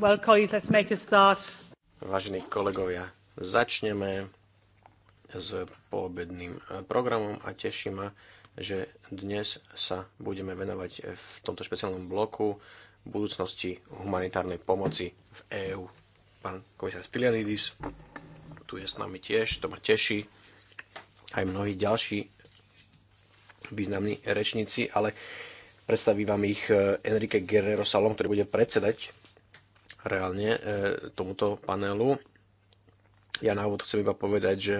Well, colleagues, let's make a start. Vážení kolegovia, začneme s poobedným eh, programom a teší ma, že dnes sa budeme venovať eh, v tomto špeciálnom bloku budúcnosti humanitárnej pomoci v EÚ. Pán komisár Stylianidis tu je s nami tiež, to ma teší. Aj mnohí ďalší významní rečníci, ale predstaví vám ich eh, Enrique Guerrero Salom, ktorý bude predsedať reálne e, tomuto panelu. Ja na úvod chcem iba povedať, že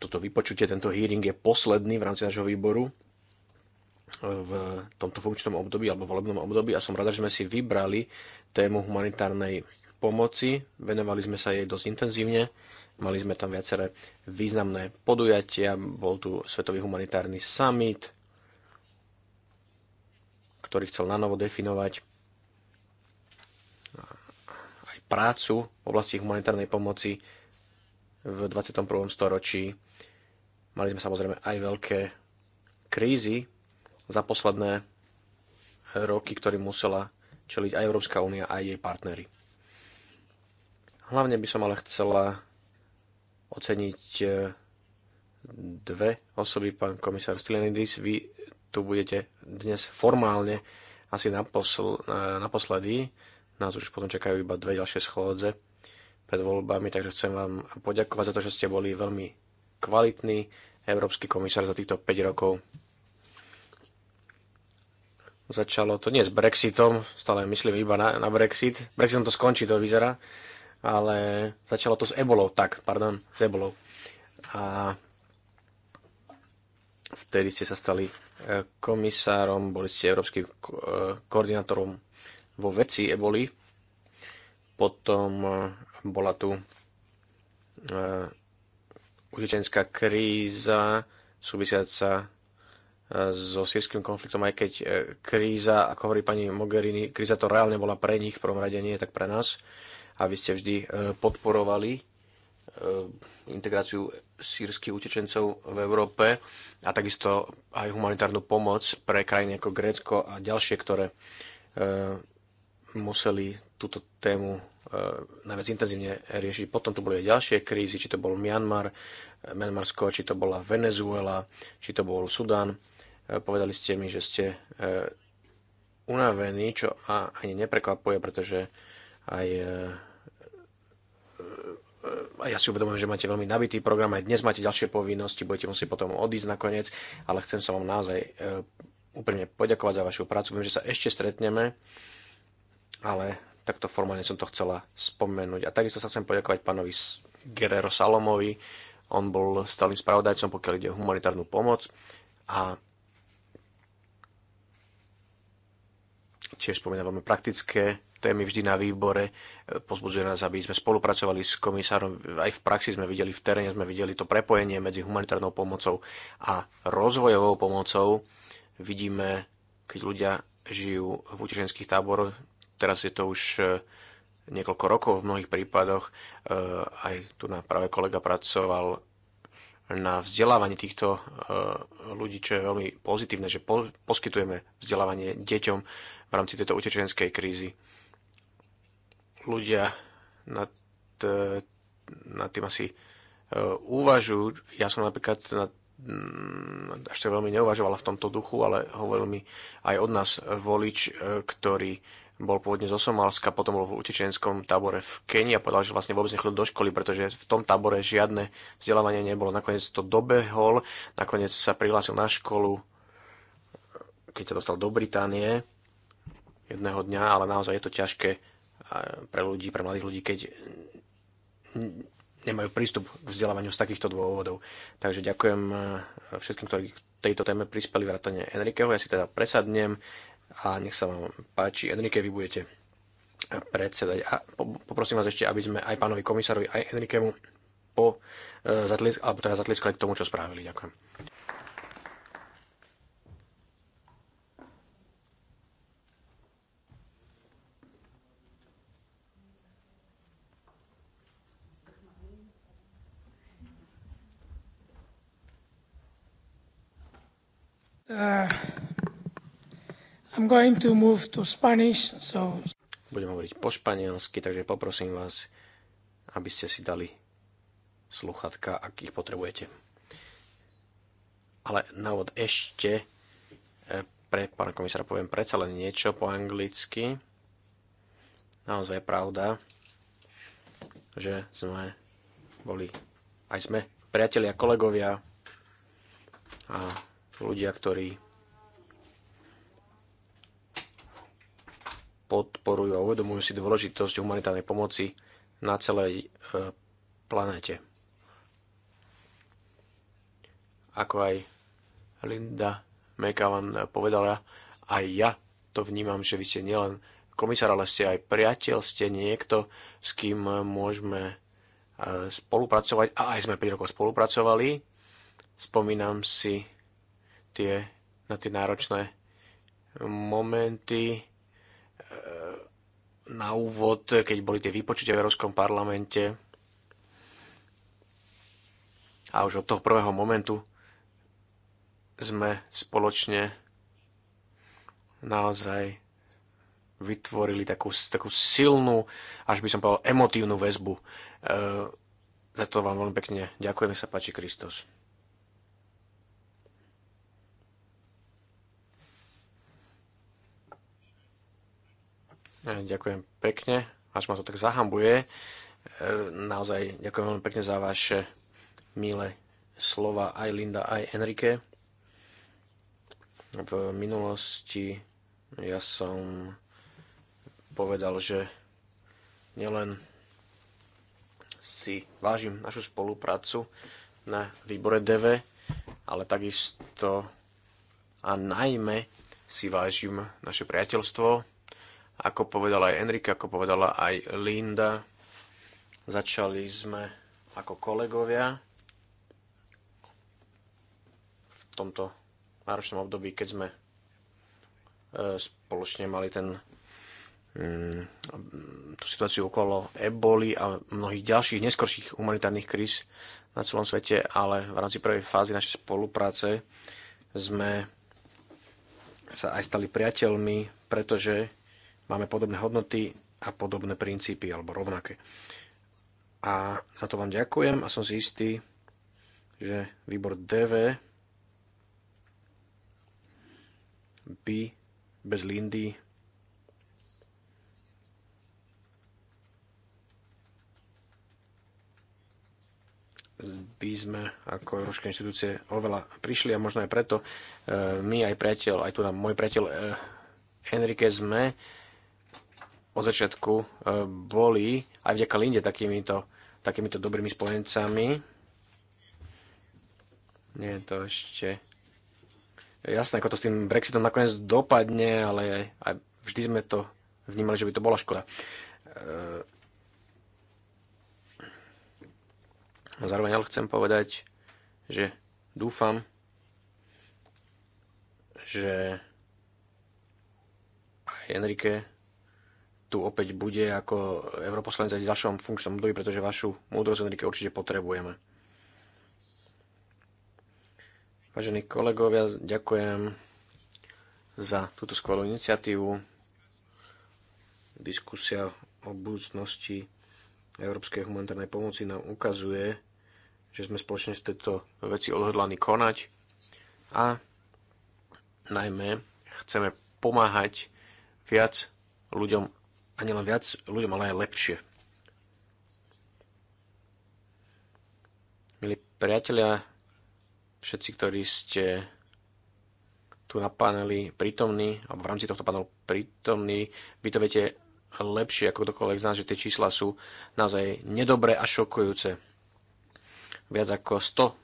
toto vypočutie, tento hearing je posledný v rámci nášho výboru e, v tomto funkčnom období alebo volebnom období a som rada, že sme si vybrali tému humanitárnej pomoci. Venovali sme sa jej dosť intenzívne. Mali sme tam viaceré významné podujatia. Bol tu Svetový humanitárny summit, ktorý chcel nanovo definovať aj prácu v oblasti humanitárnej pomoci v 21. storočí. Mali sme samozrejme aj veľké krízy za posledné roky, ktorým musela čeliť aj Európska únia, aj jej partnery. Hlavne by som ale chcela oceniť eh, dve osoby, pán komisár Stylianidis, Vy tu budete dnes formálne asi naposl, naposledy. Nás už potom čakajú iba dve ďalšie schôdze pred voľbami, takže chcem vám poďakovať za to, že ste boli veľmi kvalitný európsky komisár za týchto 5 rokov. Začalo to nie s Brexitom, stále myslím iba na, na Brexit. Brexitom to skončí, to vyzerá, ale začalo to s ebolou, tak, pardon, s ebolou. A vtedy ste sa stali komisárom, boli ste európskym e, koordinátorom vo veci eboli. Potom e, bola tu e, utečenská kríza súvisiaca so sírským konfliktom, aj keď kríza, ako hovorí pani Mogherini, kríza to reálne bola pre nich, v prvom rade nie tak pre nás. A vy ste vždy podporovali Eh, integráciu sírskych utečencov v Európe a takisto aj humanitárnu pomoc pre krajiny ako Grécko a ďalšie, ktoré eh, museli túto tému eh, najviac intenzívne riešiť. Potom tu boli aj ďalšie krízy, či to bol Myanmar, Myanmarsko, či to bola Venezuela, či to bol Sudán. Povedali ste mi, že ste unavení, čo ani neprekvapuje, pretože aj a ja si uvedomujem, že máte veľmi nabitý program, aj dnes máte ďalšie povinnosti, budete musieť potom odísť nakoniec, ale chcem sa vám naozaj e, úprimne poďakovať za vašu prácu. Viem, že sa ešte stretneme, ale takto formálne som to chcela spomenúť. A takisto sa chcem poďakovať pánovi Guerrero Salomovi, on bol stálym spravodajcom, pokiaľ ide o humanitárnu pomoc a tiež spomína veľmi praktické témy vždy na výbore. E, pozbudzuje nás, aby sme spolupracovali s komisárom. Aj v praxi sme videli, v teréne sme videli to prepojenie medzi humanitárnou pomocou a rozvojovou pomocou. Vidíme, keď ľudia žijú v utečenských táboroch, teraz je to už e, niekoľko rokov v mnohých prípadoch. E, aj tu na práve kolega pracoval na vzdelávanie týchto ľudí, čo je veľmi pozitívne, že poskytujeme vzdelávanie deťom v rámci tejto utečenskej krízy. Ľudia nad, e, nad tým asi e, uvažujú. Ja som napríklad nad ešte veľmi neuvažovala v tomto duchu, ale hovoril mi aj od nás volič, e, ktorý bol pôvodne zo Somálska, potom bol v utečenskom tábore v Kenii a povedal, že vlastne vôbec nechodil do školy, pretože v tom tábore žiadne vzdelávanie nebolo. Nakoniec to dobehol, nakoniec sa prihlásil na školu, keď sa dostal do Británie jedného dňa, ale naozaj je to ťažké eh, pre ľudí, pre mladých ľudí, keď nemajú prístup k vzdelávaniu z takýchto dôvodov. Takže ďakujem eh, všetkým, ktorí k tejto téme prispeli vrátane Enrikeho. Ja si teda presadnem a nech sa vám páči. Enrike, vy budete predsedať. A poprosím vás ešte, aby sme aj pánovi komisárovi, aj Enrikemu po, eh, zatlisk, alebo teda zatliskali k tomu, čo spravili. Ďakujem. I'm going to move to Spanish, so... Budem hovoriť po španielsky, takže poprosím vás, aby ste si dali sluchatka, ak ich potrebujete. Ale na úvod ešte e, pre pána komisára poviem predsa len niečo po anglicky. Naozaj je pravda, že sme boli, aj sme priatelia, kolegovia a ľudia, ktorí podporujú a uvedomujú si dôležitosť humanitárnej pomoci na celej e, planéte. Ako aj Linda McAvan povedala, aj ja to vnímam, že vy ste nielen komisár, ale ste aj priateľ, ste niekto, s kým môžeme e, spolupracovať a aj sme 5 rokov spolupracovali. Spomínam si tie, na tie náročné momenty, na úvod, keď boli tie výpočutia v Európskom parlamente a už od toho prvého momentu sme spoločne naozaj vytvorili takú, takú silnú, až by som povedal, emotívnu väzbu. E, za to vám veľmi pekne ďakujem, sa páči Kristos. Eh, ďakujem pekne, až ma to tak zahambuje. Eh, naozaj ďakujem veľmi pekne za vaše milé slova aj Linda, aj Enrique. V minulosti ja som povedal, že nielen si vážim našu spoluprácu na výbore DV, ale takisto a najmä si vážim naše priateľstvo ako povedala aj Enrika, ako povedala aj Linda, začali sme ako kolegovia v tomto náročnom období, keď sme e, spoločne mali ten, mm, tú situáciu okolo eboli a mnohých ďalších neskorších humanitárnych kríz na celom svete, ale v rámci prvej fázy našej spolupráce sme sa aj stali priateľmi, pretože Máme podobné hodnoty a podobné princípy, alebo rovnaké. A na to vám ďakujem a som si istý, že výbor DV by bez Lindy by sme ako európske inštitúcie oveľa prišli a možno aj preto e, my aj priateľ, aj tu nám môj priateľ e, Enrique sme od začiatku e, boli aj vďaka Linde takýmito, takýmito dobrými spojencami. Nie je to ešte jasné, ako to s tým Brexitom nakoniec dopadne, ale aj, aj vždy sme to vnímali, že by to bola škoda. A e, zároveň ale chcem povedať, že dúfam, že aj Enrique tu opäť bude ako europoslanec aj v ďalšom funkčnom období, pretože vašu múdrosť, Enrique, určite potrebujeme. Vážení kolegovia, ďakujem za túto skvelú iniciatívu. Diskusia o budúcnosti Európskej humanitárnej pomoci nám ukazuje, že sme spoločne v tejto veci odhodlani konať a najmä chceme pomáhať viac ľuďom a nielen viac ľuďom, ale aj lepšie. Milí priatelia, všetci, ktorí ste tu na paneli prítomní, alebo v rámci tohto panelu prítomní, vy to viete lepšie ako kdokoľvek z nás, že tie čísla sú naozaj nedobré a šokujúce. Viac ako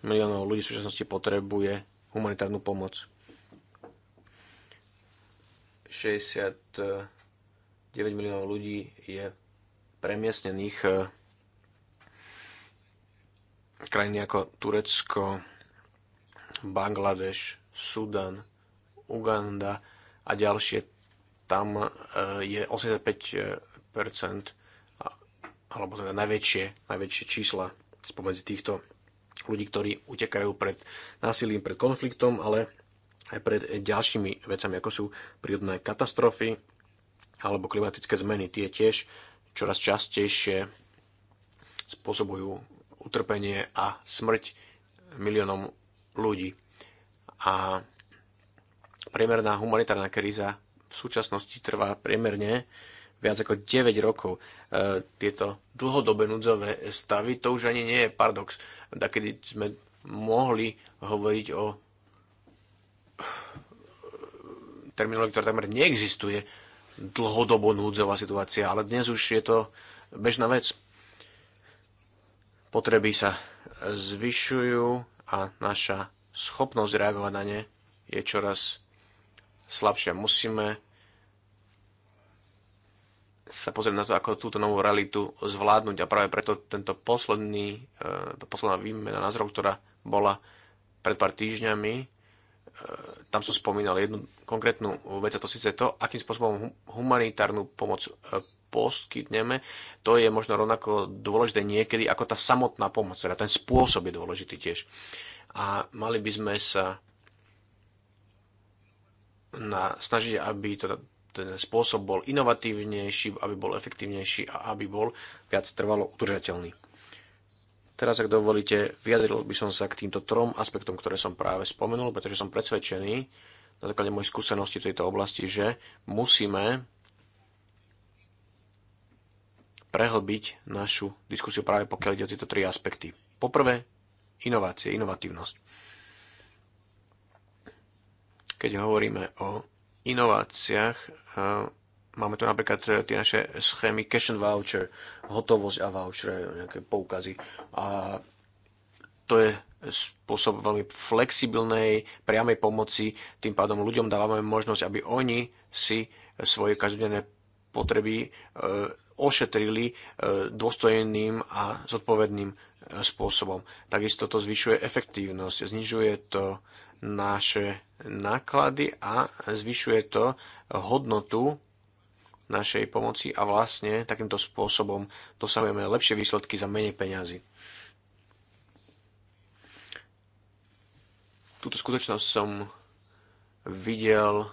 100 miliónov ľudí v súčasnosti potrebuje humanitárnu pomoc. 60 9 miliónov ľudí je premiestnených e, krajiny ako Turecko, Bangladeš, Sudan, Uganda a ďalšie. Tam e, je 85% alebo teda najväčšie, najväčšie čísla spomedzi týchto ľudí, ktorí utekajú pred násilím, pred konfliktom, ale aj pred ďalšími vecami, ako sú prírodné katastrofy, alebo klimatické zmeny. Tie tiež čoraz častejšie spôsobujú utrpenie a smrť miliónom ľudí. A priemerná humanitárna kríza v súčasnosti trvá priemerne viac ako 9 rokov. E, tieto dlhodobé núdzové stavy, to už ani nie je paradox. kedy sme mohli hovoriť o terminológii, ktorá takmer neexistuje dlhodobo núdzová situácia, ale dnes už je to bežná vec. Potreby sa zvyšujú a naša schopnosť reagovať na ne je čoraz slabšia. Musíme sa pozrieť na to, ako túto novú realitu zvládnuť a práve preto tento posledný, e, posledná výmena názorov, ktorá bola pred pár týždňami, E, tam som spomínal jednu konkrétnu vec, a to síce to, akým spôsobom humanitárnu pomoc e, poskytneme, to je možno rovnako dôležité niekedy ako tá samotná pomoc, teda ten spôsob je dôležitý tiež. A mali by sme sa na, snažiť, aby to, ten spôsob bol inovatívnejší, aby bol efektívnejší a aby bol viac trvalo udržateľný. Teraz, ak dovolíte, vyjadril by som sa k týmto trom aspektom, ktoré som práve spomenul, pretože som presvedčený na základe mojej skúsenosti v tejto oblasti, že musíme prehlbiť našu diskusiu práve pokiaľ ide o tieto tri aspekty. Poprvé, inovácie, inovatívnosť. Keď hovoríme o inováciách, Máme tu napríklad eh, tie naše schémy cash and voucher, hotovosť a voucher, nejaké poukazy. A to je spôsob veľmi flexibilnej, priamej pomoci. Tým pádom ľuďom dávame možnosť, aby oni si svoje každodenné potreby eh, ošetrili eh, dôstojným a zodpovedným spôsobom. Takisto to zvyšuje efektívnosť, znižuje to naše náklady a zvyšuje to hodnotu našej pomoci a vlastne takýmto spôsobom dosahujeme lepšie výsledky za menej peňazí. Túto skutočnosť som videl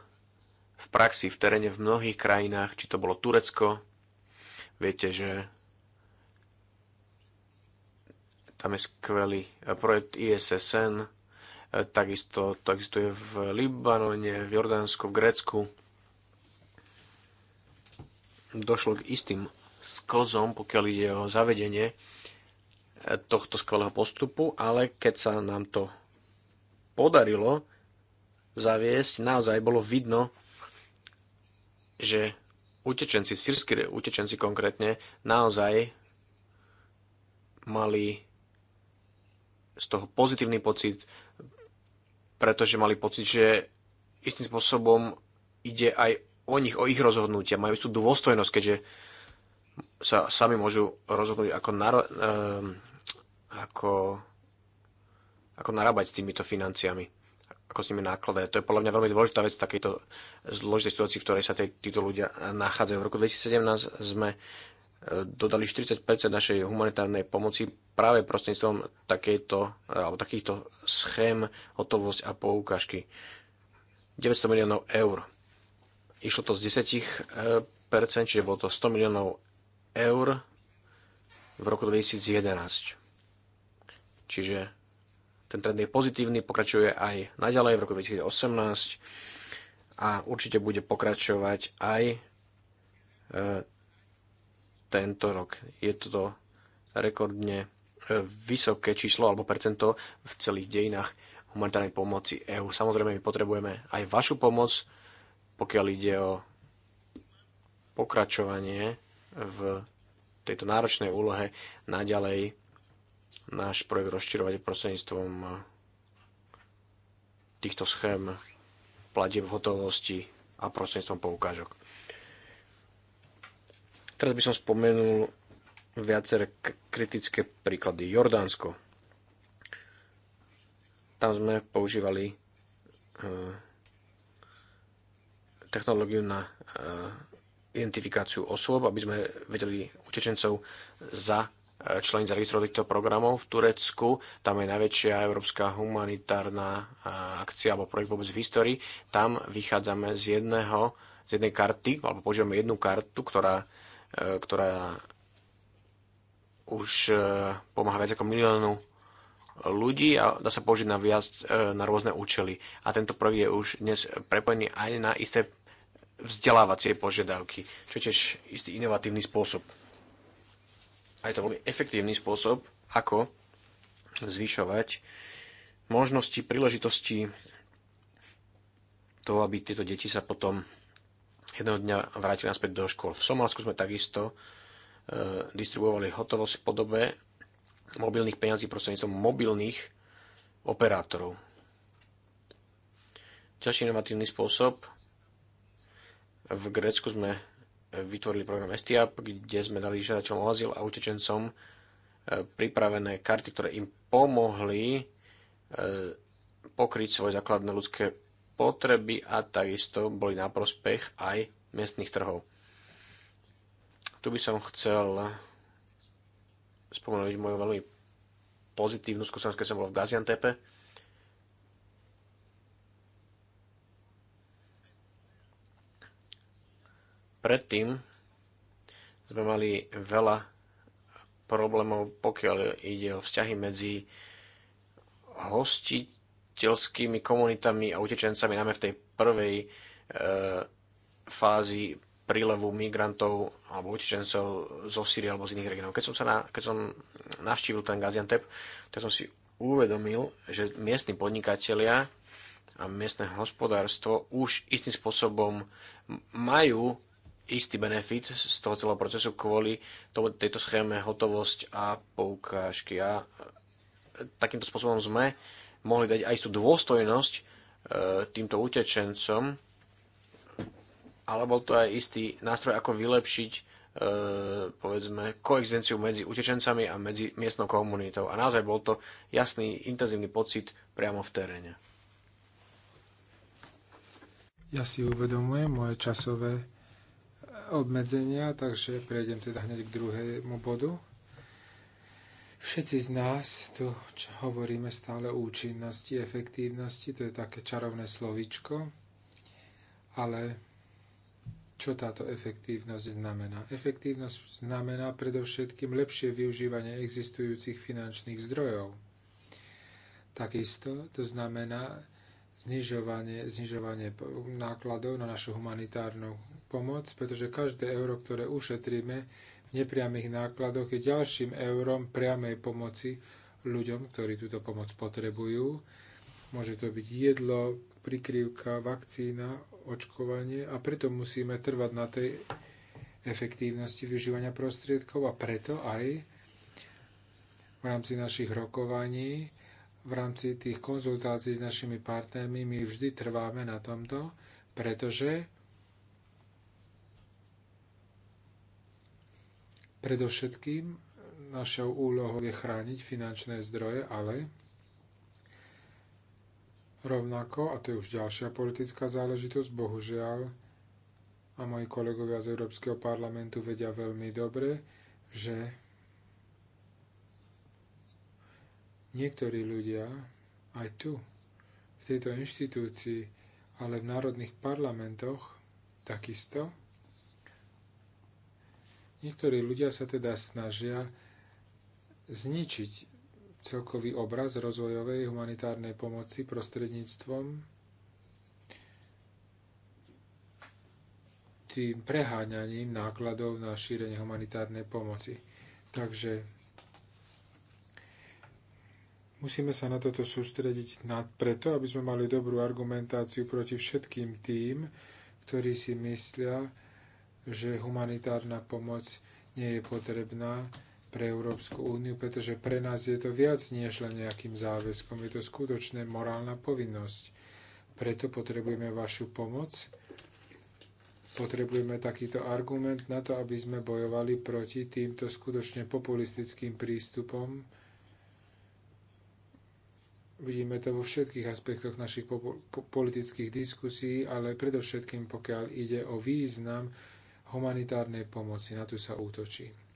v praxi, v teréne, v mnohých krajinách, či to bolo Turecko. Viete, že tam je skvelý eh, projekt ISSN, eh, takisto to existuje v Libanone, v Jordánsku, v Grécku došlo k istým sklzom, pokiaľ ide o zavedenie e, tohto skvelého postupu, ale keď sa nám to podarilo zaviesť, naozaj bolo vidno, že utečenci, sírsky utečenci konkrétne, naozaj mali z toho pozitívny pocit, pretože mali pocit, že istým spôsobom ide aj o nich, o ich rozhodnutia. Majú tú dôstojnosť, keďže sa sami môžu rozhodnúť, ako, naro- ehm, ako, ako narábať s týmito financiami ako s nimi nákladať. To je podľa mňa veľmi dôležitá vec v takejto zložitej situácii, v ktorej sa tí, títo ľudia nachádzajú. V roku 2017 sme e, dodali 40 našej humanitárnej pomoci práve prostredníctvom takéto, alebo takýchto schém hotovosť a poukážky. 900 miliónov eur Išlo to z 10%, eh, čiže bolo to 100 miliónov eur v roku 2011. Čiže ten trend je pozitívny, pokračuje aj naďalej v roku 2018 a určite bude pokračovať aj e, tento rok. Je toto rekordne eh, vysoké číslo alebo percento v celých dejinách humanitárnej pomoci EÚ. Samozrejme, my potrebujeme aj vašu pomoc, pokiaľ ide o pokračovanie v tejto náročnej úlohe naďalej náš projekt rozširovať prostredníctvom týchto schém platieb v hotovosti a prostredníctvom poukážok. Teraz by som spomenul viaceré kritické príklady. Jordánsko. Tam sme používali eh, technológiu na eh, identifikáciu osôb, aby sme vedeli utečencov za eh, člen zaregistrovať týchto programov v Turecku. Tam je najväčšia európska humanitárna eh, akcia alebo projekt vôbec v histórii. Tam vychádzame z jedného z jednej karty, alebo používame jednu kartu, ktorá, ktorá už pomáha viac ako miliónu ľudí a dá sa použiť na, viac, e, na rôzne účely. A tento prvý je už dnes prepojený aj na isté vzdelávacie požiadavky, čo je tiež istý inovatívny spôsob. A je to veľmi efektívny spôsob, ako zvyšovať možnosti, príležitosti toho, aby tieto deti sa potom jedného dňa vrátili naspäť do škôl. V Somálsku sme takisto e, distribuovali hotovosť v podobe mobilných peňazí prostredníctvom mobilných operátorov. Ďalší inovatívny spôsob. V Grécku sme vytvorili program STIAP, kde sme dali žiadateľom o azyl a utečencom e, pripravené karty, ktoré im pomohli e, pokryť svoje základné ľudské potreby a takisto boli na prospech aj miestnych trhov. Tu by som chcel spomenúť moju veľmi pozitívnu skúsenosť, keď som bol v Gaziantepe. Predtým sme mali veľa problémov, pokiaľ ide o vzťahy medzi hostiteľskými komunitami a utečencami, najmä v tej prvej e, fázi prílevu migrantov alebo utečencov zo Syrie alebo z iných regionov. Keď som, sa na, keď som navštívil ten Gaziantep, tak som si uvedomil, že miestni podnikatelia a miestne hospodárstvo už istým spôsobom majú istý benefit z toho celého procesu kvôli tomu, tejto schéme hotovosť a poukážky. A takýmto spôsobom sme mohli dať aj tú dôstojnosť e, týmto utečencom, ale bol to aj istý nástroj, ako vylepšiť e, povedzme koexistenciu medzi utečencami a medzi miestnou komunitou. A naozaj bol to jasný, intenzívny pocit priamo v teréne. Ja si uvedomujem moje časové e, obmedzenia, takže prejdem teda hneď k druhému bodu. Všetci z nás tu hovoríme stále o účinnosti, efektívnosti, to je také čarovné slovičko, ale čo táto efektívnosť znamená. Efektívnosť znamená predovšetkým lepšie využívanie existujúcich finančných zdrojov. Takisto to znamená znižovanie, znižovanie nákladov na našu humanitárnu pomoc, pretože každé euro, ktoré ušetríme v nepriamých nákladoch, je ďalším eurom priamej pomoci ľuďom, ktorí túto pomoc potrebujú. Môže to byť jedlo, prikryvka, vakcína, očkovanie a preto musíme trvať na tej efektívnosti využívania prostriedkov a preto aj v rámci našich rokovaní, v rámci tých konzultácií s našimi partnermi my vždy trváme na tomto, pretože predovšetkým našou úlohou je chrániť finančné zdroje, ale Rovnako, a to je už ďalšia politická záležitosť, bohužiaľ, a moji kolegovia z Európskeho parlamentu vedia veľmi dobre, že niektorí ľudia aj tu, v tejto inštitúcii, ale v národných parlamentoch takisto, niektorí ľudia sa teda snažia zničiť celkový obraz rozvojovej humanitárnej pomoci prostredníctvom tým preháňaním nákladov na šírenie humanitárnej pomoci. Takže musíme sa na toto sústrediť nad, preto, aby sme mali dobrú argumentáciu proti všetkým tým, ktorí si myslia, že humanitárna pomoc nie je potrebná, pre Európsku úniu, pretože pre nás je to viac než len nejakým záväzkom, je to skutočná morálna povinnosť. Preto potrebujeme vašu pomoc, potrebujeme takýto argument na to, aby sme bojovali proti týmto skutočne populistickým prístupom. Vidíme to vo všetkých aspektoch našich politických diskusí, ale predovšetkým pokiaľ ide o význam humanitárnej pomoci, na tu sa útočí.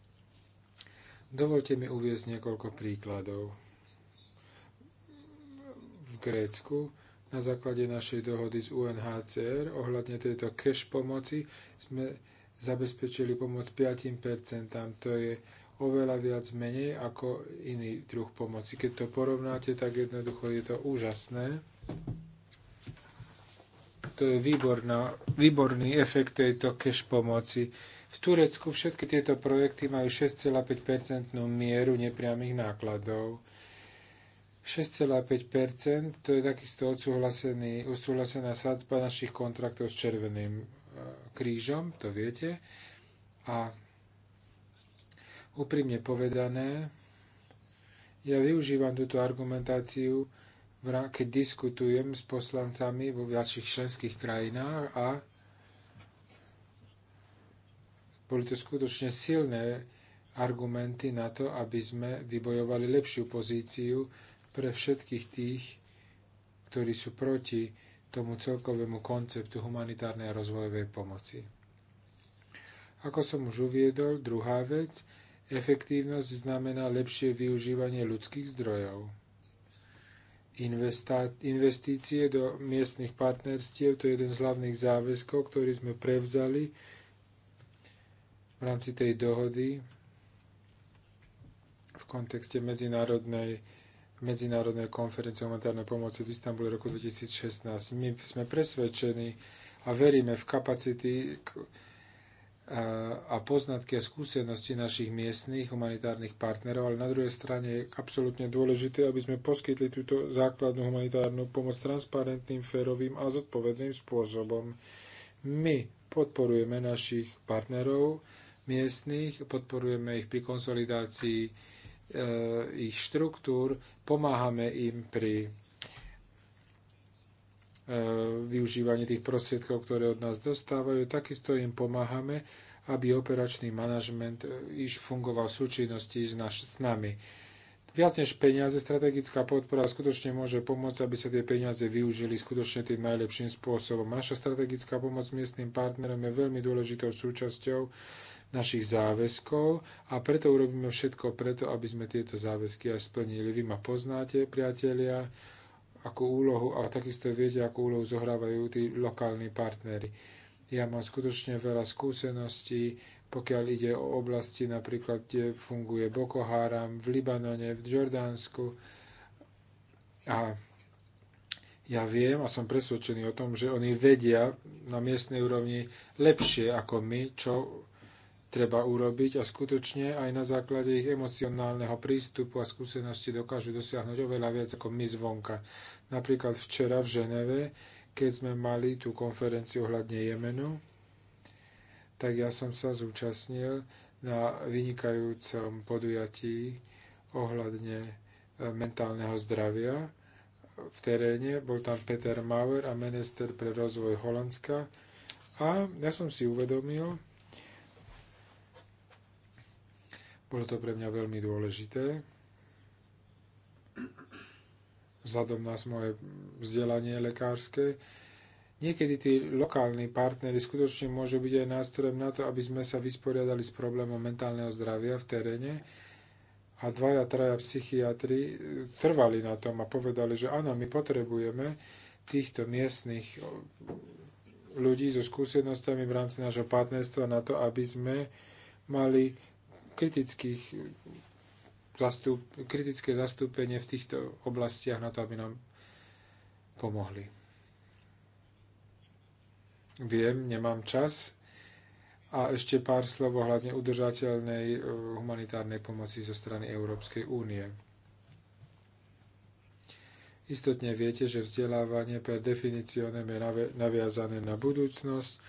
Dovolte mi uviezť niekoľko príkladov. V Grécku na základe našej dohody z UNHCR ohľadne tejto cash pomoci sme zabezpečili pomoc 5%. To je oveľa viac menej ako iný druh pomoci. Keď to porovnáte, tak jednoducho je to úžasné. To je výborná, výborný efekt tejto cash pomoci. V Turecku všetky tieto projekty majú 6,5% mieru nepriamých nákladov. 6,5% to je takisto odsúhlasená sadzba našich kontraktov s Červeným e, krížom, to viete. A úprimne povedané, ja využívam túto argumentáciu, keď diskutujem s poslancami vo ďalších členských krajinách a boli to skutočne silné argumenty na to, aby sme vybojovali lepšiu pozíciu pre všetkých tých, ktorí sú proti tomu celkovému konceptu humanitárnej a rozvojovej pomoci. Ako som už uviedol, druhá vec, efektívnosť znamená lepšie využívanie ľudských zdrojov. Investície do miestnych partnerstiev to je jeden z hlavných záväzkov, ktorý sme prevzali v rámci tej dohody v kontexte medzinárodnej medzinárodnej konferencie humanitárnej pomoci v Istambule roku 2016. My sme presvedčení a veríme v kapacity a poznatky a skúsenosti našich miestných humanitárnych partnerov, ale na druhej strane je absolútne dôležité, aby sme poskytli túto základnú humanitárnu pomoc transparentným, férovým a zodpovedným spôsobom. My podporujeme našich partnerov, miestných, podporujeme ich pri konsolidácii e, ich štruktúr, pomáhame im pri e, využívaní tých prostriedkov, ktoré od nás dostávajú, takisto im pomáhame, aby operačný manažment e, iš fungoval v súčinnosti s, naš, s nami. Viac než peniaze, strategická podpora skutočne môže pomôcť, aby sa tie peniaze využili skutočne tým najlepším spôsobom. Naša strategická pomoc miestnym partnerom je veľmi dôležitou súčasťou našich záväzkov a preto urobíme všetko preto, aby sme tieto záväzky aj splnili. Vy ma poznáte, priatelia, ako úlohu a takisto viete, akú úlohu zohrávajú tí lokálni partnery. Ja mám skutočne veľa skúseností, pokiaľ ide o oblasti napríklad, kde funguje Boko Haram, v Libanone, v Jordánsku. A ja viem a som presvedčený o tom, že oni vedia na miestnej úrovni lepšie ako my, čo treba urobiť a skutočne aj na základe ich emocionálneho prístupu a skúsenosti dokážu dosiahnuť oveľa viac ako my zvonka. Napríklad včera v Ženeve, keď sme mali tú konferenciu ohľadne Jemenu, tak ja som sa zúčastnil na vynikajúcom podujatí ohľadne e, mentálneho zdravia v teréne. Bol tam Peter Mauer a minister pre rozvoj Holandska. A ja som si uvedomil, Bolo to pre mňa veľmi dôležité. Vzhľadom na moje vzdelanie lekárske. Niekedy tí lokálni partnery skutočne môžu byť aj nástrojom na to, aby sme sa vysporiadali s problémom mentálneho zdravia v teréne. A dvaja, traja psychiatri e, trvali na tom a povedali, že áno, my potrebujeme týchto miestnych e, ľudí so skúsenostami v rámci nášho partnerstva na to, aby sme mali kritických eh, zastup, kritické zastúpenie v týchto oblastiach na to, aby nám pomohli. Viem, nemám čas. A ešte pár slov ohľadne udržateľnej eh, humanitárnej pomoci zo strany Európskej únie. Istotne viete, že vzdelávanie per definicionem je naviazané na budúcnosť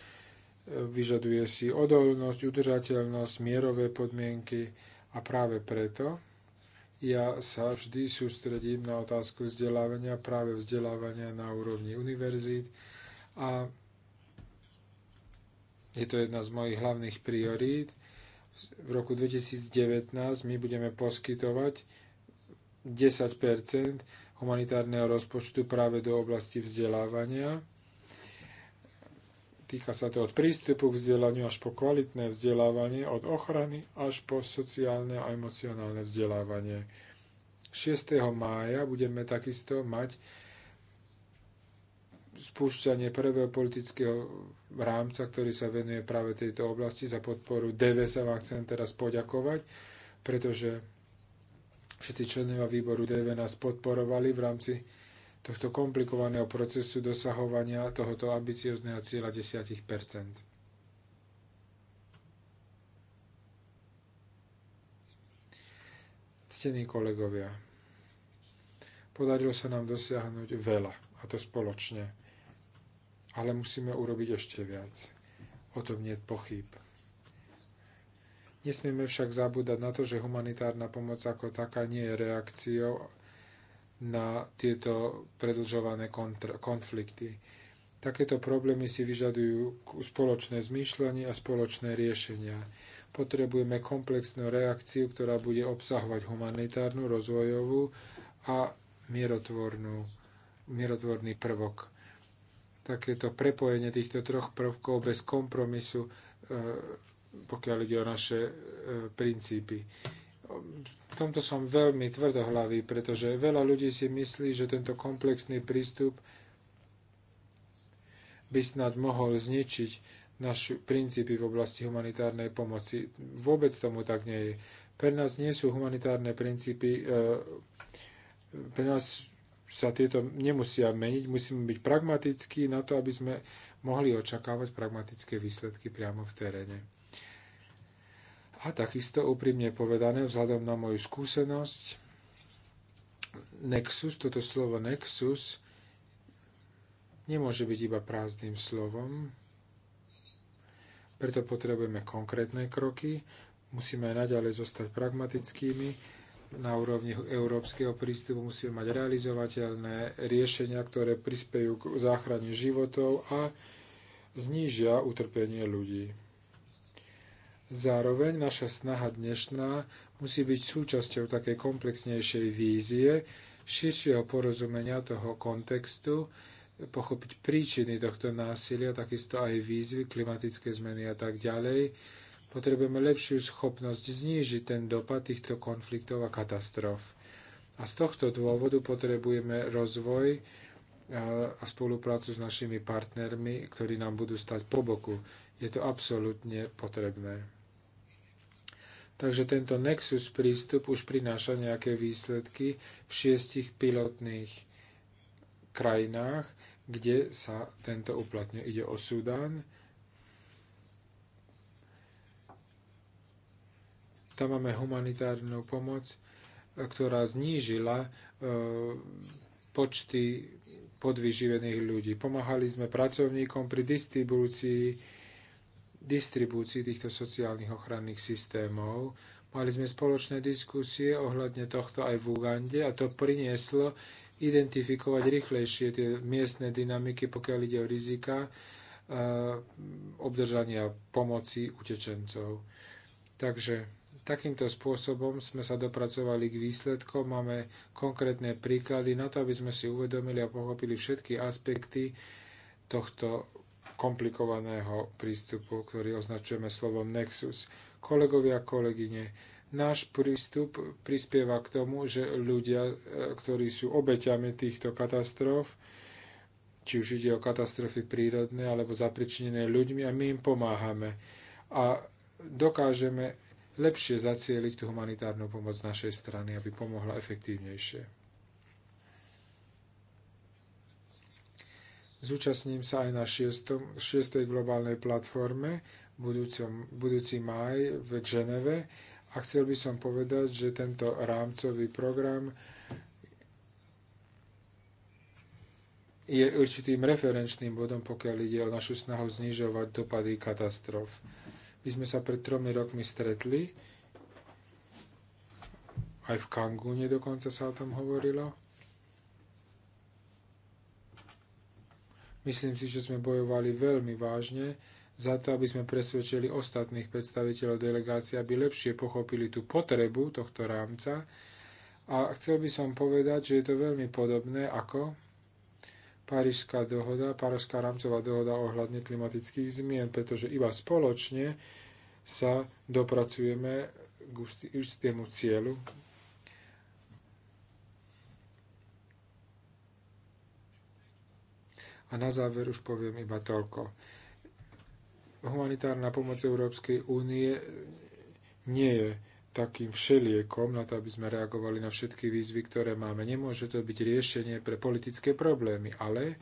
vyžaduje si odolnosť, udržateľnosť, mierové podmienky a práve preto ja sa vždy sústredím na otázku vzdelávania, práve vzdelávania na úrovni univerzít a je to jedna z mojich hlavných priorít. V roku 2019 my budeme poskytovať 10 humanitárneho rozpočtu práve do oblasti vzdelávania Týka sa to od prístupu k vzdelaniu až po kvalitné vzdelávanie, od ochrany až po sociálne a emocionálne vzdelávanie. 6. mája budeme takisto mať spúšťanie prvého politického rámca, ktorý sa venuje práve tejto oblasti. Za podporu DV sa vám chcem teraz poďakovať, pretože všetci členovia výboru DV nás podporovali v rámci tohto komplikovaného procesu dosahovania tohoto ambiciozného cieľa 10 Ctení kolegovia, podarilo sa nám dosiahnuť veľa, a to spoločne. Ale musíme urobiť ešte viac. O tom nie je pochyb. Nesmieme však zabúdať na to, že humanitárna pomoc ako taká nie je reakciou na tieto predlžované konflikty. Takéto problémy si vyžadujú spoločné zmýšľanie a spoločné riešenia. Potrebujeme komplexnú reakciu, ktorá bude obsahovať humanitárnu, rozvojovú a mierotvornú, mierotvorný prvok. Takéto prepojenie týchto troch prvkov bez kompromisu, e, pokiaľ ide o naše e, princípy v tomto som veľmi tvrdohlavý, pretože veľa ľudí si myslí, že tento komplexný prístup by snad mohol zničiť naše princípy v oblasti humanitárnej pomoci. Vôbec tomu tak nie je. Pre nás nie sú humanitárne princípy, e, pre nás sa tieto nemusia meniť, musíme byť pragmatickí na to, aby sme mohli očakávať pragmatické výsledky priamo v teréne. A takisto úprimne povedané, vzhľadom na moju skúsenosť, nexus, toto slovo nexus, nemôže byť iba prázdnym slovom. Preto potrebujeme konkrétne kroky, musíme aj naďalej zostať pragmatickými, na úrovni európskeho prístupu musíme mať realizovateľné riešenia, ktoré prispejú k záchrane životov a znížia utrpenie ľudí. Zároveň naša snaha dnešná musí byť súčasťou takej komplexnejšej vízie, širšieho porozumenia toho kontextu, pochopiť príčiny tohto násilia, takisto aj výzvy, klimatické zmeny a tak ďalej. Potrebujeme lepšiu schopnosť znížiť ten dopad týchto konfliktov a katastrof. A z tohto dôvodu potrebujeme rozvoj a spoluprácu s našimi partnermi, ktorí nám budú stať po boku. Je to absolútne potrebné. Takže tento Nexus prístup už prináša nejaké výsledky v šiestich pilotných krajinách, kde sa tento uplatňuje. Ide o Sudán, tam máme humanitárnu pomoc, ktorá znížila e, počty podvyživených ľudí. Pomáhali sme pracovníkom pri distribúcii distribúcii týchto sociálnych ochranných systémov. Mali sme spoločné diskusie ohľadne tohto aj v Ugande a to prinieslo identifikovať rýchlejšie tie miestne dynamiky, pokiaľ ide o rizika e, obdržania pomoci utečencov. Takže takýmto spôsobom sme sa dopracovali k výsledkom, máme konkrétne príklady na to, aby sme si uvedomili a pochopili všetky aspekty tohto komplikovaného prístupu, ktorý označujeme slovom nexus. Kolegovia kolegyne, náš prístup prispieva k tomu, že ľudia, e, ktorí sú obeťami týchto katastrof, či už ide o katastrofy prírodné alebo zapričinené ľuďmi, a my im pomáhame. A dokážeme lepšie zacieliť tú humanitárnu pomoc z našej strany, aby pomohla efektívnejšie. Zúčastním sa aj na 6. 6. globálnej platforme budúcom, budúci maj v Ženeve a chcel by som povedať, že tento rámcový program je určitým referenčným bodom, pokiaľ ide o našu snahu znižovať dopady katastrof. My sme sa pred tromi rokmi stretli, aj v Kangúne dokonca sa o tom hovorilo, Myslím si, že sme bojovali veľmi vážne za to, aby sme presvedčili ostatných predstaviteľov delegácie, aby lepšie pochopili tú potrebu tohto rámca. A chcel by som povedať, že je to veľmi podobné ako Parížská dohoda, Parížská rámcová dohoda ohľadne klimatických zmien, pretože iba spoločne sa dopracujeme k istému cieľu, A na záver už poviem iba toľko. Humanitárna pomoc Európskej únie nie je takým všeliekom na to, aby sme reagovali na všetky výzvy, ktoré máme. Nemôže to byť riešenie pre politické problémy, ale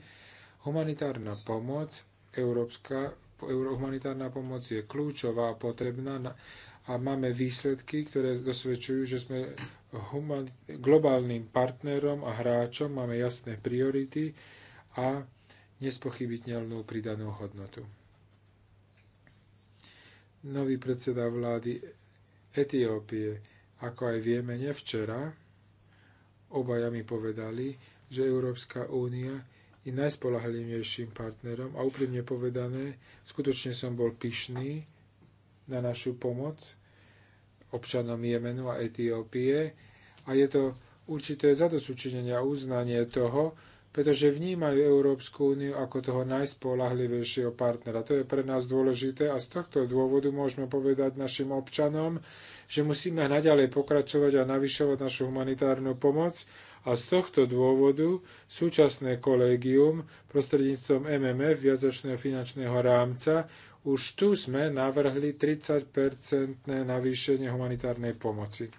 humanitárna pomoc, európska euro, humanitárna pomoc je kľúčová a potrebná na, a máme výsledky, ktoré dosvedčujú, že sme human, globálnym partnerom a hráčom, máme jasné priority a nespochybiteľnú pridanú hodnotu. Nový predseda vlády Etiópie, ako aj vieme nevčera, obaja mi povedali, že Európska únia je najspolahlivejším partnerom a úprimne povedané, skutočne som bol pyšný na našu pomoc občanom Jemenu a Etiópie a je to určité zadosúčinenie a uznanie toho, pretože vnímajú Európsku úniu ako toho najspolahlivejšieho partnera. To je pre nás dôležité a z tohto dôvodu môžeme povedať našim občanom, že musíme naďalej pokračovať a navyšovať našu humanitárnu pomoc a z tohto dôvodu súčasné kolégium prostredníctvom MMF, viacočného finančného rámca, už tu sme navrhli 30-percentné navýšenie humanitárnej pomoci.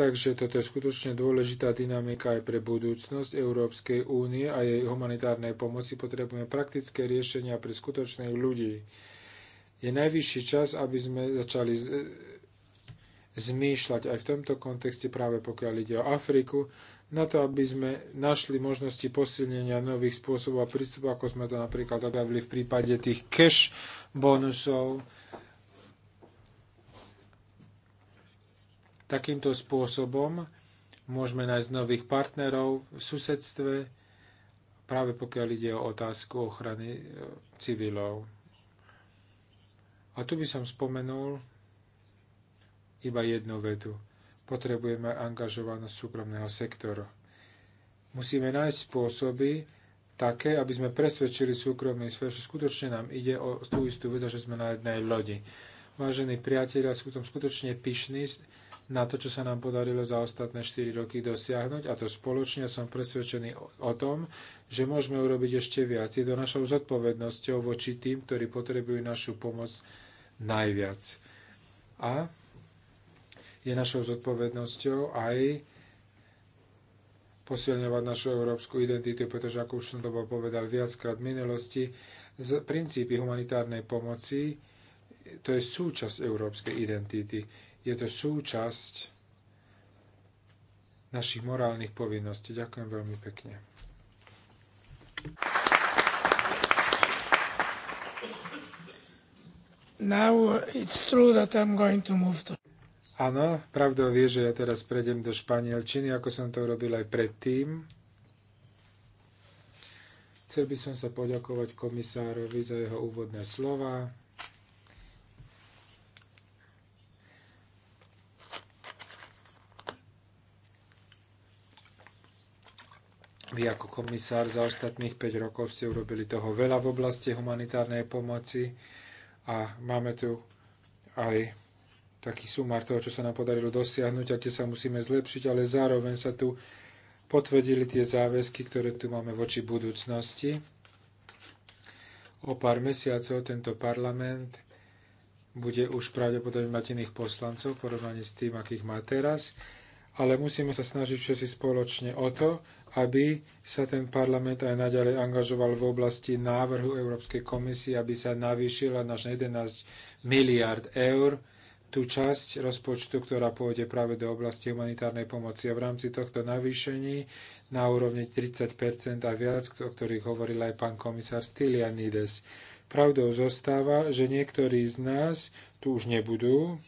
Takže toto je skutočne dôležitá dynamika aj pre budúcnosť Európskej únie a jej humanitárnej pomoci. Potrebujeme praktické riešenia pre skutočných ľudí. Je najvyšší čas, aby sme začali zmýšľať aj v tomto kontexte, práve pokiaľ ide o Afriku, na to, aby sme našli možnosti posilnenia nových spôsobov a prístupov, ako sme to napríklad objavili v prípade tých cash bonusov, Takýmto spôsobom môžeme nájsť nových partnerov v susedstve, práve pokiaľ ide o otázku ochrany e, civilov. A tu by som spomenul iba jednu vedu. Potrebujeme angažovanosť súkromného sektora. Musíme nájsť spôsoby, také, aby sme presvedčili súkromný sfér, že skutočne nám ide o tú istú vec, že sme na jednej lodi. Vážení priatelia, sú tam skutočne pyšní na to, čo sa nám podarilo za ostatné 4 roky dosiahnuť a to spoločne som presvedčený o tom, že môžeme urobiť ešte viac. Je to našou zodpovednosťou voči tým, ktorí potrebujú našu pomoc najviac. A je našou zodpovednosťou aj posilňovať našu európsku identitu, pretože ako už som to bol povedal viackrát v minulosti, z princípy humanitárnej pomoci to je súčasť európskej identity je to súčasť našich morálnych povinností. Ďakujem veľmi pekne. Now it's true that I'm going to move to... Áno, pravda vie, že ja teraz prejdem do španielčiny, ako som to urobil aj predtým. Chcel by som sa poďakovať komisárovi za jeho úvodné slova. Vy ako komisár za ostatných 5 rokov ste urobili toho veľa v oblasti humanitárnej pomoci a máme tu aj taký sumár toho, čo sa nám podarilo dosiahnuť a kde sa musíme zlepšiť, ale zároveň sa tu potvrdili tie záväzky, ktoré tu máme voči budúcnosti. O pár mesiacov tento parlament bude už pravdepodobne mať iných poslancov v porovnaní s tým, akých má teraz ale musíme sa snažiť všetci spoločne o to, aby sa ten parlament aj naďalej angažoval v oblasti návrhu Európskej komisie, aby sa navýšila na 11 miliard eur tú časť rozpočtu, ktorá pôjde práve do oblasti humanitárnej pomoci. A v rámci tohto navýšení na úrovni 30 a viac, o ktorých hovoril aj pán komisár Stylianides. Pravdou zostáva, že niektorí z nás tu už nebudú,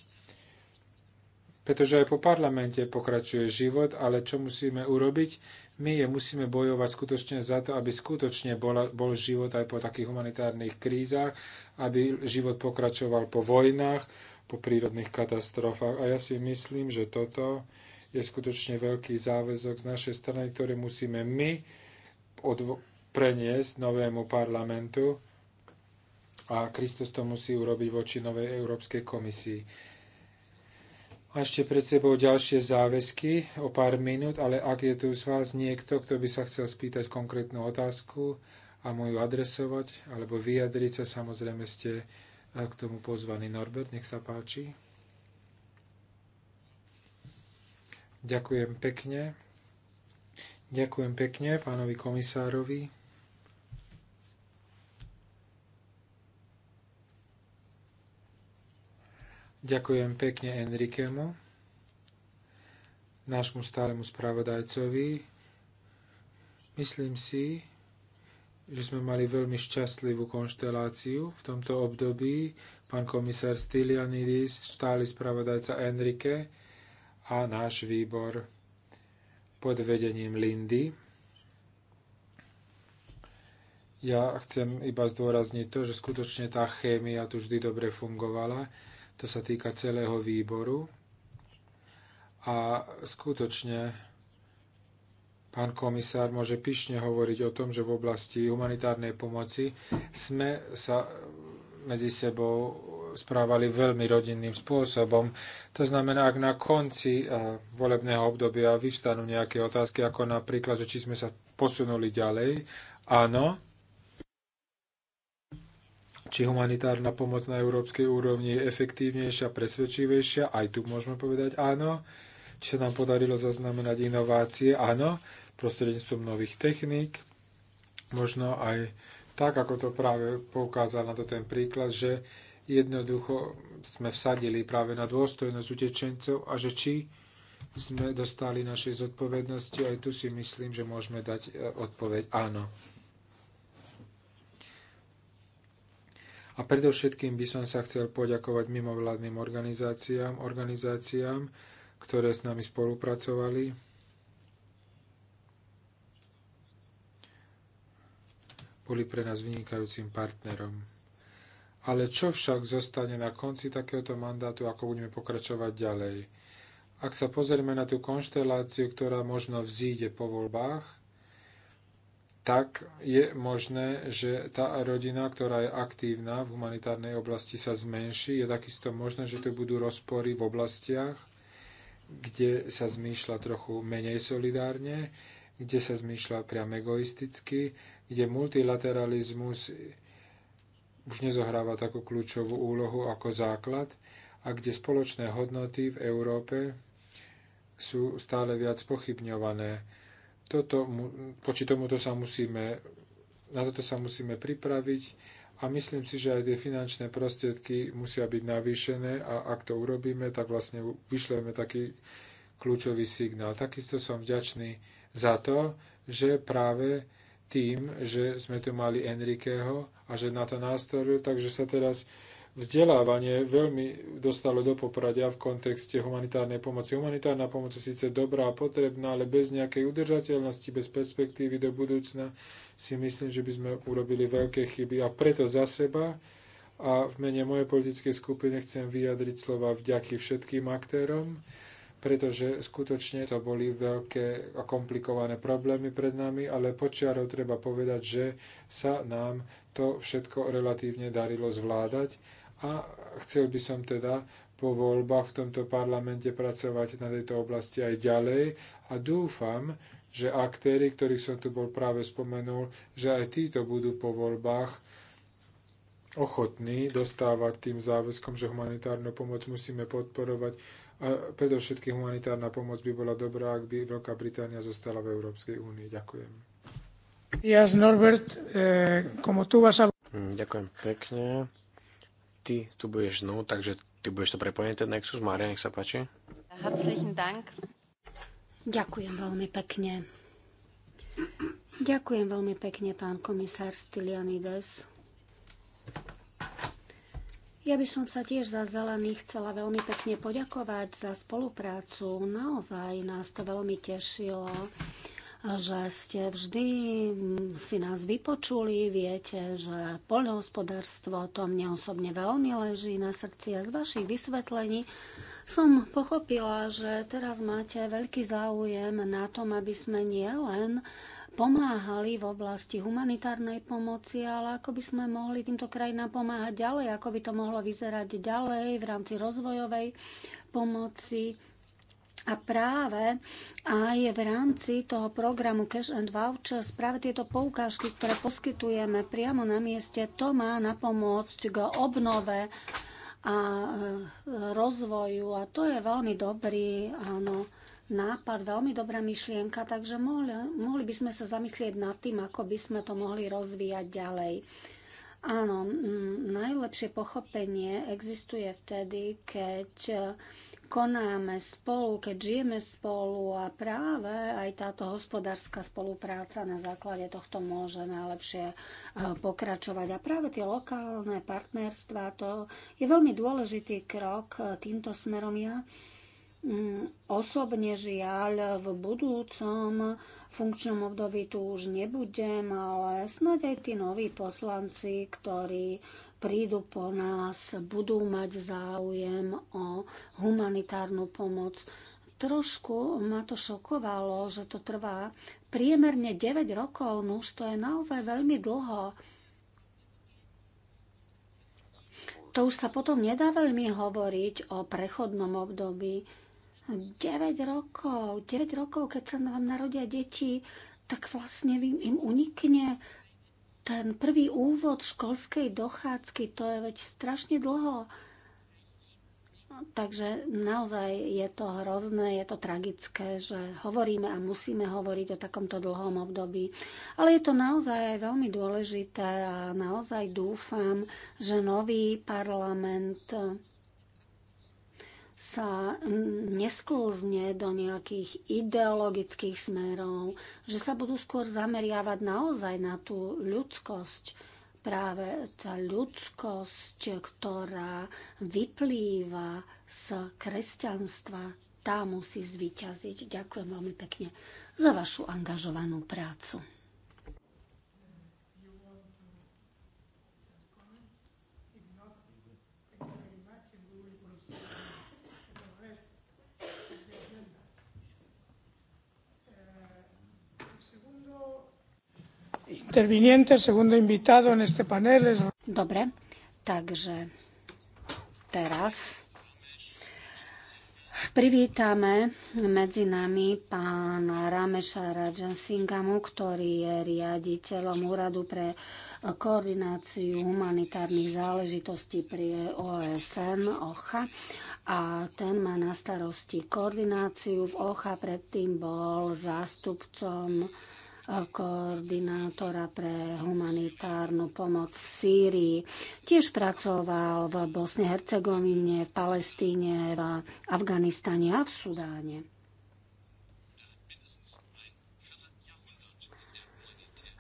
pretože aj po parlamente pokračuje život, ale čo musíme urobiť? My je musíme bojovať skutočne za to, aby skutočne bola, bol život aj po takých humanitárnych krízach, aby život pokračoval po vojnách, po prírodných katastrofách. A ja si myslím, že toto je skutočne veľký záväzok z našej strany, ktorý musíme my preniesť novému parlamentu a Kristus to musí urobiť voči novej Európskej komisii ešte pred sebou ďalšie záväzky o pár minút, ale ak je tu z vás niekto, kto by sa chcel spýtať konkrétnu otázku a moju adresovať alebo vyjadriť sa, samozrejme ste eh, k tomu pozvaný. Norbert, nech sa páči. Ďakujem pekne. Ďakujem pekne pánovi komisárovi. Ďakujem pekne Enrikemu, nášmu stálemu spravodajcovi. Myslím si, že sme mali veľmi šťastlivú konšteláciu v tomto období. Pán komisár Stylianidis, stály spravodajca Enrique a náš výbor pod vedením Lindy. Ja chcem iba zdôrazniť to, že skutočne tá chémia tu vždy dobre fungovala to sa týka celého výboru. A skutočne pán komisár môže pyšne hovoriť o tom, že v oblasti humanitárnej pomoci sme sa medzi sebou správali veľmi rodinným spôsobom. To znamená, ak na konci eh, volebného obdobia vyvstanú nejaké otázky, ako napríklad, že či sme sa posunuli ďalej, áno, či humanitárna pomoc na európskej úrovni je efektívnejšia, presvedčivejšia, aj tu môžeme povedať áno. Či sa nám podarilo zaznamenať inovácie, áno, prostredníctvom nových techník, možno aj tak, ako to práve poukázal na to ten príklad, že jednoducho sme vsadili práve na dôstojnosť utečencov a že či sme dostali našej zodpovednosti, aj tu si myslím, že môžeme dať e, odpoveď áno. A predovšetkým by som sa chcel poďakovať mimovládnym organizáciám, organizáciám, ktoré s nami spolupracovali. Boli pre nás vynikajúcim partnerom. Ale čo však zostane na konci takéhoto mandátu, ako budeme pokračovať ďalej? Ak sa pozrieme na tú konšteláciu, ktorá možno vzíde po voľbách, tak je možné, že tá rodina, ktorá je aktívna v humanitárnej oblasti, sa zmenší. Je takisto možné, že tu budú rozpory v oblastiach, kde sa zmýšľa trochu menej solidárne, kde sa zmýšľa priam egoisticky, kde multilateralizmus už nezohráva takú kľúčovú úlohu ako základ a kde spoločné hodnoty v Európe sú stále viac pochybňované toto, poči tomuto sa musíme, na toto sa musíme pripraviť a myslím si, že aj tie finančné prostriedky musia byť navýšené a ak to urobíme, tak vlastne vyšleme taký kľúčový signál. Takisto som vďačný za to, že práve tým, že sme tu mali Enriqueho a že na to nástoril, takže sa teraz Vzdelávanie veľmi dostalo do popradia v kontexte humanitárnej pomoci. Humanitárna pomoc je síce dobrá a potrebná, ale bez nejakej udržateľnosti, bez perspektívy do budúcna si myslím, že by sme urobili veľké chyby. A preto za seba a v mene mojej politickej skupiny chcem vyjadriť slova vďaky všetkým aktérom, pretože skutočne to boli veľké a komplikované problémy pred nami, ale počiarov treba povedať, že sa nám to všetko relatívne darilo zvládať a chcel by som teda po voľbách v tomto parlamente pracovať na tejto oblasti aj ďalej a dúfam, že aktéry, ktorých som tu bol práve spomenul, že aj títo budú po voľbách ochotní dostávať tým záväzkom, že humanitárnu pomoc musíme podporovať. A predovšetkým humanitárna pomoc by bola dobrá, ak by Veľká Británia zostala v Európskej únii. Ďakujem. Norbert, eh, como tú vas a... Mm, ďakujem pekne ty tu budeš znú, no, takže ty budeš to prepojený, ten Nexus. Mária, nech sa páči. Herzlichen Dank. Ďakujem veľmi pekne. Ďakujem veľmi pekne, pán komisár Stylianides. Ja by som sa tiež za zelených chcela veľmi pekne poďakovať za spoluprácu. Naozaj nás to veľmi tešilo že ste vždy mm, si nás vypočuli, viete, že poľnohospodárstvo to mne osobne veľmi leží na srdci a z vašich vysvetlení som pochopila, že teraz máte veľký záujem na tom, aby sme nielen pomáhali v oblasti humanitárnej pomoci, ale ako by sme mohli týmto krajinám pomáhať ďalej, ako by to mohlo vyzerať ďalej v rámci rozvojovej pomoci a práve aj v rámci toho programu Cash and Vouchers práve tieto poukážky, ktoré poskytujeme priamo na mieste, to má napomôcť k obnove a e, rozvoju. A to je veľmi dobrý áno, nápad, veľmi dobrá myšlienka, takže mohli, mohli by sme sa zamyslieť nad tým, ako by sme to mohli rozvíjať ďalej. Áno, najlepšie pochopenie existuje vtedy, keď konáme spolu, keď žijeme spolu a práve aj táto hospodárska spolupráca na základe tohto môže najlepšie eh, pokračovať. A práve tie lokálne partnerstva, to je veľmi dôležitý krok eh, týmto smerom ja. Mm, osobne žiaľ v budúcom funkčnom období tu už nebudem, ale snáď aj tí noví poslanci, ktorí prídu po nás, budú mať záujem o humanitárnu pomoc. Trošku ma to šokovalo, že to trvá priemerne 9 rokov, no už to je naozaj veľmi dlho. To už sa potom nedá veľmi hovoriť o prechodnom období. 9 rokov, 9 rokov, keď sa vám narodia deti, tak vlastne im, im unikne ten prvý úvod školskej dochádzky, to je veď strašne dlho. Takže naozaj je to hrozné, je to tragické, že hovoríme a musíme hovoriť o takomto dlhom období. Ale je to naozaj aj veľmi dôležité a naozaj dúfam, že nový parlament sa nesklzne do nejakých ideologických smerov, že sa budú skôr zameriavať naozaj na tú ľudskosť, práve tá ľudskosť, ktorá vyplýva z kresťanstva, tá musí zvíťaziť. Ďakujem veľmi pekne za vašu angažovanú prácu. interviniente, segundo invitado en este panel es... Dobre, takže teraz privítame medzi nami pána Rameša Rajansingamu, ktorý je riaditeľom Úradu pre koordináciu humanitárnych záležitostí pri OSN OCHA a ten má na starosti koordináciu v OCHA, predtým bol zástupcom koordinátora pre humanitárnu pomoc v Sýrii. Tiež pracoval v Bosne, Hercegovine, v Palestíne, v Afganistane a v Sudáne.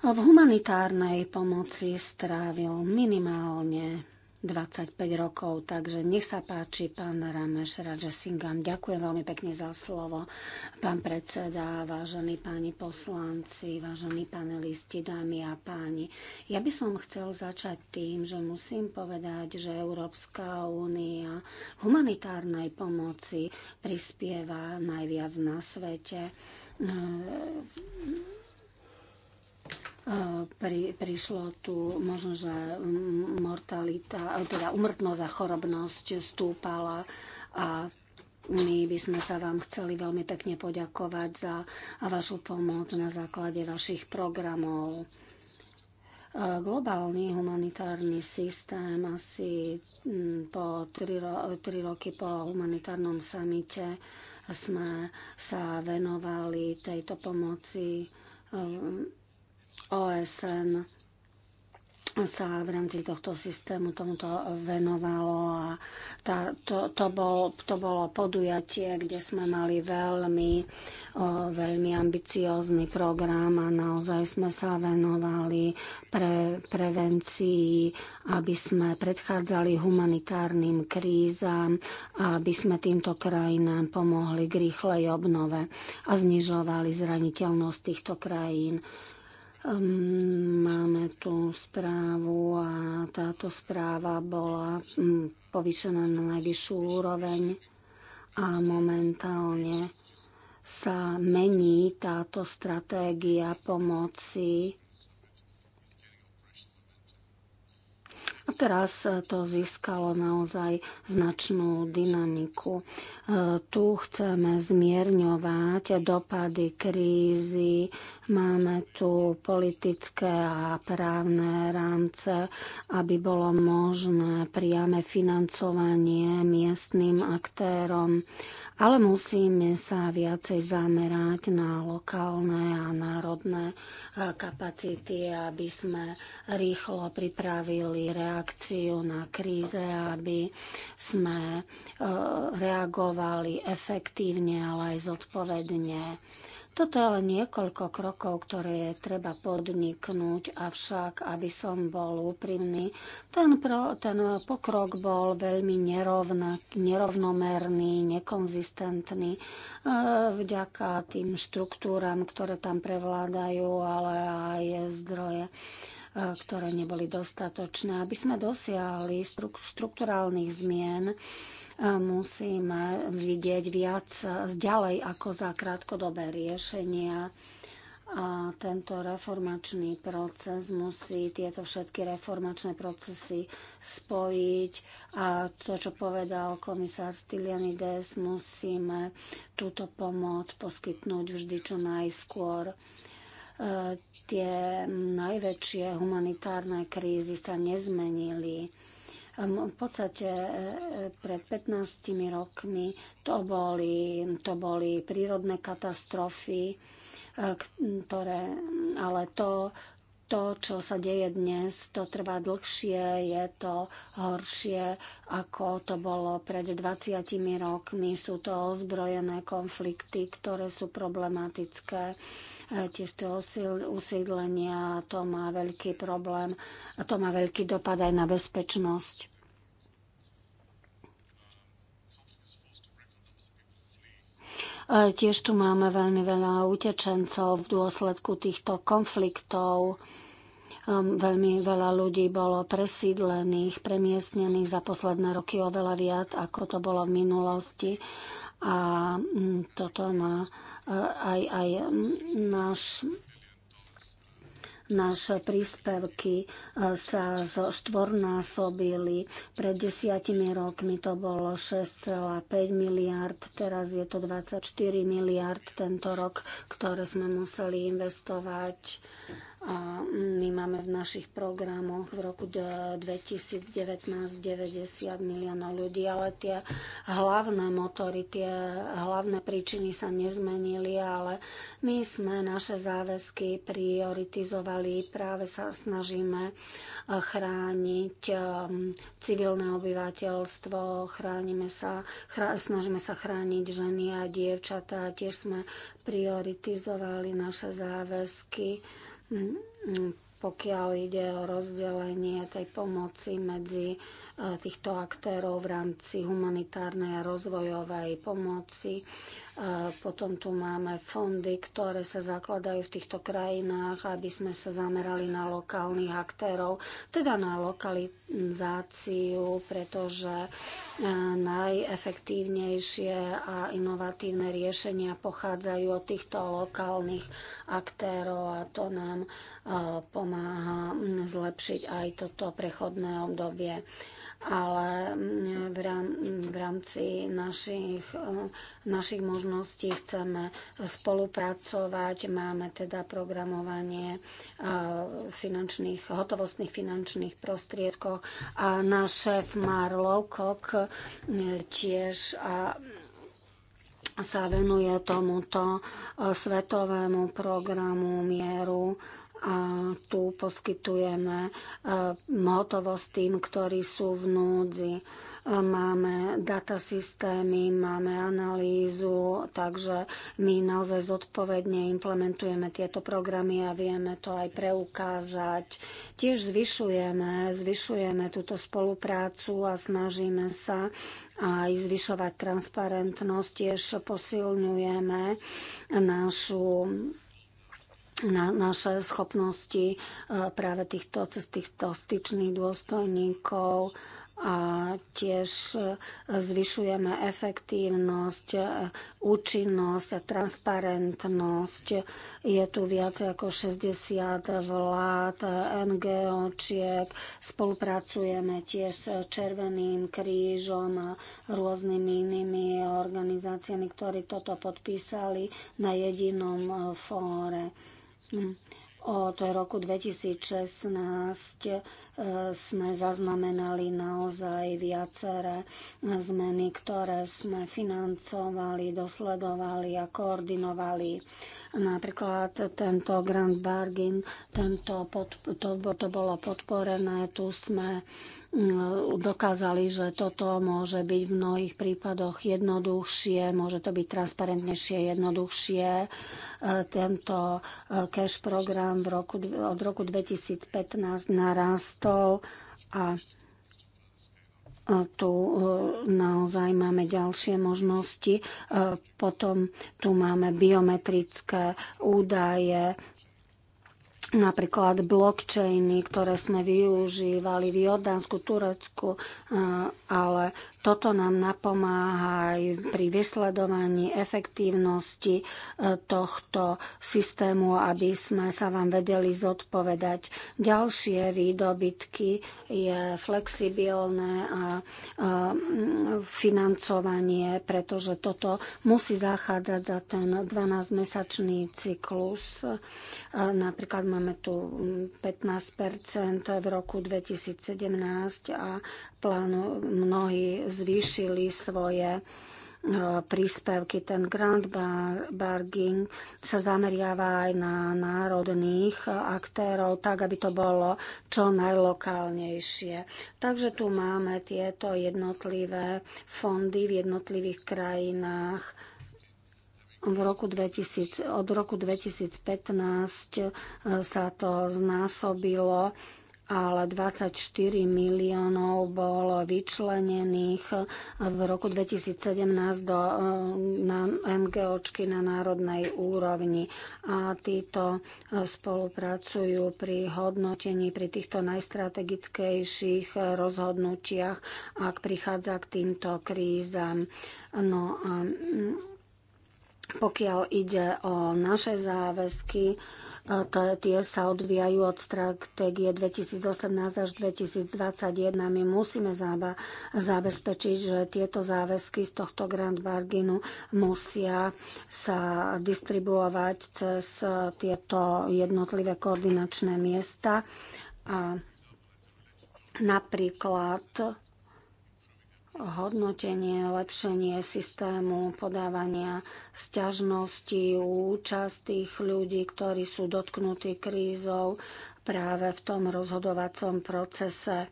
V humanitárnej pomoci strávil minimálne 25 rokov. Takže nech sa páči, pán Rameš Rajasingam. Ďakujem veľmi pekne za slovo. Pán predseda, vážení páni poslanci, vážení panelisti, dámy a páni. Ja by som chcel začať tým, že musím povedať, že Európska únia humanitárnej pomoci prispieva najviac na svete pri, prišlo tu možno, že mortalita, teda umrtnosť a chorobnosť stúpala a my by sme sa vám chceli veľmi pekne poďakovať za vašu pomoc na základe vašich programov. E, globálny humanitárny systém asi po tri, ro- tri roky po humanitárnom samite sme sa venovali tejto pomoci e, OSN sa v rámci tohto systému tomuto venovalo a tá, to, to, bol, to bolo podujatie, kde sme mali veľmi, o, veľmi ambiciózny program a naozaj sme sa venovali pre prevencii, aby sme predchádzali humanitárnym krízam a aby sme týmto krajinám pomohli k rýchlej obnove a znižovali zraniteľnosť týchto krajín Ehm, máme tu správu a táto správa bola hm, povýšená na najvyššiu úroveň a momentálne sa mení táto stratégia pomoci. A teraz to získalo naozaj značnú dynamiku. E, tu chceme zmierňovať dopady krízy Máme tu politické a právne rámce, aby bolo možné priame financovanie miestnym aktérom, ale musíme sa viacej zamerať na lokálne a národné e, kapacity, aby sme rýchlo pripravili reakciu na kríze, aby sme e, reagovali efektívne, ale aj zodpovedne. Toto je len niekoľko krokov, ktoré je treba podniknúť, avšak, aby som bol úprimný, ten, pro, ten pokrok bol veľmi nerovna, nerovnomerný, nekonzistentný e, vďaka tým štruktúram, ktoré tam prevládajú, ale aj zdroje e, ktoré neboli dostatočné. Aby sme dosiahli štruktúrálnych zmien, Musíme vidieť viac ďalej ako za krátkodobé riešenia. A tento reformačný proces musí tieto všetky reformačné procesy spojiť a to, čo povedal komisár Stylianides, musíme túto pomoc poskytnúť vždy čo najskôr e, tie najväčšie humanitárne krízy sa nezmenili. Ehm, v podstate e, e, pred 15 rokmi to boli, to boli prírodné katastrofy, e, ktoré, ale to to, čo sa deje dnes, to trvá dlhšie, je to horšie, ako to bolo pred 20 rokmi. Sú to ozbrojené konflikty, ktoré sú problematické. E, tiež to usídlenia, to má veľký problém a to má veľký dopad aj na bezpečnosť. E, tiež tu máme veľmi veľa utečencov v dôsledku týchto konfliktov Ehm, veľmi veľa ľudí bolo presídlených, premiestnených za posledné roky oveľa viac, ako to bolo v minulosti. A mm, toto má e, aj, aj mm, náš naše príspevky e, sa štvornásobili. Pred desiatimi rokmi to bolo 6,5 miliard, teraz je to 24 miliard tento rok, ktoré sme museli investovať a my máme v našich programoch v roku 2019 90 miliónov ľudí, ale tie hlavné motory, tie hlavné príčiny sa nezmenili, ale my sme naše záväzky prioritizovali, práve sa snažíme eh, chrániť ehm, civilné obyvateľstvo, chránime sa, chr- snažíme sa chrániť ženy a dievčatá, tiež sme prioritizovali naše záväzky Mm-hmm. Mm, pokiaľ ide o rozdelenie tej pomoci medzi E, týchto aktérov v rámci humanitárnej a rozvojovej pomoci. E, potom tu máme fondy, ktoré sa zakladajú v týchto krajinách, aby sme sa zamerali na lokálnych aktérov, teda na lokalizáciu, pretože e, najefektívnejšie a inovatívne riešenia pochádzajú od týchto lokálnych aktérov a to nám pomáha zlepšiť aj toto prechodné obdobie ale mm, v rámci našich, e, našich možností chceme spolupracovať. Máme teda programovanie e, finančných, hotovostných finančných prostriedkov a náš šéf Marlovkok e, tiež a sa venuje tomuto svetovému programu mieru a tu poskytujeme e, hotovosť tým, ktorí sú v núdzi. E, máme datasystémy, máme analýzu, takže my naozaj zodpovedne implementujeme tieto programy a vieme to aj preukázať. Tiež zvyšujeme, zvyšujeme túto spoluprácu a snažíme sa aj zvyšovať transparentnosť. Tiež posilňujeme našu na naše schopnosti e, práve týchto, cez týchto styčných dôstojníkov a tiež e, zvyšujeme efektívnosť, e, účinnosť a transparentnosť. Je tu viac ako 60 vlád, NGOčiek, spolupracujeme tiež s Červeným krížom a rôznymi inými organizáciami, ktorí toto podpísali na jedinom fóre od roku 2016 e, sme zaznamenali naozaj viaceré zmeny, ktoré sme financovali, dosledovali a koordinovali. Napríklad tento Grand Bargain, tento pod, to, to bolo podporené, tu sme Mm, dokázali, že toto môže byť v mnohých prípadoch jednoduchšie, môže to byť transparentnejšie, jednoduchšie. E, tento e, cash program v roku, od roku 2015 narastol a e, tu naozaj máme ďalšie možnosti. Potom tu máme biometrické údaje, napríklad blockchainy, ktoré sme využívali v Jordánsku, Turecku, ale toto nám napomáha aj pri vysledovaní efektívnosti e, tohto systému, aby sme sa vám vedeli zodpovedať. Ďalšie výdobytky je flexibilné a financovanie, pretože toto musí zachádzať za ten 12-mesačný cyklus. E, napríklad máme Máme tu 15 mm, v roku 2017 a plánu mnohí zvýšili svoje e, príspevky. Ten grant bar, barging sa zameriava aj na národných aktérov, tak aby to bolo čo najlokálnejšie. Takže tu máme tieto jednotlivé fondy v jednotlivých krajinách v roku 2000, od roku 2015 e, sa to znásobilo ale 24 miliónov bolo vyčlenených v roku 2017 do, e, na MGOčky na národnej úrovni. A títo e, spolupracujú pri hodnotení, pri týchto najstrategickejších rozhodnutiach, ak prichádza k týmto krízam. No a pokiaľ ide o naše záväzky, e, tie sa odvíjajú od stratégie 2018 až 2021. My musíme zabezpečiť, že tieto záväzky z tohto grant bargainu musia sa distribuovať cez e, tieto jednotlivé koordinačné miesta. A napríklad hodnotenie, lepšenie systému podávania sťažnosti, účasť tých ľudí, ktorí sú dotknutí krízou práve v tom rozhodovacom procese.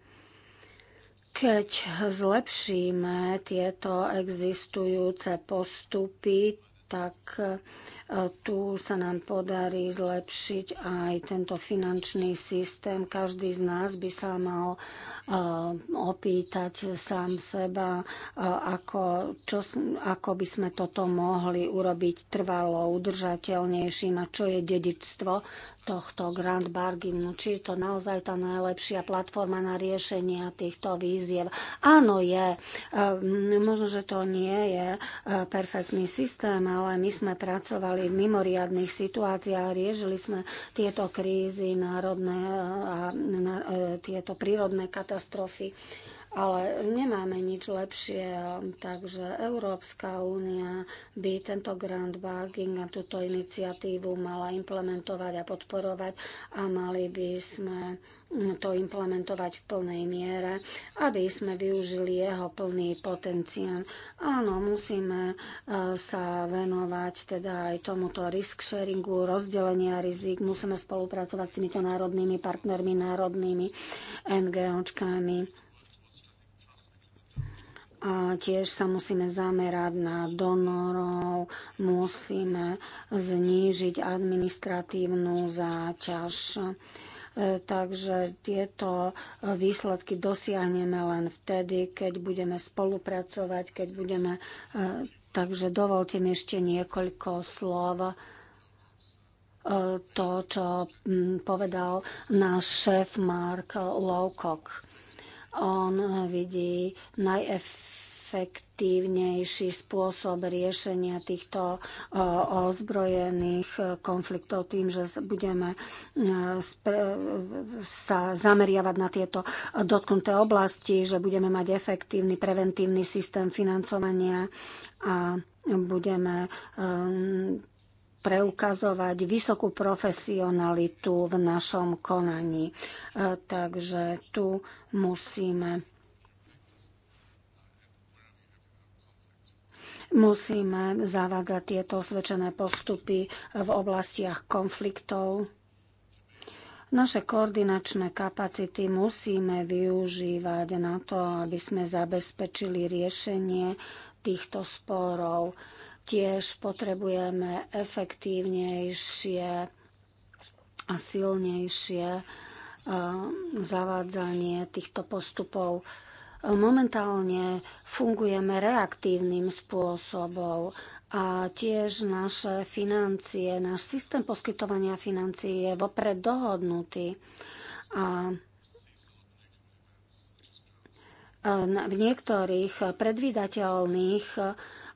Keď zlepšíme tieto existujúce postupy, tak e, tu sa nám podarí zlepšiť aj tento finančný systém. Každý z nás by sa mal e, opýtať sám seba, e, ako, čo, ako by sme toto mohli urobiť trvalo udržateľnejším a čo je dedictvo tohto Grand Bargain, no, či je to naozaj tá najlepšia platforma na riešenia týchto výziev. Áno, je. E, možno, že to nie je e, perfektný systém, ale my sme pracovali v mimoriadných situáciách, riešili sme tieto krízy národné a e, tieto prírodné katastrofy ale nemáme nič lepšie, takže Európska únia by tento grant bagging a túto iniciatívu mala implementovať a podporovať a mali by sme to implementovať v plnej miere, aby sme využili jeho plný potenciál. Áno, musíme e, sa venovať teda aj tomuto risk sharingu, rozdelenia rizik, musíme spolupracovať s týmito národnými partnermi, národnými NGOčkami a tiež sa musíme zamerať na donorov, musíme znížiť administratívnu záťaž. E, takže tieto výsledky dosiahneme len vtedy, keď budeme spolupracovať, keď budeme... E, takže dovolte mi ešte niekoľko slov e, to, čo povedal náš šéf Mark Lowcock on eh, vidí najefektívnejší spôsob riešenia týchto eh, ozbrojených eh, konfliktov tým, že budeme sa zameriavať na tieto dotknuté oblasti, že budeme mať efektívny preventívny systém financovania a budeme preukazovať vysokú profesionalitu v našom konaní. E, takže tu musíme musíme zavádzať tieto osvedčené postupy v oblastiach konfliktov. Naše koordinačné kapacity musíme využívať na to, aby sme zabezpečili riešenie týchto sporov. Tiež potrebujeme efektívnejšie a silnejšie eh, zavádzanie týchto postupov. Momentálne fungujeme reaktívnym spôsobom a tiež naše financie, náš systém poskytovania financií je vopred dohodnutý. A eh, v niektorých predvídateľných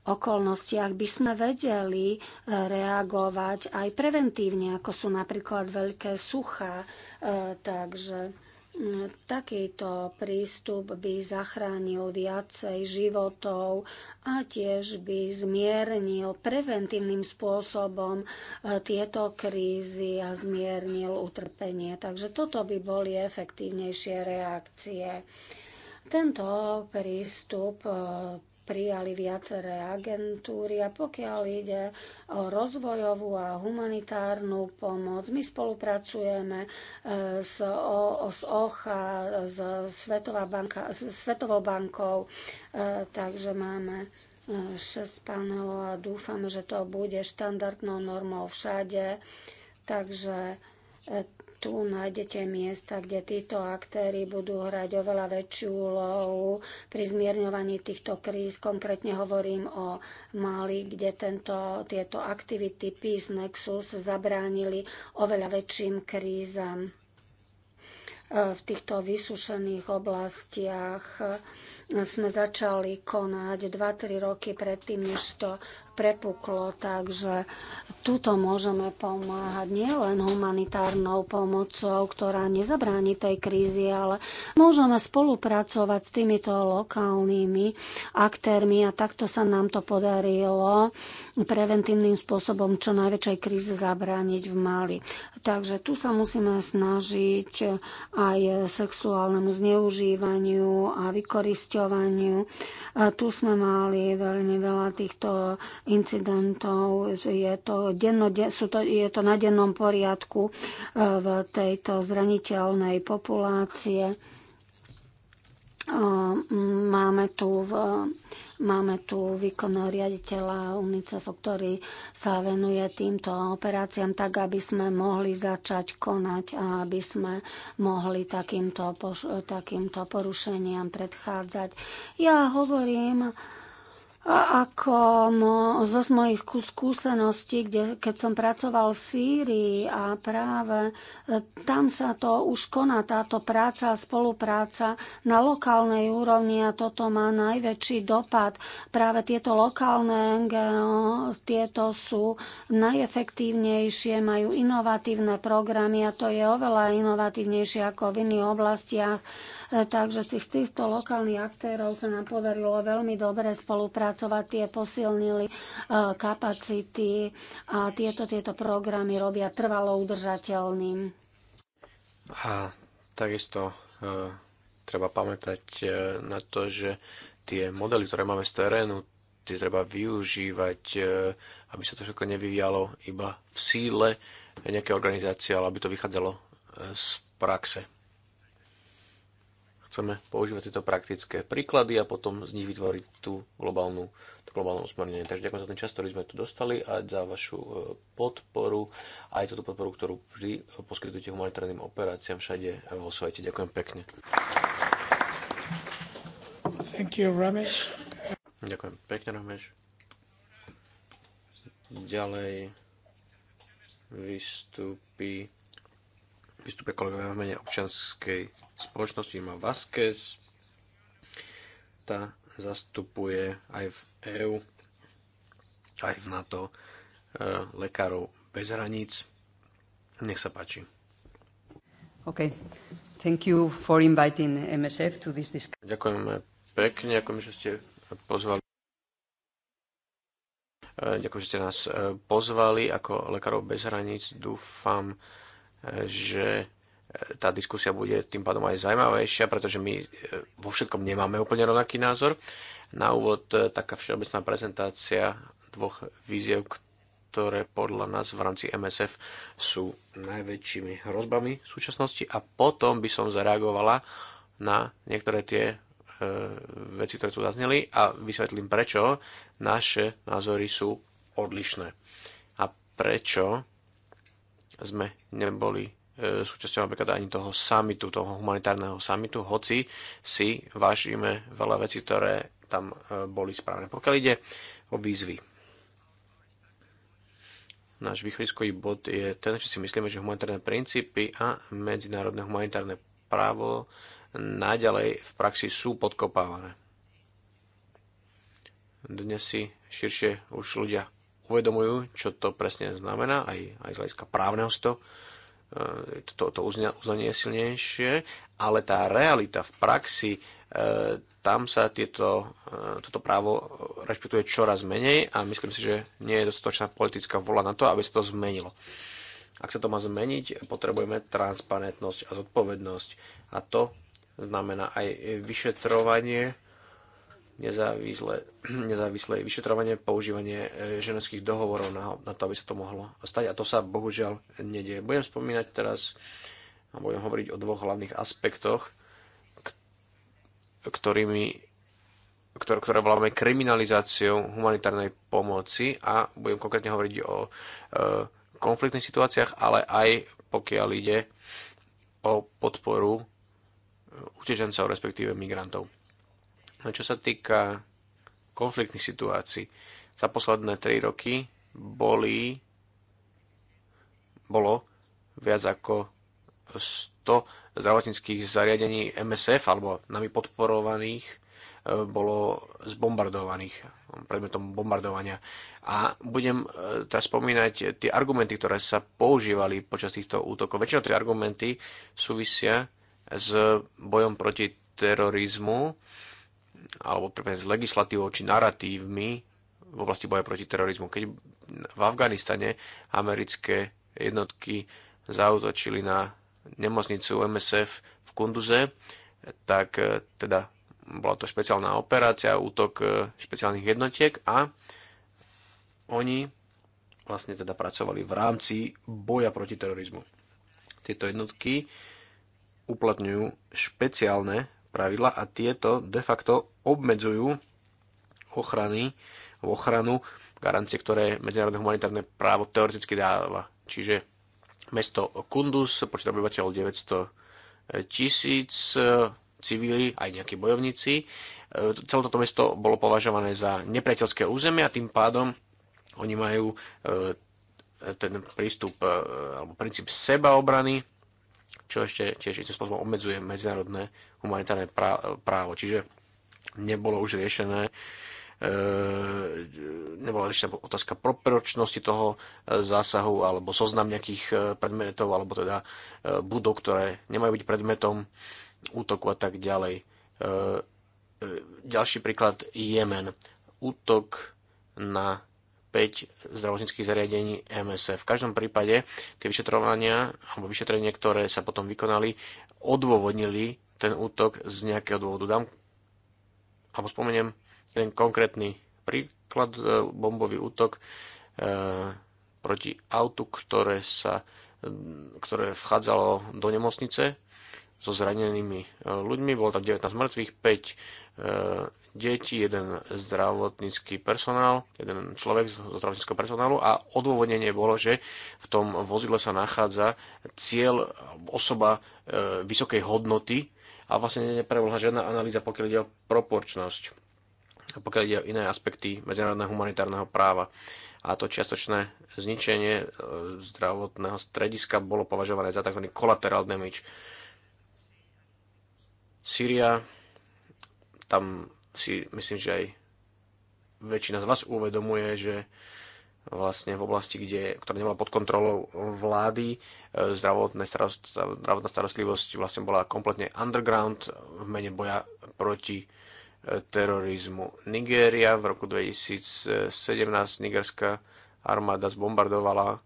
okolnostiach by sme vedeli eh, reagovať aj preventívne, ako sú napríklad veľké suchá. Eh, takže mm, takýto prístup by zachránil viacej životov a tiež by zmiernil preventívnym spôsobom eh, tieto krízy a zmiernil utrpenie. Takže toto by boli efektívnejšie reakcie. Tento prístup prijali viaceré agentúry a pokiaľ ide o rozvojovú a humanitárnu pomoc, my spolupracujeme e, s, o, s OCHA, s, Svetová banka, s Svetovou bankou, e, takže máme 6 e, panelov a dúfame, že to bude štandardnou normou všade. Takže tu nájdete miesta, kde títo aktéry budú hrať oveľa väčšiu úlohu pri zmierňovaní týchto kríz. Konkrétne hovorím o Mali, kde tento, tieto aktivity Peace Nexus zabránili oveľa väčším krízam e, v týchto vysušených oblastiach sme začali konať 2-3 roky predtým, než to prepuklo, takže tuto môžeme pomáhať nielen humanitárnou pomocou, ktorá nezabráni tej krízi, ale môžeme spolupracovať s týmito lokálnymi aktérmi a takto sa nám to podarilo preventívnym spôsobom čo najväčšej kríze zabrániť v Mali. Takže tu sa musíme snažiť aj sexuálnemu zneužívaniu a vykoristovaniu. Tu sme mali veľmi veľa týchto incidentov. Je to, dennode, sú to, je to na dennom poriadku e, v tejto zraniteľnej populácie. E, máme tu v Máme tu výkonného riaditeľa UNICEF, ktorý sa venuje týmto operáciám tak, aby sme mohli začať konať a aby sme mohli takýmto, takýmto porušeniam predchádzať. Ja hovorím, a ako no, zo z mojich skúseností, kde, keď som pracoval v Sýrii a práve e, tam sa to už koná táto práca a spolupráca na lokálnej úrovni a toto má najväčší dopad. Práve tieto lokálne NGO, tieto sú najefektívnejšie, majú inovatívne programy a to je oveľa inovatívnejšie ako v iných oblastiach Takže tých, týchto lokálnych aktérov sa nám podarilo veľmi dobre spolupracovať, tie posilnili e, kapacity a tieto, tieto programy robia trvalo udržateľným. A takisto e, treba pamätať e, na to, že tie modely, ktoré máme z terénu, tie treba využívať, e, aby sa to všetko nevyvialo iba v síle nejaké organizácie, ale aby to vychádzalo e, z praxe. Chceme používať tieto praktické príklady a potom z nich vytvoriť tú globálnu, tú globálnu usmernenie. Takže ďakujem za ten čas, ktorý sme tu dostali a za vašu e, podporu, aj za tú podporu, ktorú vždy e, poskytujete humanitárnym operáciám všade e, vo svete. Ďakujem pekne. Thank you, Ramesh. Ďakujem pekne, Ramesh. Ďalej vystúpi vystúpia kolegovia v mene občianskej spoločnosti Ima Vasquez. Tá zastupuje aj v EU, aj v NATO e, lekárov bez hraníc. Nech sa páči. OK. Thank you for inviting MSF to this discussion. Ďakujeme pekne, ďakujem, že ste pozvali e, Ďakujem, že ste nás e, pozvali ako Lekárov bez hraníc. Dúfam, že e, tá diskusia bude tým pádom aj zaujímavejšia, pretože my e, vo všetkom nemáme úplne rovnaký názor. Na úvod e, taká všeobecná prezentácia dvoch víziev, ktoré podľa nás v rámci MSF sú najväčšími hrozbami v súčasnosti a potom by som zareagovala na niektoré tie e, veci, ktoré tu zazneli a vysvetlím, prečo naše názory sú odlišné a prečo sme neboli e, súčasťou napríklad ani toho samitu, toho humanitárneho samitu, hoci si vážime veľa vecí, ktoré tam e, boli správne. Pokiaľ ide o výzvy, náš východiskový bod je ten, že si myslíme, že humanitárne princípy a medzinárodné humanitárne právo naďalej v praxi sú podkopávané. Dnes si širšie už ľudia uvedomujú, čo to presne znamená, aj, aj z hľadiska právneho si to, e, to, to uznanie je silnejšie, ale tá realita v praxi, e, tam sa tieto, e, toto právo rešpektuje čoraz menej a myslím si, že nie je dostatočná politická vola na to, aby sa to zmenilo. Ak sa to má zmeniť, potrebujeme transparentnosť a zodpovednosť. A to znamená aj vyšetrovanie nezávislé, nezávislé vyšetrovanie, používanie e, ženských dohovorov na, na to, aby sa to mohlo stať. A to sa bohužiaľ nedie. Budem spomínať teraz, a budem hovoriť o dvoch hlavných aspektoch, ktorými ktoré, ktoré voláme kriminalizáciou humanitárnej pomoci a budem konkrétne hovoriť o e, konfliktných situáciách, ale aj pokiaľ ide o podporu e, utečencov, respektíve migrantov. No, čo sa týka konfliktných situácií, za posledné 3 roky boli, bolo viac ako 100 zdravotníckých zariadení MSF alebo nami podporovaných e, bolo zbombardovaných, predmetom bombardovania. A budem e, teraz spomínať tie argumenty, ktoré sa používali počas týchto útokov. Väčšinou tie argumenty súvisia s bojom proti terorizmu alebo prípadne s legislatívou či naratívmi v oblasti boja proti terorizmu. Keď v Afganistane americké jednotky zautočili na nemocnicu MSF v Kunduze, tak e, teda bola to špeciálna operácia, útok e, špeciálnych jednotiek a oni vlastne teda pracovali v rámci boja proti terorizmu. Tieto jednotky uplatňujú špeciálne pravidla a tieto de facto obmedzujú ochrany, ochranu garancie, ktoré medzinárodné humanitárne právo teoreticky dáva. Čiže mesto Kundus, počet obyvateľov 900 tisíc, civili, aj nejakí bojovníci. E, celé toto mesto bolo považované za nepriateľské územie a tým pádom oni majú e, ten prístup e, alebo princíp sebaobrany čo ešte tiež istým spôsobom obmedzuje medzinárodné humanitárne právo. Čiže nebolo už riešené e, nebola riešená otázka proporočnosti toho e, zásahu alebo zoznam nejakých e, predmetov alebo teda budov, ktoré nemajú byť predmetom útoku a tak ďalej. Ďalší príklad Jemen. Útok na 5 zdravotníckých zariadení MSF. V každom prípade tie vyšetrovania alebo vyšetrenie, ktoré sa potom vykonali, odôvodnili ten útok z nejakého dôvodu. Dám alebo spomeniem jeden konkrétny príklad, e, bombový útok e, proti autu, ktoré, sa, ktoré vchádzalo do nemocnice so zranenými e, ľuďmi. Bolo tam 19 mŕtvych, 5 E, deti, jeden zdravotnícky personál, jeden človek zo zdravotníckého personálu a odôvodnenie bolo, že v tom vozidle sa nachádza cieľ, osoba e, vysokej hodnoty a vlastne neprebehla žiadna analýza, pokiaľ ide o proporčnosť a pokiaľ ide o iné aspekty medzinárodného humanitárneho práva. A to čiastočné zničenie e, zdravotného strediska bolo považované za tzv. collateral damage. Syria tam si myslím, že aj väčšina z vás uvedomuje, že vlastne v oblasti, kde, ktorá nebola pod kontrolou vlády, e, zdravotná, starost, zdravotná starostlivosť vlastne bola kompletne underground v mene boja proti e, terorizmu. Nigéria v roku 2017 nigerská armáda zbombardovala e,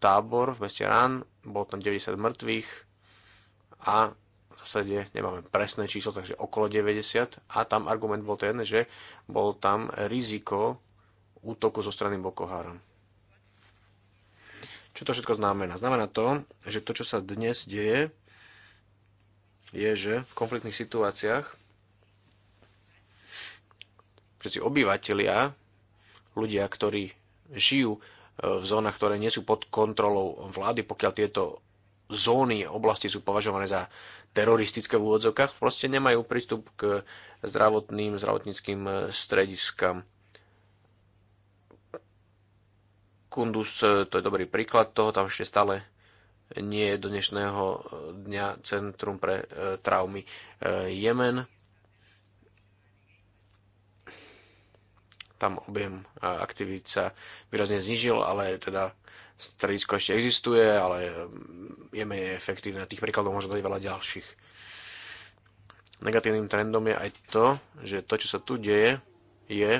tábor v meste Rán, bolo tam 90 mŕtvych a zásade nemáme presné číslo, takže okolo 90 a tam argument bol ten, že bol tam riziko útoku zo strany Boko Haram. Čo to všetko znamená? Znamená to, že to, čo sa dnes deje, je, že v konfliktných situáciách všetci obyvateľia, ľudia, ktorí žijú e, v zónach, ktoré nie sú pod kontrolou vlády, pokiaľ tieto zóny, oblasti sú považované za teroristické v úvodzokách, proste nemajú prístup k zdravotným, zdravotníckým e, strediskám. Kundus, e, to je dobrý príklad toho, tam ešte stále nie je do dnešného e, dňa Centrum pre traumy Jemen. Tam objem aktivít sa výrazne znižil, ale teda stredisko ešte existuje, ale mm, je menej efektívne. Tých príkladov možno dať veľa ďalších. Negatívnym trendom je aj to, že to, čo sa tu deje, je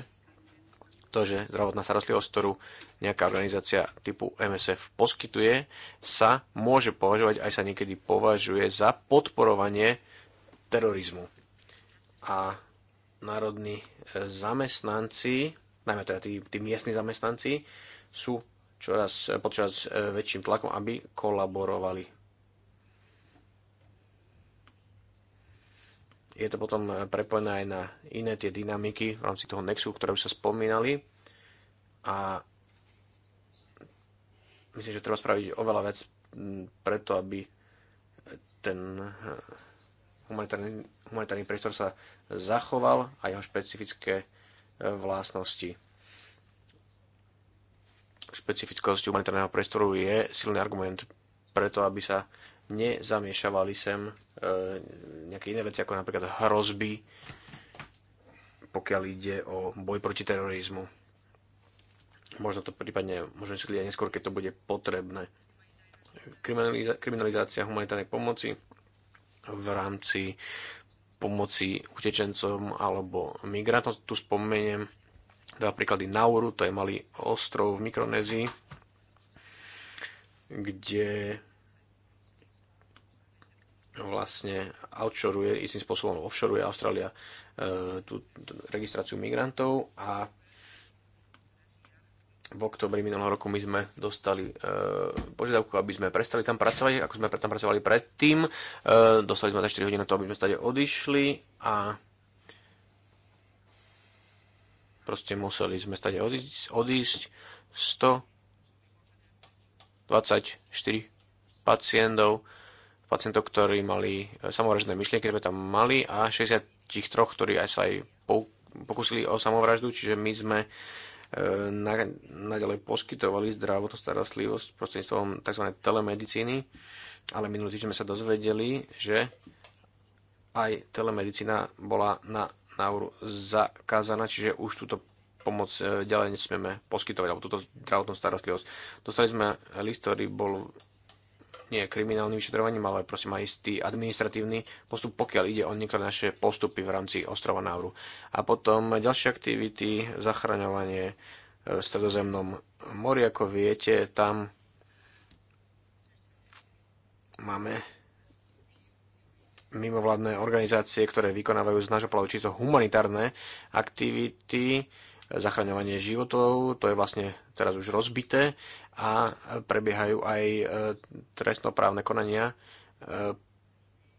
to, že zdravotná starostlivosť, ktorú nejaká organizácia typu MSF poskytuje, sa môže považovať, aj sa niekedy považuje za podporovanie terorizmu. A národní e, zamestnanci, najmä teda tí, tí miestni zamestnanci, sú čoraz, pod čoraz e, väčším tlakom, aby kolaborovali. Je to potom e, prepojené aj na iné tie dynamiky v rámci toho Nexu, ktoré už sa spomínali. A myslím, že treba spraviť oveľa vec preto, aby ten e, humanitárny, humanitárny priestor sa zachoval a jeho špecifické vlastnosti špecifickosť humanitárneho priestoru je silný argument preto, aby sa nezamiešavali sem e, nejaké iné veci, ako napríklad hrozby, pokiaľ ide o boj proti terorizmu. Možno to prípadne môžeme vysvetliť aj neskôr, keď to bude potrebné. Kriminaliza- kriminalizácia humanitárnej pomoci v rámci pomoci utečencom alebo migrantom. Tu spomeniem Dva príklady Nauru, to je malý ostrov v Mikronézii, kde vlastne outshoruje, istým spôsobom offshoreuje Austrália e, tú, tú registráciu migrantov a v oktobri minulého roku my sme dostali e, požiadavku, aby sme prestali tam pracovať, ako sme tam pracovali predtým. E, dostali sme za 4 hodiny na to, aby sme stade odišli a Proste museli sme stať odísť, odísť 124 pacientov, pacientov, ktorí mali eh, samovražné myšlienky, sme tam mali a 63, ktorí aj sa aj pokusili o samovraždu, čiže my sme eh, na, naďalej poskytovali zdravotnú starostlivosť prostredníctvom tzv. telemedicíny, ale minulý týždeň sme sa dozvedeli, že aj telemedicína bola na nauru zakázaná, čiže už túto pomoc e, ďalej nesmieme poskytovať, alebo túto zdravotnú starostlivosť. Dostali sme list, ktorý bol nie kriminálnym vyšetrovaním, ale prosím aj istý administratívny postup, pokiaľ ide o niektoré naše postupy v rámci ostrova Nauru. A potom ďalšie aktivity, zachraňovanie e, v stredozemnom mori, ako viete, tam máme mimovládne organizácie, ktoré vykonávajú z nášho pohľadu čisto humanitárne aktivity, zachraňovanie životov, to je vlastne teraz už rozbité a prebiehajú aj e, trestnoprávne konania e,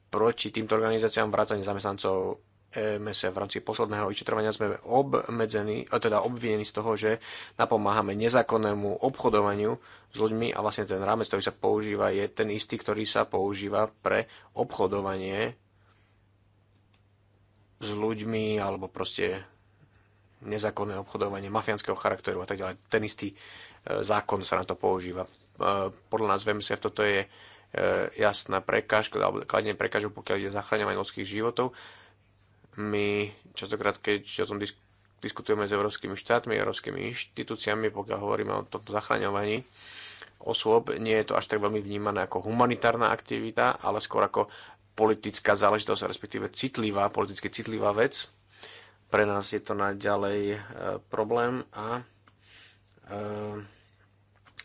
proti týmto organizáciám vrátane zamestnancov EMS v rámci posledného vyšetrovania sme obmedzení, teda obvinení z toho, že napomáhame nezákonnému obchodovaniu s ľuďmi a vlastne ten rámec, ktorý sa používa, je ten istý, ktorý sa používa pre obchodovanie s ľuďmi alebo proste nezákonné obchodovanie mafiánskeho charakteru a tak ďalej. Ten istý e, zákon sa na to používa. E, podľa nás v sa toto je e, jasná prekážka, alebo kladenie prekážok, pokiaľ ide zachraňovanie ľudských životov my častokrát, keď o tom disk- diskutujeme s európskymi štátmi, európskymi inštitúciami, pokiaľ hovoríme o tomto zachraňovaní osôb, nie je to až tak veľmi vnímané ako humanitárna aktivita, ale skôr ako politická záležitosť, respektíve citlivá, politicky citlivá vec. Pre nás je to naďalej e, problém a, e,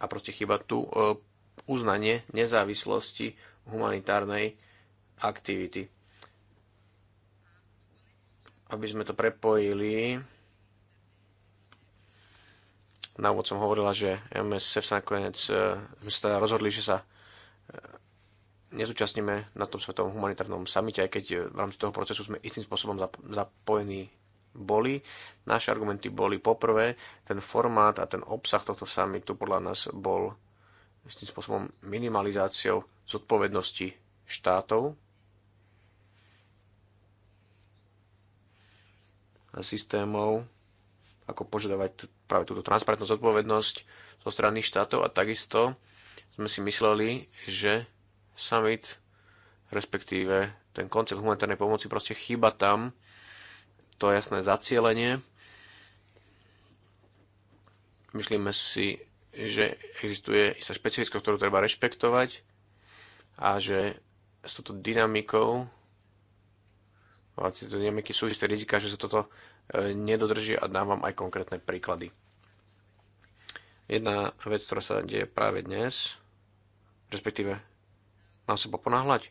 a proste chyba tu e, uznanie nezávislosti humanitárnej aktivity aby sme to prepojili. Na úvod som hovorila, že MSF sa nakoniec, e, sme sa teda rozhodli, že sa e, nezúčastníme na tom svetovom humanitárnom samite, aj keď e, v rámci toho procesu sme istým spôsobom zapojení boli. Naše argumenty boli poprvé, ten formát a ten obsah tohto samitu podľa nás bol istým spôsobom minimalizáciou zodpovednosti štátov systémov, ako požadovať práve túto transparentnosť, zodpovednosť zo strany štátov a takisto sme si mysleli, že summit, respektíve ten koncept humanitárnej pomoci proste chýba tam, to jasné zacielenie. Myslíme si, že existuje istá špecifická, ktorú treba rešpektovať a že s touto dynamikou v to tejto dynamiky sú isté rizika, že sa toto e, nedodrží a dám vám aj konkrétne príklady. Jedna vec, ktorá sa deje práve dnes, respektíve mám sa poponáhľať, e,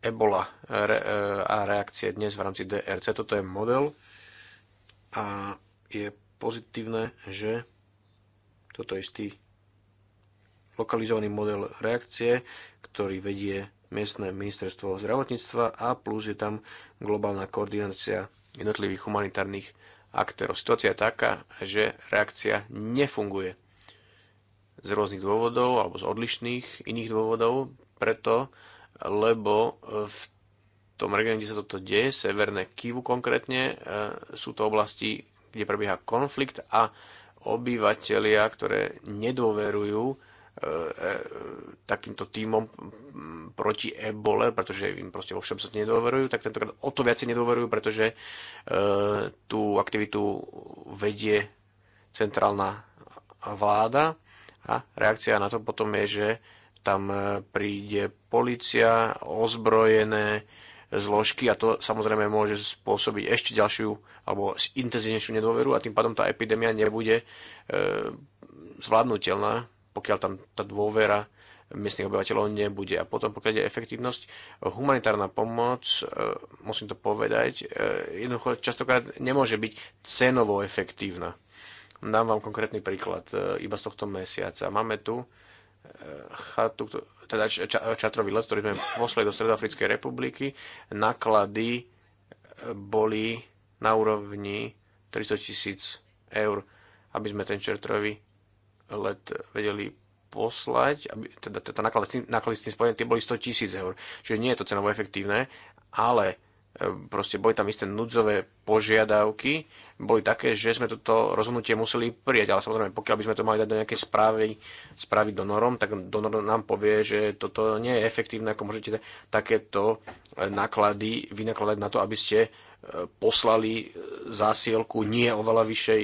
ebola e, a reakcie dnes v rámci DRC, toto je model a je pozitívne, že toto je istý lokalizovaný model reakcie, ktorý vedie miestne ministerstvo zdravotníctva a plus je tam globálna koordinácia jednotlivých humanitárnych aktérov. Situácia je taká, že reakcia nefunguje z rôznych dôvodov alebo z odlišných iných dôvodov, preto, lebo v tom regióne, kde sa toto deje, severné Kivu konkrétne, e, sú to oblasti, kde prebieha konflikt a obyvateľia, ktoré nedôverujú E, e, takýmto týmom proti ebole, pretože im proste vo sa nedôverujú, tak tentokrát o to viacej nedôverujú, pretože e, tú aktivitu vedie centrálna vláda a reakcia na to potom je, že tam príde policia, ozbrojené zložky a to samozrejme môže spôsobiť ešte ďalšiu alebo intenzívnejšiu nedôveru a tým pádom tá epidémia nebude zvládnutelná pokiaľ tam tá dôvera miestnych obyvateľov nebude. A potom, pokiaľ je efektívnosť, humanitárna pomoc, e, musím to povedať, e, jednoducho častokrát nemôže byť cenovo efektívna. Dám vám konkrétny príklad, e, iba z tohto mesiaca. Máme tu chatu, teda čatrový let, ktorý sme poslali do Stredoafrickej republiky. Náklady boli na úrovni 300 tisíc eur, aby sme ten čertrový let vedeli poslať, aby, teda, teda náklady, s tým spojené, tie boli 100 tisíc eur. Čiže nie je to cenovo efektívne, ale proste boli tam isté núdzové požiadavky, boli také, že sme toto rozhodnutie museli prijať, ale samozrejme, pokiaľ by sme to mali dať do nejakej správy, správy donorom, tak donor nám povie, že toto nie je efektívne, ako môžete takéto eh, náklady vynakladať na to, aby ste eh, poslali eh, zásielku nie oveľa vyššej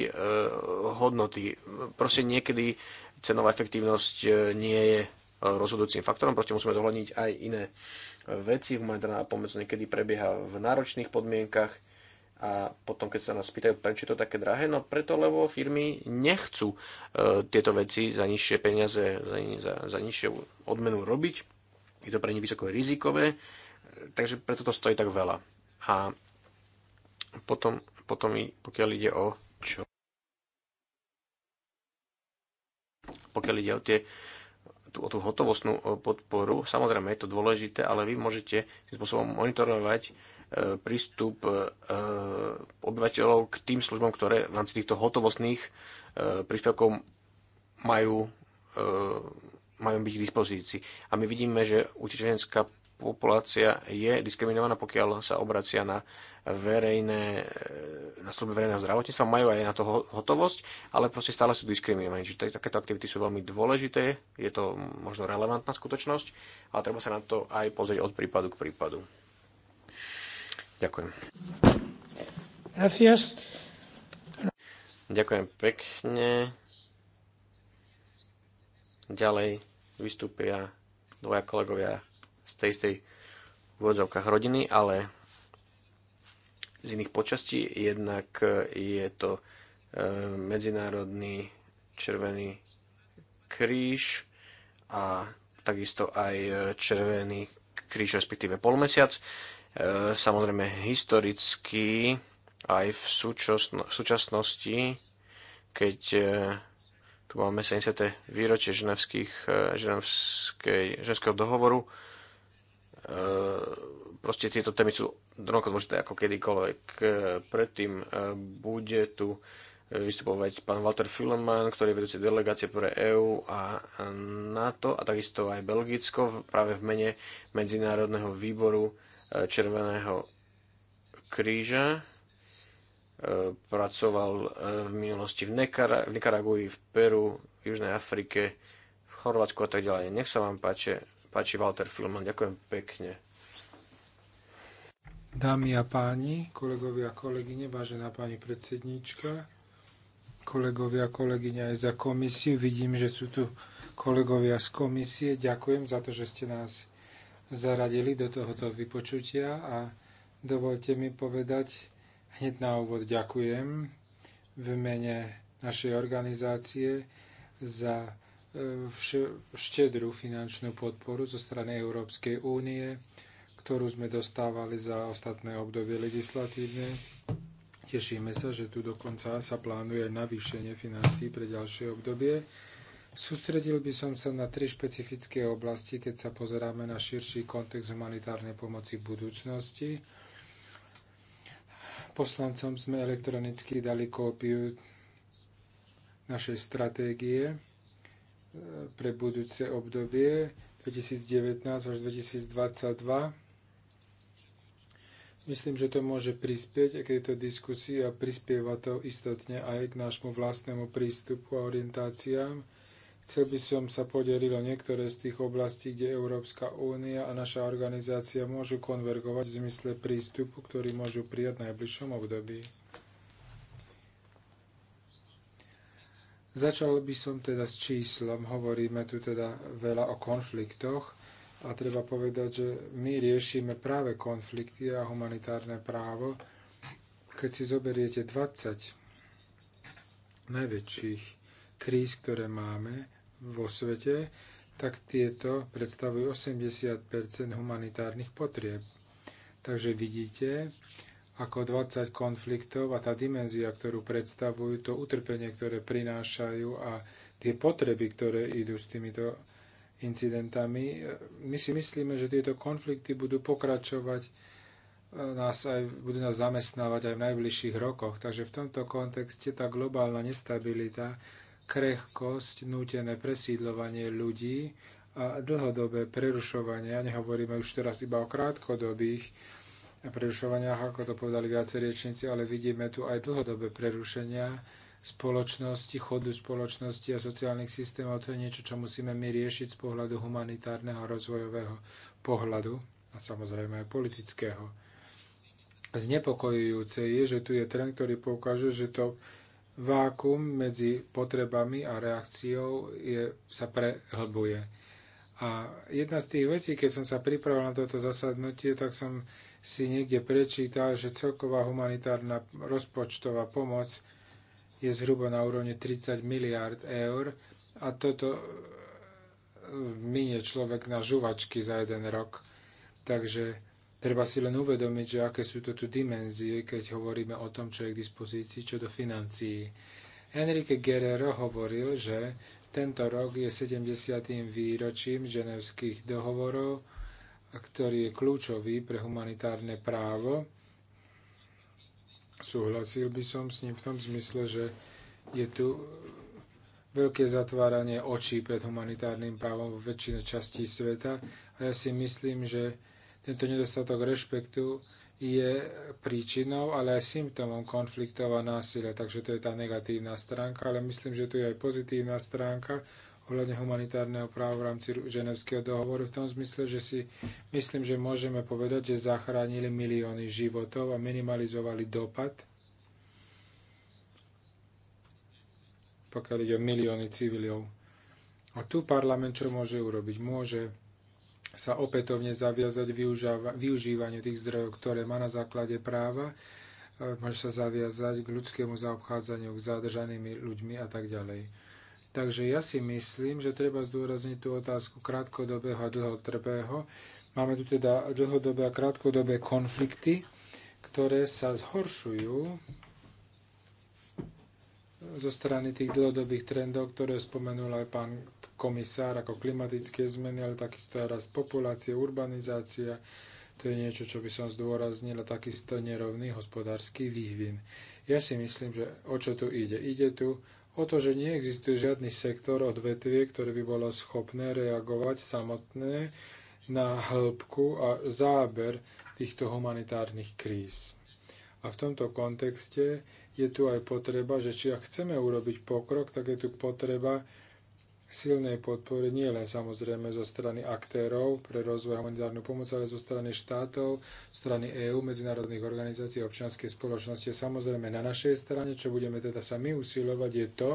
hodnoty. Proste niekedy cenová efektívnosť nie je rozhodujúcim faktorom, proste musíme zohľadniť aj iné veci. Humanitárna pomoc niekedy prebieha v náročných podmienkach a potom, keď sa nás pýtajú, prečo je to také drahé, no preto, lebo firmy nechcú e, tieto veci za nižšie peniaze, za, za, za nižšiu odmenu robiť. Je to pre nich vysoko rizikové, e, takže preto to stojí tak veľa. A potom, potom pokiaľ ide o čo? Pokiaľ ide o tie tú, tú hotovostnú e, podporu. Samozrejme, je to dôležité, ale vy môžete tým spôsobom monitorovať e, prístup e, obyvateľov k tým službám, ktoré v rámci týchto hotovostných príspevkov majú, majú byť k dispozícii. A my vidíme, že utečenecká populácia je diskriminovaná, pokiaľ sa obracia na verejné, e, na služby verejného zdravotníctva, majú aj na to hotovosť, ale proste stále sú diskriminovaní. Čiže takéto aktivity sú veľmi dôležité, je to možno relevantná skutočnosť, ale treba sa na to aj pozrieť od prípadu k prípadu. Ďakujem. Gracias. Ďakujem pekne. Ďalej vystúpia dvoja kolegovia z tej istej vôdzovkách rodiny, ale z iných počastí. Jednak je to e, Medzinárodný červený kríž a takisto aj e, Červený kríž, respektíve polmesiac. E, samozrejme historicky aj v, súčasno, v súčasnosti, keď tu máme 70. výročie ženevských, ženevskej, ženevského dohovoru, E, proste tieto témy sú rovnako dôležité ako kedykoľvek. E, predtým e, bude tu vystupovať pán Walter Fileman, ktorý je vedúci delegácie pre EÚ a NATO a takisto aj Belgicko práve v mene Medzinárodného výboru Červeného kríža. Pracoval v minulosti v, Nekara, v Nikaragui, v Peru, v Južnej Afrike, v Chorvátsku a tak ďalej. Nech sa vám páče, páči Walter Filman. Ďakujem pekne. Dámy a páni, kolegovia a kolegyne, vážená pani predsedníčka, kolegovia a kolegyne aj za komisiu. Vidím, že sú tu kolegovia z komisie. Ďakujem za to, že ste nás zaradili do tohoto vypočutia a dovolte mi povedať hneď na úvod ďakujem v mene našej organizácie za E, štedrú finančnú podporu zo strany Európskej únie, ktorú sme dostávali za ostatné obdobie legislatívne. Tešíme sa, že tu dokonca sa plánuje navýšenie financí pre ďalšie obdobie. Sústredil by som sa na tri špecifické oblasti, keď sa pozeráme na širší kontext humanitárnej pomoci v budúcnosti. Poslancom sme elektronicky dali kópiu našej stratégie pre budúce obdobie 2019 až 2022. Myslím, že to môže prispieť aj k tejto diskusii a prispieva to istotne aj k nášmu vlastnému prístupu a orientáciám. Chcel by som sa podeliť o niektoré z tých oblastí, kde Európska únia a naša organizácia môžu konvergovať v zmysle prístupu, ktorý môžu prijať v najbližšom období. Začal by som teda s číslom. Hovoríme tu teda veľa o konfliktoch a treba povedať, že my riešime práve konflikty a humanitárne právo. Keď si zoberiete 20 najväčších kríz, ktoré máme vo svete, tak tieto predstavujú 80 humanitárnych potrieb. Takže vidíte, ako 20 konfliktov a tá dimenzia, ktorú predstavujú, to utrpenie, ktoré prinášajú a tie potreby, ktoré idú s týmito incidentami. My si myslíme, že tieto konflikty budú pokračovať, e, nás aj, budú nás zamestnávať aj v najbližších rokoch. Takže v tomto kontexte tá globálna nestabilita, krehkosť, nútené presídlovanie ľudí a dlhodobé prerušovanie, a nehovoríme už teraz iba o krátkodobých na prerušovaniach, ako to povedali viacerí riečníci, ale vidíme tu aj dlhodobé prerušenia spoločnosti, chodu spoločnosti a sociálnych systémov. To je niečo, čo musíme my riešiť z pohľadu humanitárneho rozvojového pohľadu a samozrejme aj politického. Znepokojujúce je, že tu je trend, ktorý poukáže, že to vákum medzi potrebami a reakciou je, sa prehlbuje. A jedna z tých vecí, keď som sa pripravil na toto zasadnutie, tak som si niekde prečítal, že celková humanitárna rozpočtová pomoc je zhruba na úrovne 30 miliard eur a toto e, minie človek na žuvačky za jeden rok. Takže treba si len uvedomiť, že aké sú to tu dimenzie, keď hovoríme o tom, čo je k dispozícii, čo do financií. Enrique Guerrero hovoril, že tento rok je 70. výročím ženevských dohovorov, a ktorý je kľúčový pre humanitárne právo. Súhlasil by som s ním v tom zmysle, že je tu veľké zatváranie očí pred humanitárnym právom vo väčšine častí sveta a ja si myslím, že tento nedostatok rešpektu je príčinou, ale aj symptómom konfliktov a násilia. Takže to je tá negatívna stránka, ale myslím, že tu je aj pozitívna stránka, ohľadne humanitárneho práva v rámci Ženevského dohovoru v tom zmysle, že si myslím, že môžeme povedať, že zachránili milióny životov a minimalizovali dopad, pokiaľ ide o milióny civilov. A tu parlament čo môže urobiť? Môže sa opätovne zaviazať využívaniu tých zdrojov, ktoré má na základe práva, e, môže sa zaviazať k ľudskému zaobchádzaniu, k zadržanými ľuďmi a tak ďalej. Takže ja si myslím, že treba zdôrazniť tú otázku krátkodobého a dlhodobého. Máme tu teda dlhodobé a krátkodobé konflikty, ktoré sa zhoršujú zo strany tých dlhodobých trendov, ktoré spomenul aj pán komisár, ako klimatické zmeny, ale takisto aj rast populácie, urbanizácia. To je niečo, čo by som zdôraznil, a takisto nerovný hospodársky vývin. Ja si myslím, že o čo tu ide? Ide tu o to, že neexistuje žiadny sektor odvetvie, ktoré by bolo schopné reagovať samotné na hĺbku a záber týchto humanitárnych kríz. A v tomto kontexte je tu aj potreba, že či ak chceme urobiť pokrok, tak je tu potreba silnej podpory nie len samozrejme zo strany aktérov pre rozvoj a humanitárnu pomoc, ale zo strany štátov, strany EÚ, medzinárodných organizácií a občianskej spoločnosti. Samozrejme na našej strane, čo budeme teda sa my usilovať, je to,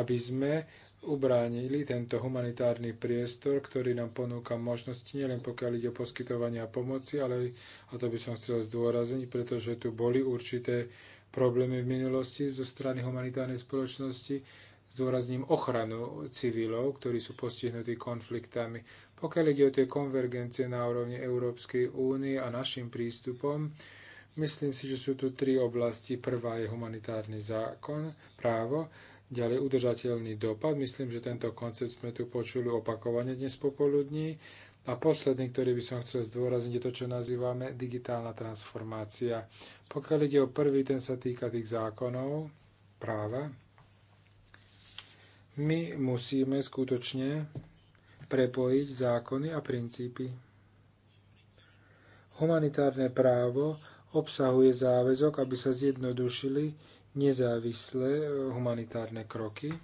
aby sme ubránili tento humanitárny priestor, ktorý nám ponúka možnosti nielen pokiaľ ide o poskytovania pomoci, ale a to by som chcel zdôrazniť, pretože tu boli určité problémy v minulosti zo strany humanitárnej spoločnosti, zdôrazním ochranu civilov, ktorí sú postihnutí konfliktami. Pokiaľ ide o tie konvergencie na úrovni Európskej únie a našim prístupom, myslím si, že sú tu tri oblasti. Prvá je humanitárny zákon, právo, ďalej udržateľný dopad. Myslím, že tento koncept sme tu počuli opakovane dnes popoludní. A posledný, ktorý by som chcel zdôrazniť, je to, čo nazývame digitálna transformácia. Pokiaľ ide o prvý, ten sa týka tých zákonov, práva, my musíme skutočne prepojiť zákony a princípy. Humanitárne právo obsahuje záväzok, aby sa zjednodušili nezávislé e, humanitárne kroky.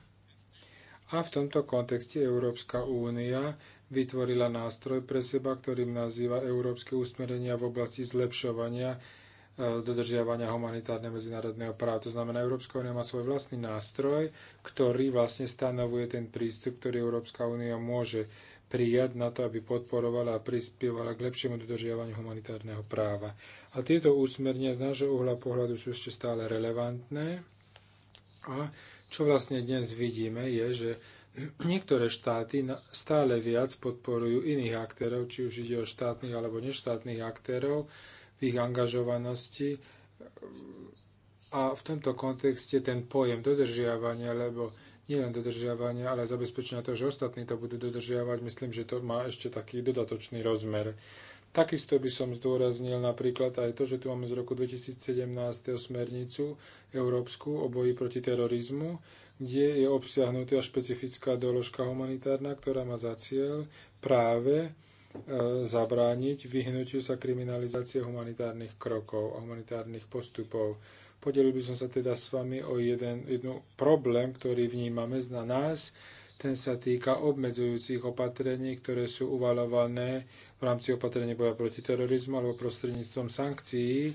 A v tomto kontexte Európska únia vytvorila nástroj pre seba, ktorým nazýva Európske usmerenia v oblasti zlepšovania E, dodržiavania humanitárneho medzinárodného práva. To znamená, Európska únia má svoj vlastný nástroj, ktorý vlastne stanovuje ten prístup, ktorý Európska únia môže prijať na to, aby podporovala a prispievala k lepšiemu dodržiavaniu humanitárneho práva. A tieto úsmernia z nášho uhla pohľadu sú ešte stále relevantné. A čo vlastne dnes vidíme, je, že niektoré štáty stále viac podporujú iných aktérov, či už ide o štátnych alebo neštátnych aktérov, v ich angažovanosti. A v tomto kontexte ten pojem dodržiavania, lebo nielen dodržiavania, ale zabezpečenia to, že ostatní to budú dodržiavať, myslím, že to má ešte taký dodatočný rozmer. Takisto by som zdôraznil napríklad aj to, že tu máme z roku 2017 smernicu Európsku o boji proti terorizmu, kde je obsiahnutá špecifická doložka humanitárna, ktorá má za cieľ práve E, zabrániť vyhnutiu sa kriminalizácie humanitárnych krokov a humanitárnych postupov. Podelil by som sa teda s vami o jeden jednu problém, ktorý vnímame na nás. Ten sa týka obmedzujúcich opatrení, ktoré sú uvalované v rámci opatrení boja proti terorizmu alebo prostredníctvom sankcií,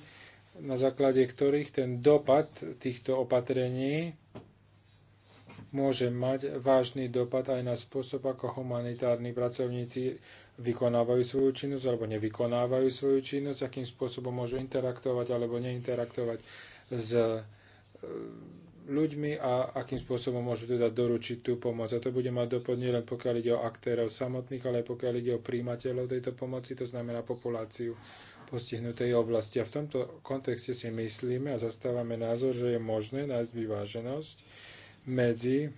na základe ktorých ten dopad týchto opatrení môže mať vážny dopad aj na spôsob, ako humanitárni pracovníci vykonávajú svoju činnosť alebo nevykonávajú svoju činnosť, akým spôsobom môžu interaktovať alebo neinteraktovať s e, ľuďmi a akým spôsobom môžu teda doručiť tú pomoc. A to bude mať dopad nielen pokiaľ ide o aktérov samotných, ale aj pokiaľ ide o príjimateľov tejto pomoci, to znamená populáciu postihnutej oblasti. A v tomto kontexte si myslíme a zastávame názor, že je možné nájsť vyváženosť medzi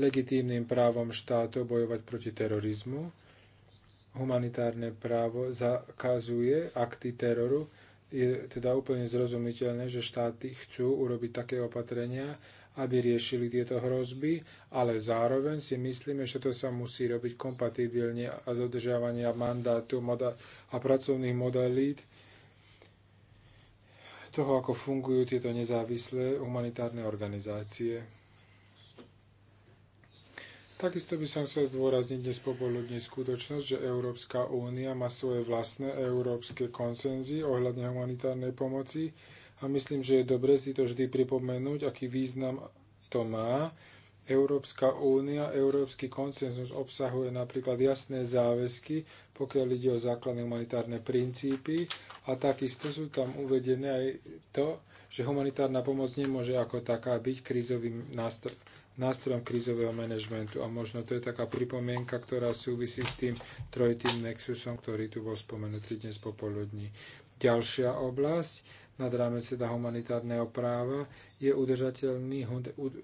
legitímnym právom štátov bojovať proti terorizmu humanitárne právo zakazuje akty teroru, je teda úplne zrozumiteľné, že štáty chcú urobiť také opatrenia, aby riešili tieto hrozby, ale zároveň si myslíme, že to sa musí robiť kompatibilne a dodržiavania mandátu a pracovných modalít toho, ako fungujú tieto nezávislé humanitárne organizácie. Takisto by som chcel zdôrazniť dnes popoludne skutočnosť, že Európska únia má svoje vlastné európske konsenzy ohľadne humanitárnej pomoci a myslím, že je dobre si to vždy pripomenúť, aký význam to má. Európska únia, Európsky konsenzus obsahuje napríklad jasné záväzky, pokiaľ ide o základné humanitárne princípy a takisto sú tam uvedené aj to, že humanitárna pomoc nemôže ako taká byť krízovým nástrojom nástrojom krízového manažmentu. A možno to je taká pripomienka, ktorá súvisí s tým trojitým nexusom, ktorý tu bol spomenutý dnes popoludní. Ďalšia oblasť nad rámec teda humanitárneho práva je udržateľný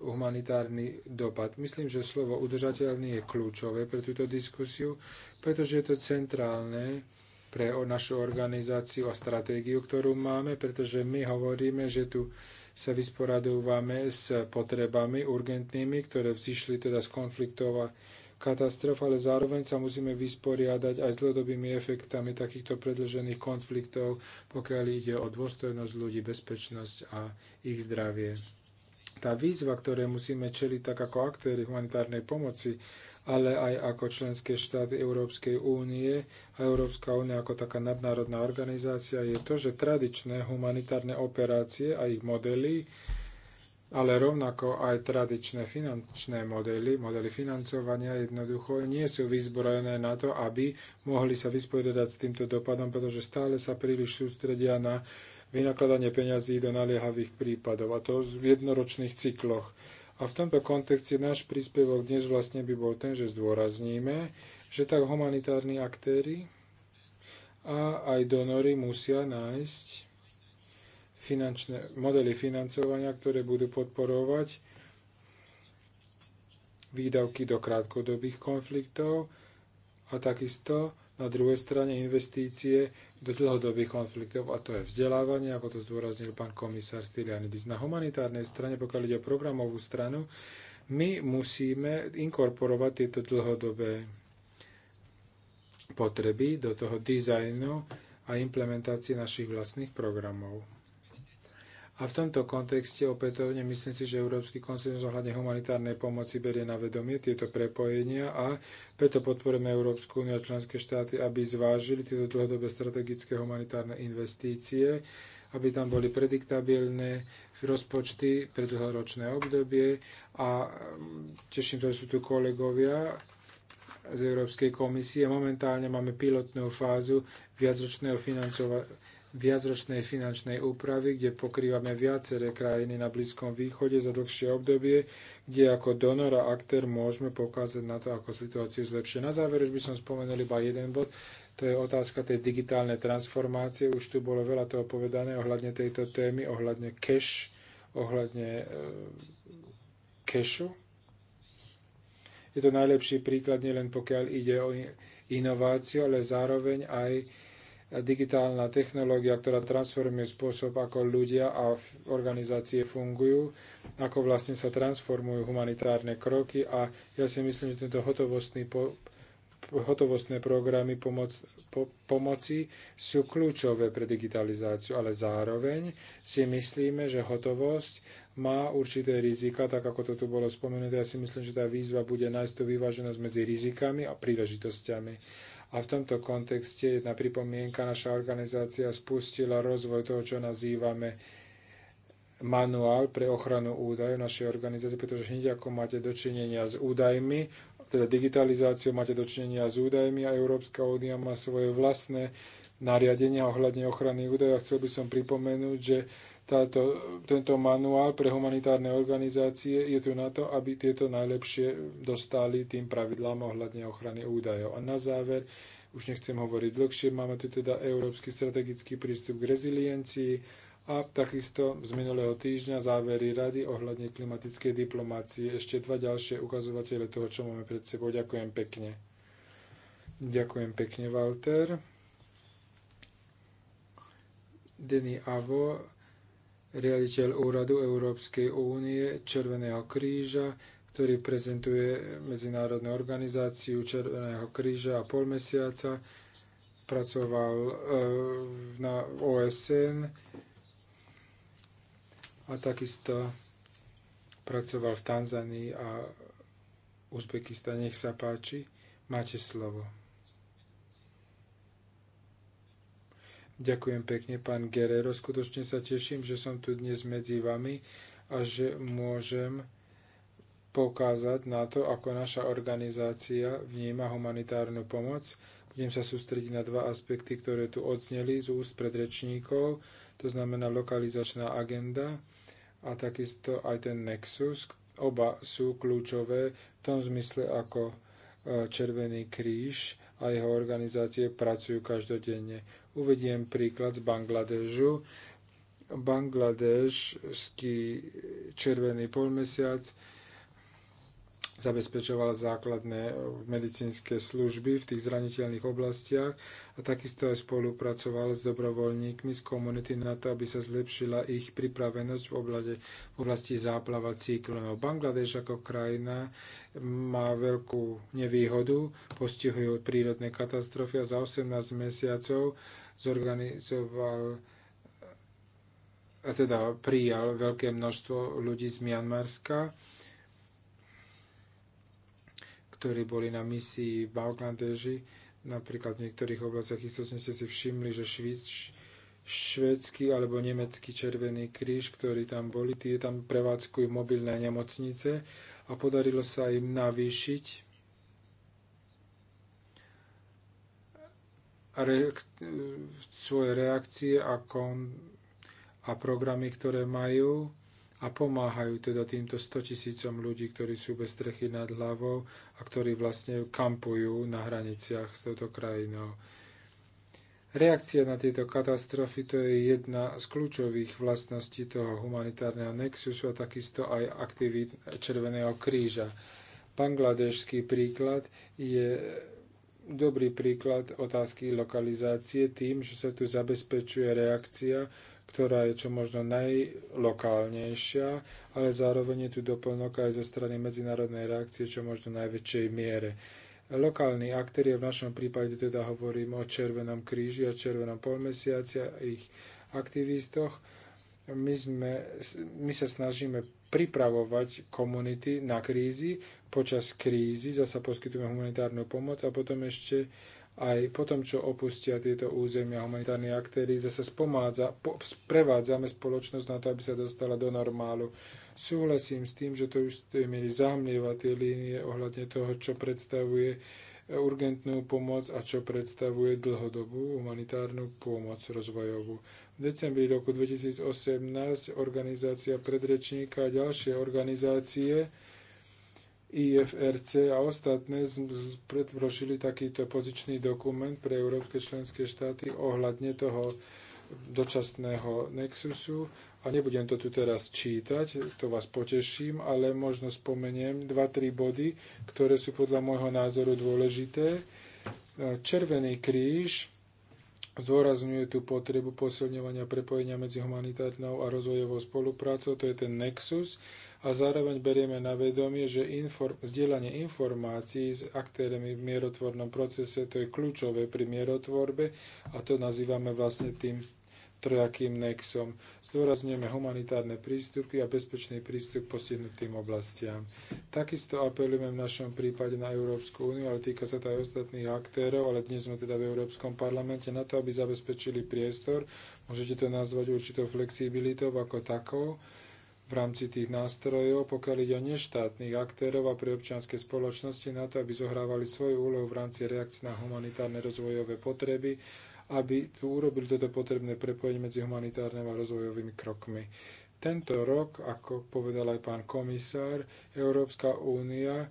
humanitárny dopad. Myslím, že slovo udržateľný je kľúčové pre túto diskusiu, pretože je to centrálne pre našu organizáciu a stratégiu, ktorú máme, pretože my hovoríme, že tu sa vysporadujúvame s potrebami urgentnými, ktoré vzýšli teda z konfliktov a katastrof, ale zároveň sa musíme vysporiadať aj s dlhodobými efektami takýchto predlžených konfliktov, pokiaľ ide o dôstojnosť ľudí, bezpečnosť a ich zdravie. Tá výzva, ktoré musíme čeliť tak ako aktéry humanitárnej pomoci, ale aj ako členské štáty Európskej únie a Európska únia ako taká nadnárodná organizácia, je to, že tradičné humanitárne operácie a ich modely, ale rovnako aj tradičné finančné modely, modely financovania jednoducho nie sú vyzbrojené na to, aby mohli sa vysporiadať s týmto dopadom, pretože stále sa príliš sústredia na vynakladanie peňazí do naliehavých prípadov, a to v jednoročných cykloch. A v tomto kontexte náš príspevok dnes vlastne by bol ten, že zdôrazníme, že tak humanitárni aktéry a aj donory musia nájsť finančné, modely financovania, ktoré budú podporovať výdavky do krátkodobých konfliktov a takisto na druhej strane investície do dlhodobých konfliktov, a to je vzdelávanie, ako to zdôraznil pán komisár Stylianidis. Na humanitárnej strane, pokiaľ ide o programovú stranu, my musíme inkorporovať tieto dlhodobé potreby do toho dizajnu a implementácie našich vlastných programov. A v tomto kontexte opätovne myslím si, že Európsky konsenzus ohľadne humanitárnej pomoci berie na vedomie tieto prepojenia a preto podporujeme Európsku úniu a členské štáty, aby zvážili tieto dlhodobé strategické humanitárne investície, aby tam boli prediktabilné rozpočty pre dlhoročné obdobie a mm, teším sa, že sú tu kolegovia z Európskej komisie. Momentálne máme pilotnú fázu viacročného financovania viacročnej finančnej úpravy, kde pokrývame viaceré krajiny na Blízkom východe za dlhšie obdobie, kde ako donor a aktér môžeme pokázať na to, ako situáciu zlepšie. Na záver už by som spomenul iba jeden bod, to je otázka tej digitálnej transformácie. Už tu bolo veľa toho povedané ohľadne tejto témy, ohľadne cash, ohľadne eh, cashu. Je to najlepší príklad nielen pokiaľ ide o inováciu, ale zároveň aj digitálna technológia, ktorá transformuje spôsob, ako ľudia a organizácie fungujú, ako vlastne sa transformujú humanitárne kroky a ja si myslím, že tento hotovostný po, hotovostné programy pomoc, po, pomoci sú kľúčové pre digitalizáciu, ale zároveň si myslíme, že hotovosť má určité rizika, tak ako to tu bolo spomenuté. Ja si myslím, že tá výzva bude nájsť tú vyváženosť medzi rizikami a príležitosťami a v tomto kontexte jedna pripomienka, naša organizácia spustila rozvoj toho, čo nazývame manuál pre ochranu údajov našej organizácie, pretože hneď ako máte dočinenia s údajmi, teda digitalizáciou máte dočinenia s údajmi a Európska únia má svoje vlastné nariadenia ohľadne ochrany údajov. Chcel by som pripomenúť, že táto, tento manuál pre humanitárne organizácie je tu na to, aby tieto najlepšie dostali tým pravidlám ohľadne ochrany údajov. A na záver, už nechcem hovoriť dlhšie, máme tu teda Európsky strategický prístup k reziliencii a takisto z minulého týždňa závery rady ohľadne klimatickej diplomácie. Ešte dva ďalšie ukazovatele toho, čo máme pred sebou. Ďakujem pekne. Ďakujem pekne, Walter. Denny Avo, riaditeľ Úradu Európskej únie Červeného kríža, ktorý prezentuje Medzinárodnú organizáciu Červeného kríža a pol mesiaca. Pracoval eh, na OSN a takisto pracoval v Tanzánii a Uzbekistane. Nech sa páči, máte slovo. Ďakujem pekne, pán Guerrero. Skutočne sa teším, že som tu dnes medzi vami a že môžem poukázať na to, ako naša organizácia vníma humanitárnu pomoc. Budem sa sústrediť na dva aspekty, ktoré tu odzneli z úst predrečníkov, to znamená lokalizačná agenda a takisto aj ten nexus. Oba sú kľúčové v tom zmysle ako e, Červený kríž a jeho organizácie pracujú každodenne. Uvediem príklad z Bangladežu. Bangladežský červený polmesiac zabezpečoval základné e, medicínske služby v tých zraniteľných oblastiach a takisto aj spolupracoval s dobrovoľníkmi z komunity na to, aby sa zlepšila ich pripravenosť v, oblade, v oblasti záplava cyklónov. Bangladeš ako krajina má veľkú nevýhodu, postihujú prírodné katastrofy a za 18 mesiacov zorganizoval a e, teda prijal veľké množstvo ľudí z Mianmarska ktorí boli na misii v Bangladeži. Napríklad v niektorých oblastiach istotne ste si všimli, že švíc, švédsky alebo nemecký Červený kríž, ktorí tam boli, tie tam prevádzkujú mobilné nemocnice a podarilo sa im navýšiť reak- svoje reakcie a, kon- a programy, ktoré majú a pomáhajú teda týmto 100 tisícom ľudí, ktorí sú bez strechy nad hlavou a ktorí vlastne kampujú na hraniciach s touto krajinou. Reakcia na tieto katastrofy to je jedna z kľúčových vlastností toho humanitárneho nexusu a takisto aj aktivít Červeného kríža. Bangladešský príklad je dobrý príklad otázky lokalizácie tým, že sa tu zabezpečuje reakcia ktorá je čo možno najlokálnejšia, ale zároveň je tu doplnok aj zo strany medzinárodnej reakcie čo možno najväčšej miere. Lokálny aktér je v našom prípade teda hovorím o Červenom kríži a Červenom polmesiaci a ich aktivistoch, my, sme, my sa snažíme pripravovať komunity na krízy, počas krízy zasa poskytujeme humanitárnu pomoc a potom ešte aj potom, čo opustia tieto územia humanitárni aktéry, zase spomádza, po, sprevádzame spoločnosť na to, aby sa dostala do normálu. Súhlasím s tým, že to už ste mieli zahmlieva tie línie ohľadne toho, čo predstavuje eh, urgentnú pomoc a čo predstavuje dlhodobú humanitárnu pomoc rozvojovú. V decembri roku 2018 organizácia predrečníka a ďalšie organizácie IFRC a ostatné predložili takýto pozičný dokument pre európske členské štáty ohľadne toho dočasného nexusu. A nebudem to tu teraz čítať, to vás poteším, ale možno spomeniem 2-3 body, ktoré sú podľa môjho názoru dôležité. E, Červený kríž zdôrazňuje tú potrebu posilňovania prepojenia medzi humanitárnou a rozvojovou spoluprácou, to je ten nexus a zároveň berieme na vedomie, že inform, zdieľanie informácií s aktérmi v mierotvornom procese to je kľúčové pri mierotvorbe a to nazývame vlastne tým trojakým nexom. Zdôrazňujeme humanitárne prístupy a bezpečný prístup k postihnutým oblastiam. Takisto apelujeme v našom prípade na Európsku úniu, ale týka sa to aj ostatných aktérov, ale dnes sme teda v Európskom parlamente na to, aby zabezpečili priestor, môžete to nazvať určitou flexibilitou ako takou, v rámci tých nástrojov, pokiaľ ide o neštátnych aktérov a pri občianskej spoločnosti na to, aby zohrávali svoju úlohu v rámci reakcie na humanitárne rozvojové potreby, aby tu urobili toto potrebné prepojenie medzi humanitárnymi a rozvojovými krokmi. Tento rok, ako povedal aj pán komisár, Európska únia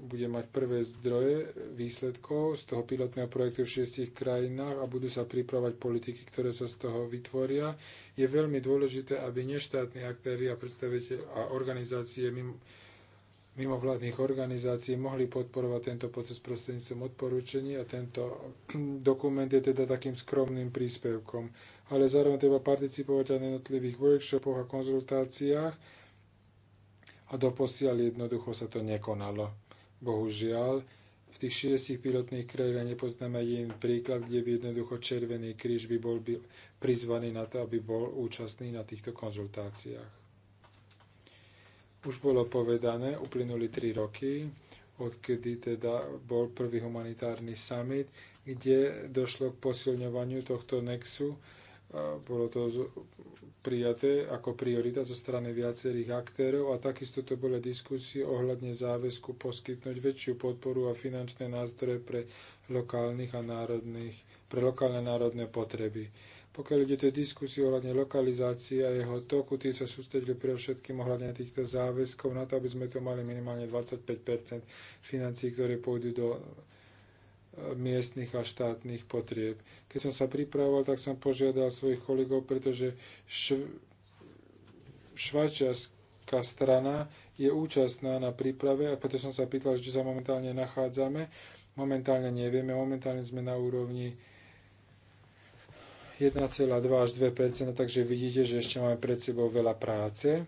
bude mať prvé zdroje výsledkov z toho pilotného projektu v šiestich krajinách a budú sa pripravať politiky, ktoré sa z toho vytvoria. Je veľmi dôležité, aby neštátni aktéry a predstaviteľ a organizácie mimo, mimovládnych organizácií mohli podporovať tento proces prostredníctvom odporúčení a tento dokument je teda takým skromným príspevkom. Ale zároveň treba participovať aj na jednotlivých workshopoch a konzultáciách, a doposiaľ jednoducho sa to nekonalo. Bohužiaľ, v tých 60. pilotných krajinách nepoznáme jediný príklad, kde by jednoducho Červený kríž by bol by prizvaný na to, aby bol účastný na týchto konzultáciách. Už bolo povedané, uplynuli 3 roky, odkedy teda bol prvý humanitárny summit, kde došlo k posilňovaniu tohto nexu. Bolo to prijaté ako priorita zo strany viacerých aktérov a takisto to bolo diskusie ohľadne záväzku poskytnúť väčšiu podporu a finančné nástroje pre, lokálnych a národných, pre lokálne národné potreby. Pokiaľ ide o diskusiu ohľadne lokalizácie a jeho toku, tí sa sústredili pre všetkým ohľadne týchto záväzkov na to, aby sme to mali minimálne 25 financií, ktoré pôjdu do miestnych a štátnych potrieb. Keď som sa pripravoval, tak som požiadal svojich kolegov, pretože šv- švajčiarská strana je účastná na príprave a preto som sa pýtal, že sa momentálne nachádzame. Momentálne nevieme, momentálne sme na úrovni 1,2 až 2 takže vidíte, že ešte máme pred sebou veľa práce.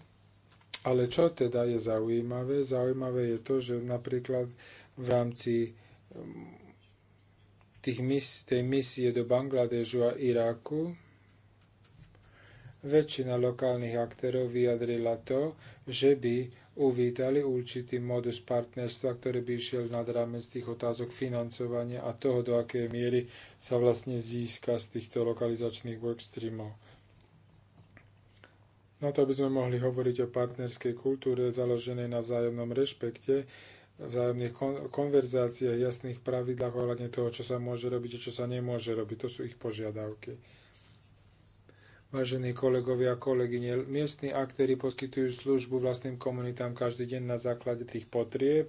Ale čo teda je zaujímavé? Zaujímavé je to, že napríklad v rámci tých mis, tej misie do Bangladežu a Iraku, väčšina lokálnych aktérov vyjadrila to, že by uvítali určitý modus partnerstva, ktorý by išiel nad rámec tých otázok financovania a toho, do akej miery sa vlastne získa z týchto lokalizačných workstreamov. Na no to, aby sme mohli hovoriť o partnerskej kultúre založenej na vzájomnom rešpekte, vzájomných konverzáciách, jasných pravidlách ohľadne toho, čo sa môže robiť a čo sa nemôže robiť. To sú ich požiadavky. Vážení kolegovia a kolegyne, miestni aktéry poskytujú službu vlastným komunitám každý deň na základe tých potrieb.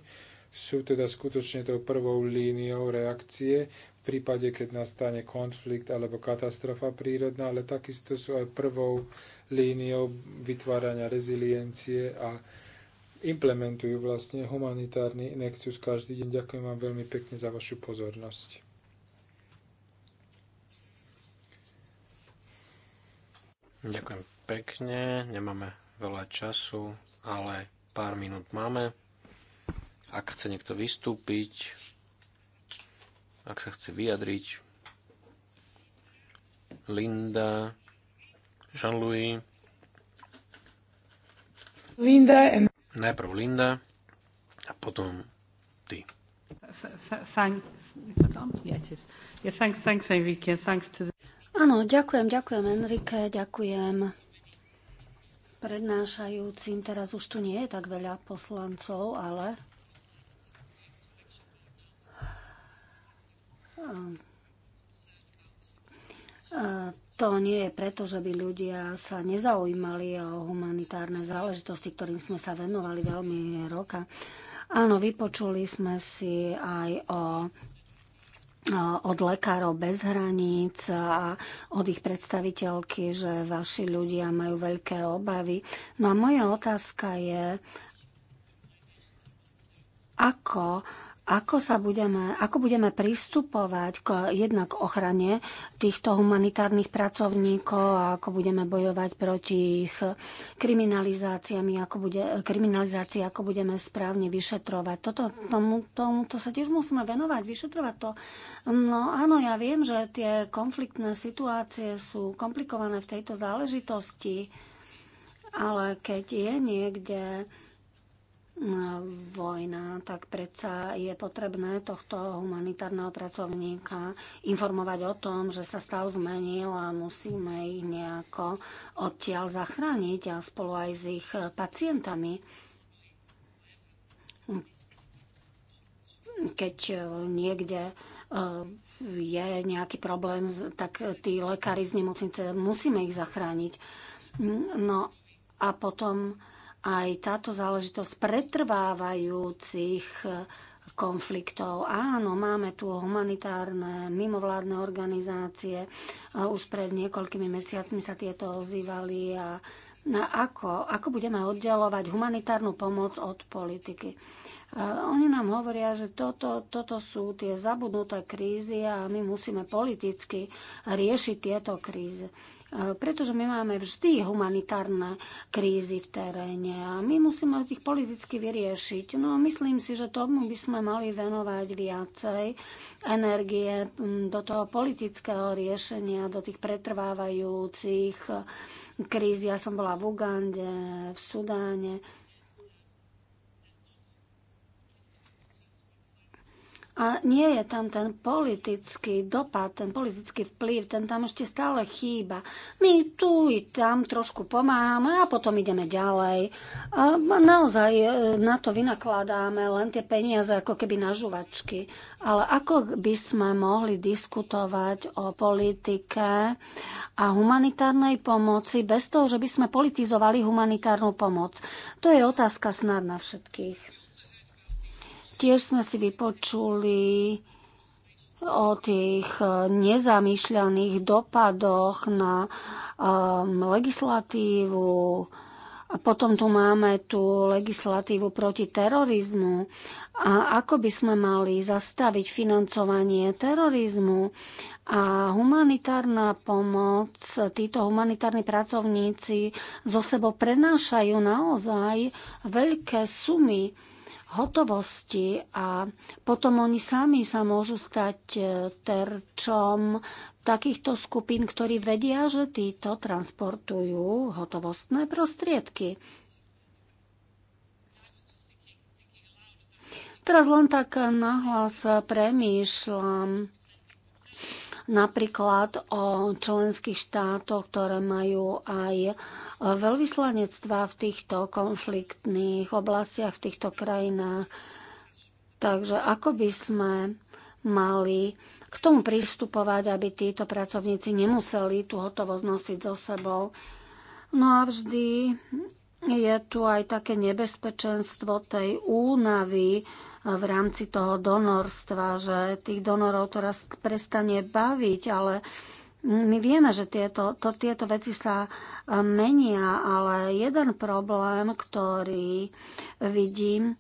Sú teda skutočne tou prvou líniou reakcie v prípade, keď nastane konflikt alebo katastrofa prírodná, ale takisto sú aj prvou líniou vytvárania reziliencie a implementujú vlastne humanitárny nexus každý deň. Ďakujem vám veľmi pekne za vašu pozornosť. Ďakujem pekne, nemáme veľa času, ale pár minút máme. Ak chce niekto vystúpiť, ak sa chce vyjadriť, Linda, Jean-Louis. Linda and Najprv Linda a potom ty. Áno, ďakujem, ďakujem Enrique, ďakujem prednášajúcim. Teraz už tu nie je tak veľa poslancov, ale to nie je preto, že by ľudia sa nezaujímali o humanitárne záležitosti, ktorým sme sa venovali veľmi roka. Áno, vypočuli sme si aj o od lekárov bez hraníc a od ich predstaviteľky, že vaši ľudia majú veľké obavy. No a moja otázka je, ako ako, sa budeme, ako budeme pristupovať k, jednak ochrane týchto humanitárnych pracovníkov a ako budeme bojovať proti ich kriminalizáciami, ako bude, kriminalizácii, ako budeme správne vyšetrovať. Toto, tomu, tomu to sa tiež musíme venovať, vyšetrovať to. No áno, ja viem, že tie konfliktné situácie sú komplikované v tejto záležitosti, ale keď je niekde vojna, tak predsa je potrebné tohto humanitárneho pracovníka informovať o tom, že sa stav zmenil a musíme ich nejako odtiaľ zachrániť a spolu aj s ich pacientami keď niekde eh, je nejaký problém, tak tí lekári z nemocnice musíme ich zachrániť. No a potom aj táto záležitosť pretrvávajúcich eh, konfliktov. Áno, máme tu humanitárne mimovládne organizácie. Eh, už pred niekoľkými mesiacmi sa tieto ozývali a ako, ako budeme oddelovať humanitárnu pomoc od politiky. Eh, oni nám hovoria, že toto, toto sú tie zabudnuté krízy a my musíme politicky riešiť tieto krízy. Eh, pretože my máme vždy humanitárne krízy v teréne a my musíme ich politicky vyriešiť. No myslím si, že tomu by sme mali venovať viacej energie hm, do toho politického riešenia, do tých pretrvávajúcich eh, kríz. Ja som bola v Ugande, v Sudáne, A nie je tam ten politický dopad, ten politický vplyv, ten tam ešte stále chýba. My tu i tam trošku pomáhame a potom ideme ďalej. A naozaj e, na to vynakladáme len tie peniaze ako keby na žuvačky. Ale ako by sme mohli diskutovať o politike a humanitárnej pomoci bez toho, že by sme politizovali humanitárnu pomoc? To je otázka snad na všetkých. Tiež sme si vypočuli o tých e, nezamýšľaných dopadoch na um, legislatívu. A potom tu máme tú legislatívu proti terorizmu. A ako by sme mali zastaviť financovanie terorizmu a humanitárna pomoc, títo humanitárni pracovníci zo sebou prenášajú naozaj veľké sumy hotovosti a potom oni sami sa môžu stať e, terčom takýchto skupín, ktorí vedia, že títo transportujú hotovostné prostriedky. Teraz len tak nahlas premýšľam napríklad o členských štátoch, ktoré majú aj e, veľvyslanectvá v týchto konfliktných oblastiach, v týchto krajinách. Takže ako by sme mali k tomu pristupovať, aby títo pracovníci nemuseli tú hotovosť nosiť so sebou. No a vždy je tu aj také nebezpečenstvo tej únavy v rámci toho donorstva, že tých donorov to raz prestane baviť, ale my vieme, že tieto, to, tieto veci sa eh, menia, ale jeden problém, ktorý vidím,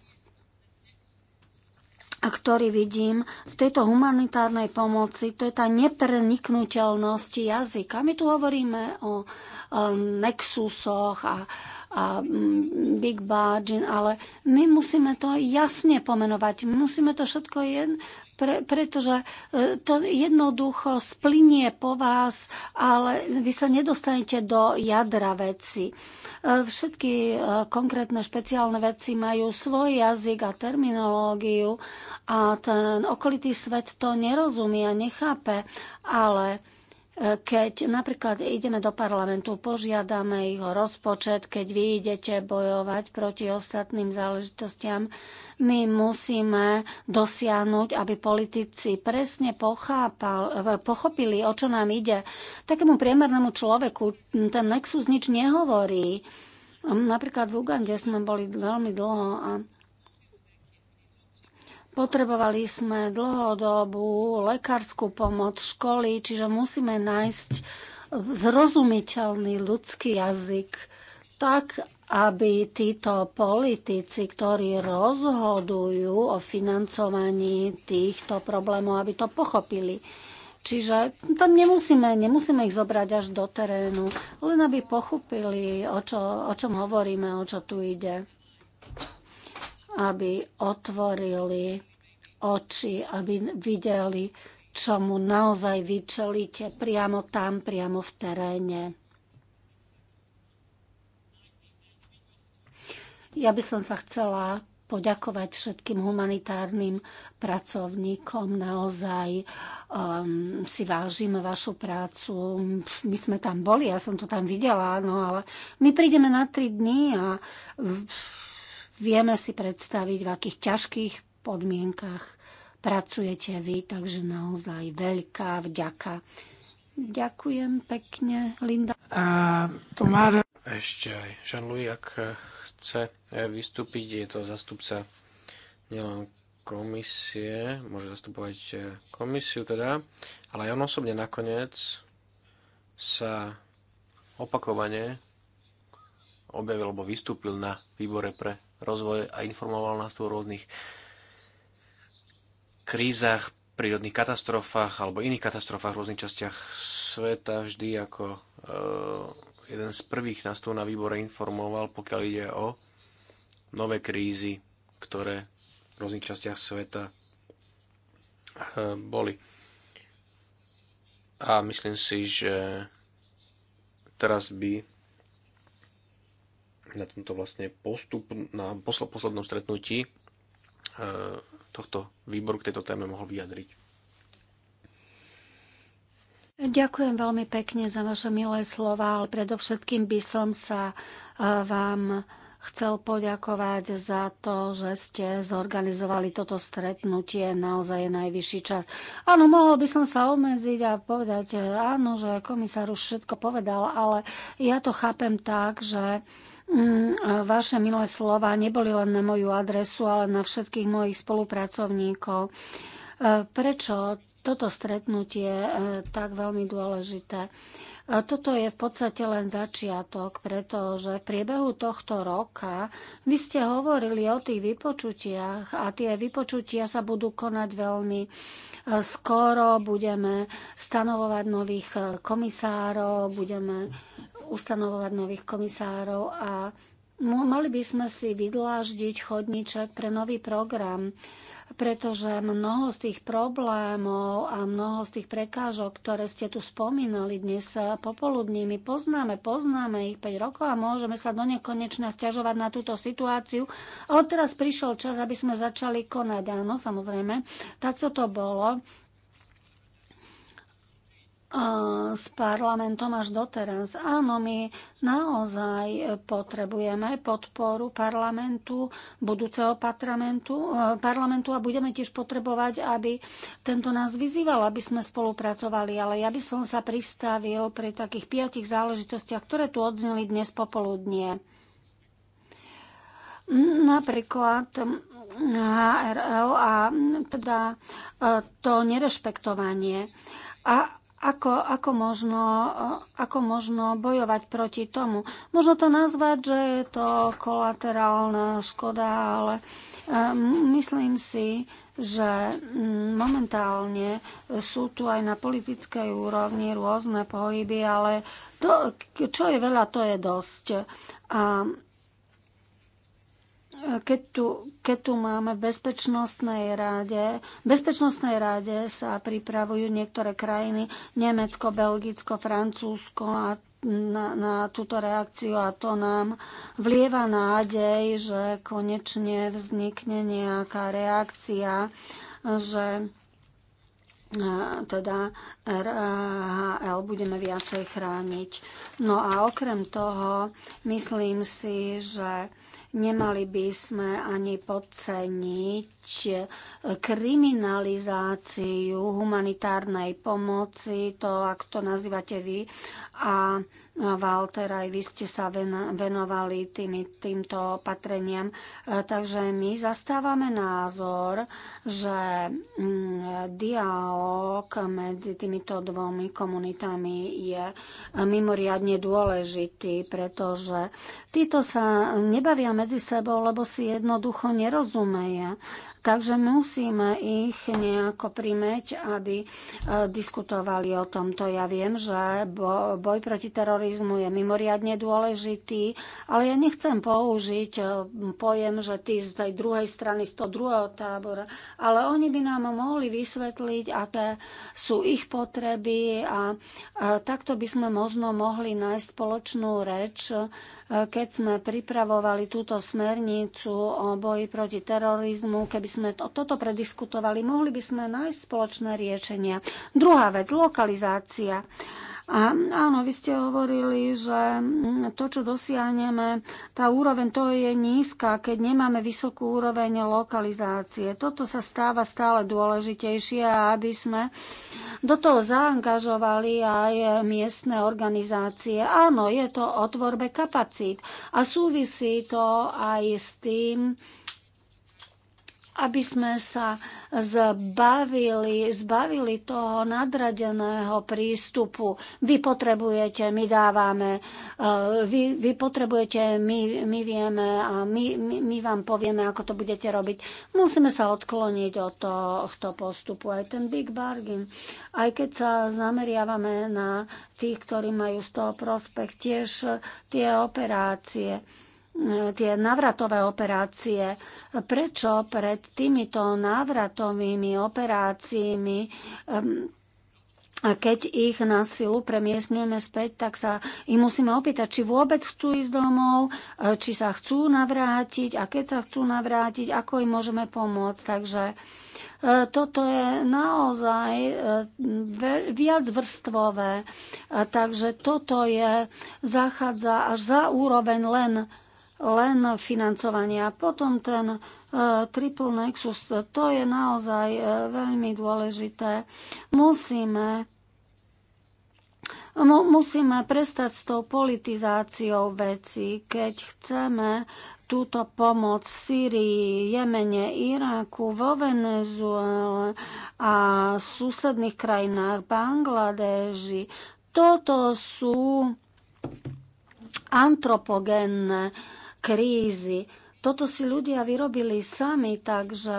a ktorý vidím v tejto humanitárnej pomoci, to je tá nepreniknutelnosť jazyka. My tu hovoríme o, o nexusoch a, a mm, big budget, ale my musíme to jasne pomenovať. My musíme to všetko jen, pre, pretože e, to jednoducho splinie po vás, ale vy sa nedostanete do jadra veci. E, všetky e, konkrétne špeciálne veci majú svoj jazyk a terminológiu a ten okolitý svet to nerozumie a nechápe, ale keď napríklad ideme do parlamentu, požiadame ich o rozpočet, keď vy idete bojovať proti ostatným záležitostiam, my musíme dosiahnuť, aby politici presne pochápal, pochopili, o čo nám ide. Takému priemernému človeku ten nexus nič nehovorí. Napríklad v Ugande sme boli veľmi dlho a Potrebovali sme dlhodobú lekárskú pomoc, školy, čiže musíme nájsť zrozumiteľný ľudský jazyk, tak aby títo politici, ktorí rozhodujú o financovaní týchto problémov, aby to pochopili. Čiže tam nemusíme, nemusíme ich zobrať až do terénu, len aby pochopili, o, čo, o čom hovoríme, o čo tu ide aby otvorili oči, aby videli, čomu naozaj vyčelíte priamo tam, priamo v teréne. Ja by som sa chcela poďakovať všetkým humanitárnym pracovníkom. Naozaj um, si vážime vašu prácu. My sme tam boli, ja som to tam videla, no ale my prídeme na tri dny. a Vieme si predstaviť, v akých ťažkých podmienkach pracujete vy, takže naozaj veľká vďaka. Ďakujem pekne, Linda. A Tomár... Ešte aj Jean-Louis, ak chce vystúpiť, je to zastupca nielen komisie, môže zastupovať e, komisiu teda, ale aj on osobne nakoniec sa opakovane objavil alebo vystúpil na výbore pre rozvoj a informoval nás tu o rôznych krízach, prírodných katastrofách alebo iných katastrofách v rôznych častiach sveta vždy ako e, jeden z prvých nás tu na výbore informoval, pokiaľ ide o nové krízy, ktoré v rôznych častiach sveta e, boli. A myslím si, že teraz by na tento vlastne postup na poslednom stretnutí e, tohto výboru k tejto téme mohol vyjadriť. Ďakujem veľmi pekne za vaše milé slova, ale predovšetkým by som sa e, vám chcel poďakovať za to, že ste zorganizovali toto stretnutie. Naozaj je najvyšší čas. Áno, mohol by som sa obmedziť a povedať, e, áno, že komisár už všetko povedal, ale ja to chápem tak, že mm, vaše milé slova neboli len na moju adresu, ale na všetkých mojich spolupracovníkov. E, prečo toto stretnutie e, tak veľmi dôležité? Toto je v podstate len začiatok, pretože v priebehu tohto roka vy ste hovorili o tých vypočutiach a tie vypočutia sa budú konať veľmi e, skoro. Budeme stanovovať nových e, komisárov, budeme ustanovovať nových komisárov a mali by sme si vydláždiť chodníček pre nový program pretože mnoho z tých problémov a mnoho z tých prekážok, ktoré ste tu spomínali dnes popoludní, my poznáme, poznáme ich 5 rokov a môžeme sa do nekonečna stiažovať na túto situáciu. Ale teraz prišiel čas, aby sme začali konať. Áno, samozrejme, takto to bolo s parlamentom až doteraz. Áno, my naozaj potrebujeme podporu parlamentu, budúceho parlamentu, e, parlamentu a budeme tiež potrebovať, aby tento nás vyzýval, aby sme spolupracovali. Ale ja by som sa pristavil pri takých piatich záležitostiach, ktoré tu odzneli dnes popoludnie. Napríklad HRL a teda e, to nerešpektovanie. A ako, ako, možno, ako možno bojovať proti tomu. Možno to nazvať, že je to kolaterálna škoda, ale e, myslím si, že mm, momentálne sú tu aj na politickej úrovni rôzne pohyby, ale to, čo je veľa, to je dosť. A keď tu, keď tu máme bezpečnostnej ráde, bezpečnostnej ráde sa pripravujú niektoré krajiny, Nemecko, Belgicko, Francúzsko a na, na túto reakciu a to nám vlieva nádej, že konečne vznikne nejaká reakcia, že teda RHL budeme viacej chrániť. No a okrem toho myslím si, že Nemali by sme ani podceniť kriminalizáciu humanitárnej pomoci, to, ak to nazývate vy, a Walter, aj vy ste sa venovali tými, týmto opatreniam. E, takže my zastávame názor, že mm, dialog medzi týmito dvomi komunitami je e, mimoriadne dôležitý, pretože títo sa nebavia medzi sebou, lebo si jednoducho nerozumejú Takže musíme ich nejako primeť, aby e, diskutovali o tomto. Ja viem, že boj proti terorizmu je mimoriadne dôležitý, ale ja nechcem použiť e, pojem, že tí z tej druhej strany, z toho druhého tábora, ale oni by nám mohli vysvetliť, aké sú ich potreby a takto by sme možno mohli nájsť spoločnú reč, keď sme pripravovali túto smernicu o boji proti terorizmu, keby sme to, toto prediskutovali, mohli by sme nájsť spoločné riešenia. Druhá vec, lokalizácia. Uh, a áno, vy ste hovorili, že to, čo dosiahneme, tá úroveň to je nízka, keď nemáme vysokú úroveň lokalizácie. Toto sa stáva stále dôležitejšie, aby sme do toho zaangažovali aj miestne organizácie. Áno, je to o tvorbe kapacít a súvisí to aj s tým, aby sme sa zbavili, zbavili toho nadradeného prístupu. Vy potrebujete, my dávame, eh, vy, vy potrebujete, my, my vieme a my, my, my vám povieme, ako to budete robiť. Musíme sa odkloniť od tohto postupu. Aj ten big bargain, aj keď sa zameriavame na tých, ktorí majú z toho prospekt, tiež eh, tie operácie. Eh, tie návratové operácie. Prečo pred týmito návratovými operáciami a keď ich na silu premiestňujeme späť, tak sa im musíme opýtať, či vôbec chcú ísť domov, eh, či sa chcú navrátiť a keď sa chcú navrátiť, ako im môžeme pomôcť. Takže eh, toto je naozaj viac vrstvové. takže toto je, zachádza až za úroveň len len financovania. Potom ten e, triple nexus, to je naozaj e, veľmi dôležité. Musíme Musíme prestať s tou politizáciou veci, keď chceme túto pomoc v Sýrii, Jemene, Iráku, vo Venezuele a susedných krajinách Bangladeži. Toto sú antropogenné uh, krízy. Toto si ľudia vyrobili sami, takže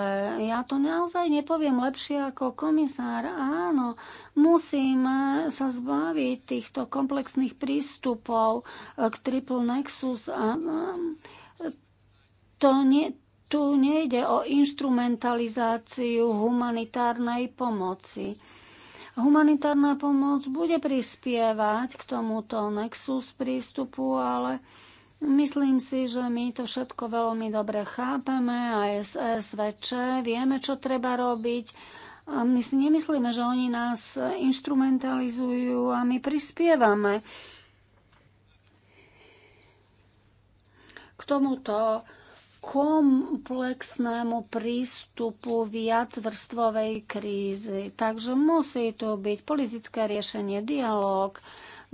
ja to naozaj nepoviem lepšie ako komisár. Áno, musím sa zbaviť týchto komplexných prístupov eh, k Triple Nexus a eh, to nie, tu nejde o instrumentalizáciu humanitárnej pomoci. Humanitárna pomoc bude prispievať k tomuto nexus prístupu, ale Myslím si, že my to všetko veľmi dobre chápeme a SSVČ vieme, čo treba robiť. My si nemyslíme, že oni nás instrumentalizujú a my prispievame k tomuto komplexnému prístupu viacvrstvovej krízy. Takže musí tu byť politické riešenie, dialog,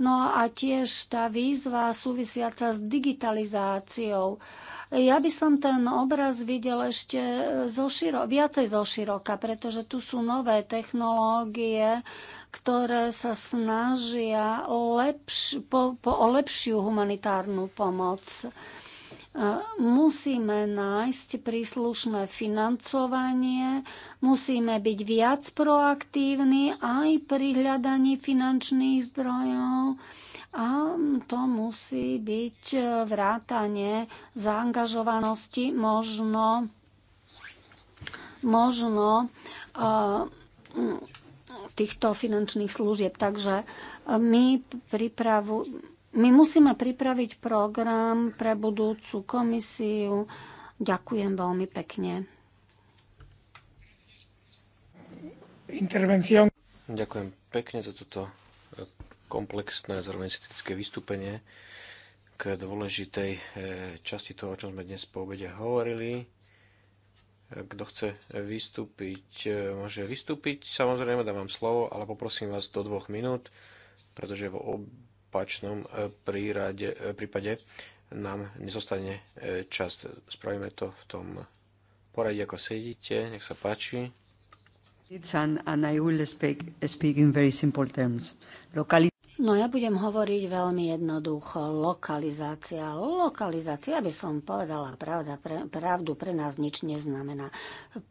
No a tiež tá výzva súvisiaca s digitalizáciou. Ja by som ten obraz videl ešte širo, viacej zoširoka, pretože tu sú nové technológie, ktoré sa snažia lepš, po, po, o lepšiu humanitárnu pomoc. Musíme nájsť príslušné financovanie, musíme byť viac proaktívni aj pri hľadaní finančných zdrojov a to musí byť e, vrátanie zaangažovanosti možno možno e, týchto finančných služieb. Takže e, my pripravujeme my musíme pripraviť program pre budúcu komisiu. Ďakujem veľmi pekne. Intervención. Ďakujem pekne za toto e, komplexné a zároveň estetické vystúpenie k dôležitej e, časti toho, o čom sme dnes po obede hovorili. E, kto chce vystúpiť, môže vystúpiť. Samozrejme, dávam slovo, ale poprosím vás do dvoch minút, pretože vo opačnom e, prírade, e, prípade nám nezostane e, čas. Spravíme to v tom poradí, ako sedíte. Nech sa páči. No ja budem hovoriť veľmi jednoducho. Lokalizácia. Lokalizácia, aby som povedala pravda, pre, pravdu, pre nás nič neznamená.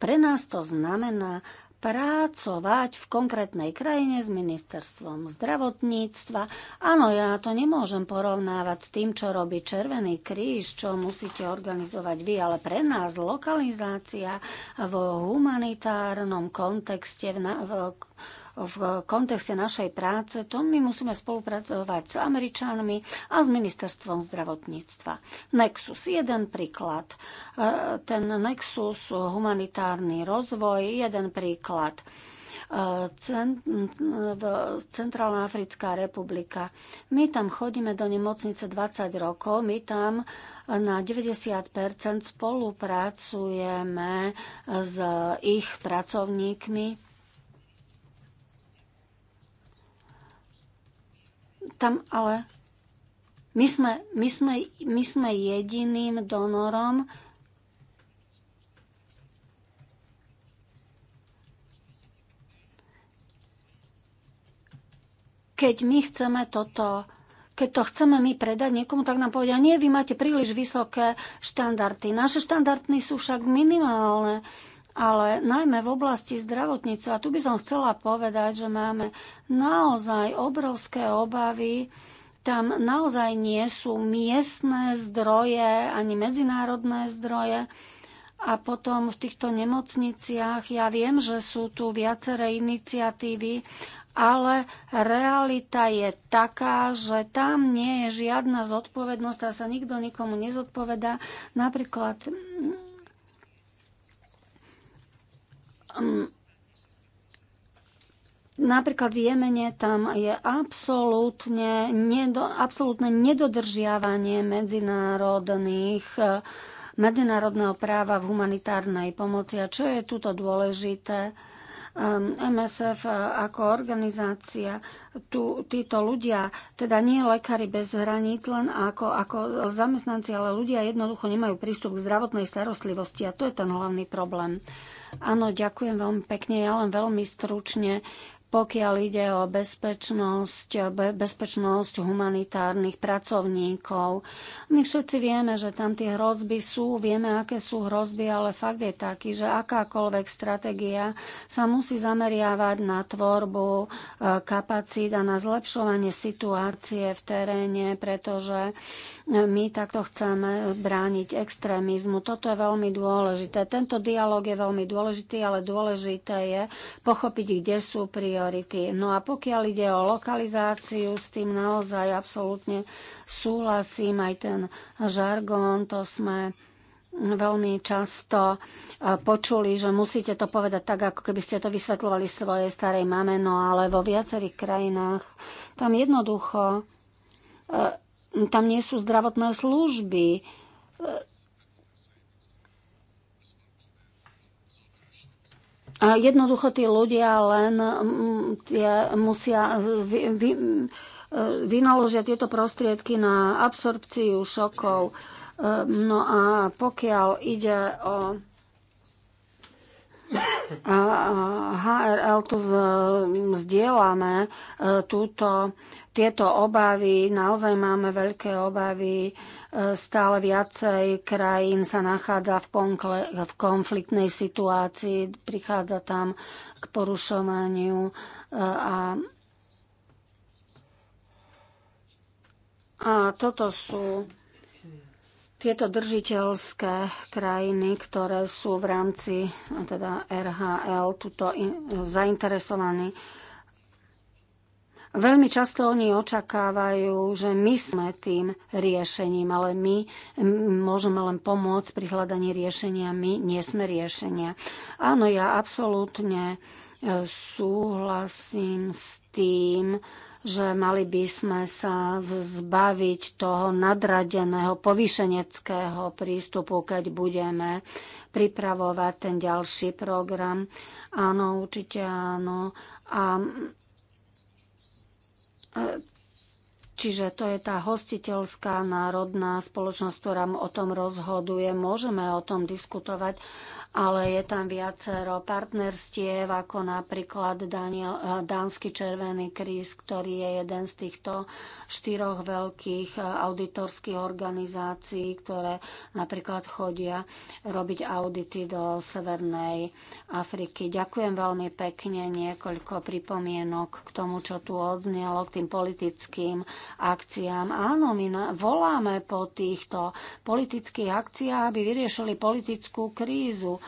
Pre nás to znamená pracovať v konkrétnej krajine s ministerstvom zdravotníctva. Áno, ja to nemôžem porovnávať s tým, čo robí Červený kríž, čo musíte organizovať vy, ale pre nás lokalizácia v humanitárnom kontexte, v, na, v v kontexte našej práce, to my musíme spolupracovať s Američanmi a s ministerstvom zdravotníctva. Nexus, jeden príklad. E, ten Nexus, humanitárny rozvoj, jeden príklad. E, Centrálna Africká republika. My tam chodíme do nemocnice 20 rokov, my tam na 90% spolupracujeme s ich pracovníkmi tam ale my sme, my sme, my sme jediným donorom, keď my chceme toto keď to chceme my predať niekomu, tak nám povedia, nie, vy máte príliš vysoké štandardy. Naše štandardy sú však minimálne. Uh, ale najmä v oblasti zdravotníctva. Tu by som chcela povedať, že máme naozaj obrovské obavy. Tam naozaj nie sú miestne zdroje ani medzinárodné zdroje. A potom v týchto nemocniciach, ja viem, že sú tu viaceré iniciatívy, ale realita je taká, že tam nie je žiadna zodpovednosť a sa nikto nikomu nezodpovedá. Napríklad Um, napríklad v Jemene tam je absolútne, nedo, absolútne nedodržiavanie medzinárodných eh, medzinárodného práva v humanitárnej pomoci. A čo je tuto dôležité? MSF um, eh, ako organizácia, tu, títo ľudia, teda nie lekári bez hraníc, len ako, ako zamestnanci, ale ľudia jednoducho nemajú prístup k zdravotnej starostlivosti a to je ten hlavný problém. Áno, ďakujem veľmi pekne. Ja len veľmi stručne pokiaľ ide o bezpečnosť, bezpečnosť humanitárnych pracovníkov. My všetci vieme, že tam tie hrozby sú, vieme, aké sú hrozby, ale fakt je taký, že akákoľvek stratégia sa musí zameriavať na tvorbu e, kapacít a na zlepšovanie situácie v teréne, pretože my takto chceme brániť extrémizmu. Toto je veľmi dôležité. Tento dialog je veľmi dôležitý, ale dôležité je pochopiť, kde sú pri priority. No a pokiaľ ide o lokalizáciu, s tým naozaj absolútne súhlasím. Aj ten žargón, to sme veľmi často e, počuli, že musíte to povedať tak, ako keby ste to vysvetľovali svojej starej mame, no ale vo viacerých krajinách tam jednoducho e, tam nie sú zdravotné služby e, A jednoducho tí ľudia len mm, tie musia vy, vy, vynaložia tieto prostriedky na absorpciu šokov. E, no a pokiaľ ide o a HRL tu zdieľame e, túto, tieto obavy, naozaj máme veľké obavy, e, stále viacej krajín sa nachádza v, konkle, v konfliktnej situácii, prichádza tam k porušovaniu e, a a toto sú tieto držiteľské krajiny, ktoré sú v rámci teda RHL tuto in, zainteresovaní, veľmi často oni očakávajú, že my sme tým riešením, ale my môžeme len pomôcť pri hľadaní riešenia, my nie sme riešenia. Áno, ja absolútne e, súhlasím s tým, že mali by sme sa zbaviť toho nadradeného povýšeneckého prístupu, keď budeme pripravovať ten ďalší program. Áno, určite áno. A e, Čiže to je tá hostiteľská národná spoločnosť, ktorá o tom rozhoduje. Môžeme o tom diskutovať, ale je tam viacero partnerstiev, ako napríklad Daniel, eh, Dánsky Červený kríz, ktorý je jeden z týchto štyroch veľkých eh, auditorských organizácií, ktoré napríklad chodia robiť audity do Severnej Afriky. Ďakujem veľmi pekne niekoľko pripomienok k tomu, čo tu odznelo, k tým politickým akciám. Áno, my voláme po týchto politických akciách, aby vyriešili politickú krízu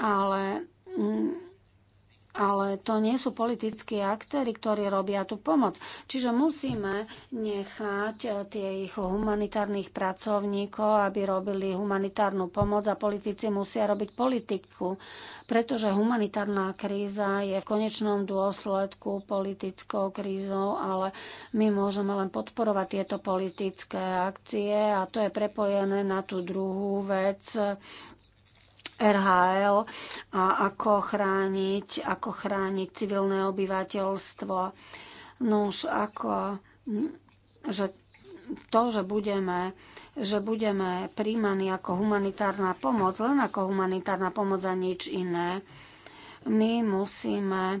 ale, mm, ale to nie sú politickí aktéry, ktorí robia tú pomoc. Čiže musíme nechať e, tých humanitárnych pracovníkov, aby robili humanitárnu pomoc a politici musia robiť politiku, pretože humanitárna kríza je v konečnom dôsledku politickou krízou, ale my môžeme len podporovať tieto politické akcie a to je prepojené na tú druhú vec, RHL a ako chrániť, ako chrániť civilné obyvateľstvo. No už ako, že to, že budeme, že budeme príjmaní ako humanitárna pomoc, len ako humanitárna pomoc a nič iné, my musíme e,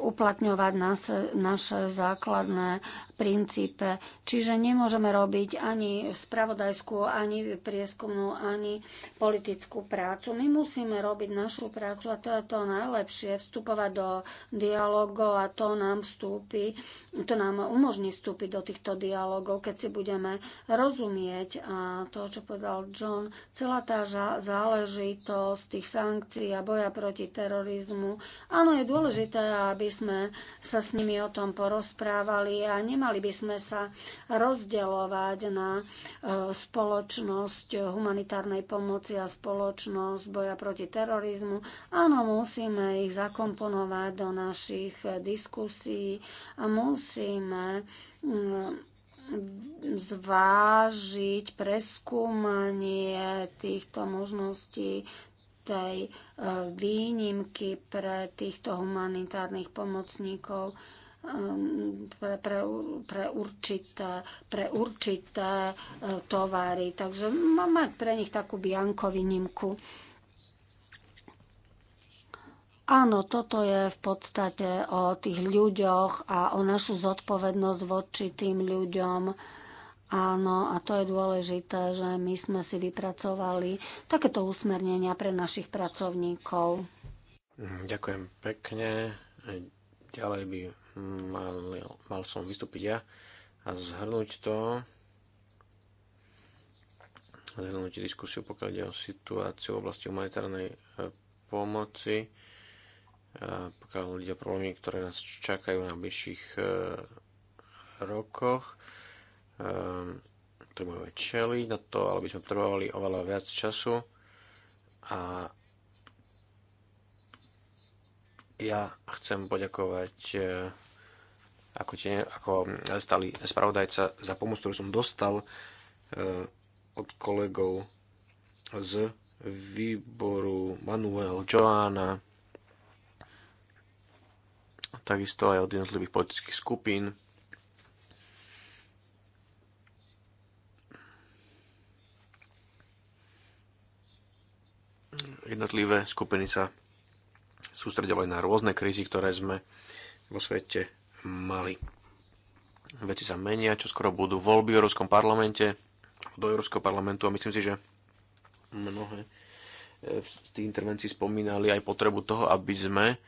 uplatňovať nas, naše základné princípe. Čiže nemôžeme robiť ani spravodajskú, ani prieskumnú, ani politickú prácu. My musíme robiť našu prácu a to je to najlepšie, vstupovať do dialogov a to nám vstúpi, to nám umožní vstúpiť do týchto dialogov, keď si budeme rozumieť a to, čo povedal John, celá tá záležitosť tých sankcií a boja proti terorizmu. Áno, je dôležité, aby sme sa s nimi o tom porozprávali a nemá Nemali by sme sa rozdeľovať na e, spoločnosť humanitárnej pomoci a spoločnosť boja proti terorizmu. Áno, musíme ich zakomponovať do našich diskusí a musíme mm, zvážiť preskúmanie týchto možností tej e, výnimky pre týchto humanitárnych pomocníkov. Ehm, pre, pre, pre, určité, pre určité e, tovary. Takže mám mať pre nich takú biankovinimku. Áno, toto je v podstate o tých ľuďoch a o našu zodpovednosť voči tým ľuďom. Áno, a to je dôležité, že my sme si vypracovali takéto usmernenia pre našich pracovníkov. Hm, ďakujem pekne. Ďalej by mal, mal som vystúpiť ja a zhrnúť to, zhrnúť diskusiu, pokiaľ ide o situáciu v oblasti humanitárnej eh, pomoci, pokiaľ ide o problémy, ktoré nás čakajú na bližších eh, rokoch, ehm, ktorým budeme čeliť, na to ale by sme trvali oveľa viac času a ja chcem poďakovať eh, ako, tie, ako stali spravodajca za pomoc, ktorú som dostal e, od kolegov z výboru Manuel Joana, takisto aj od jednotlivých politických skupín. Jednotlivé skupiny sa sústredovali na rôzne krízy, ktoré sme vo svete Mali. Veci sa menia, čo skoro budú voľby v Európskom parlamente, do Európskeho parlamentu a myslím si, že mnohé e, z tých intervencií spomínali aj potrebu toho, aby sme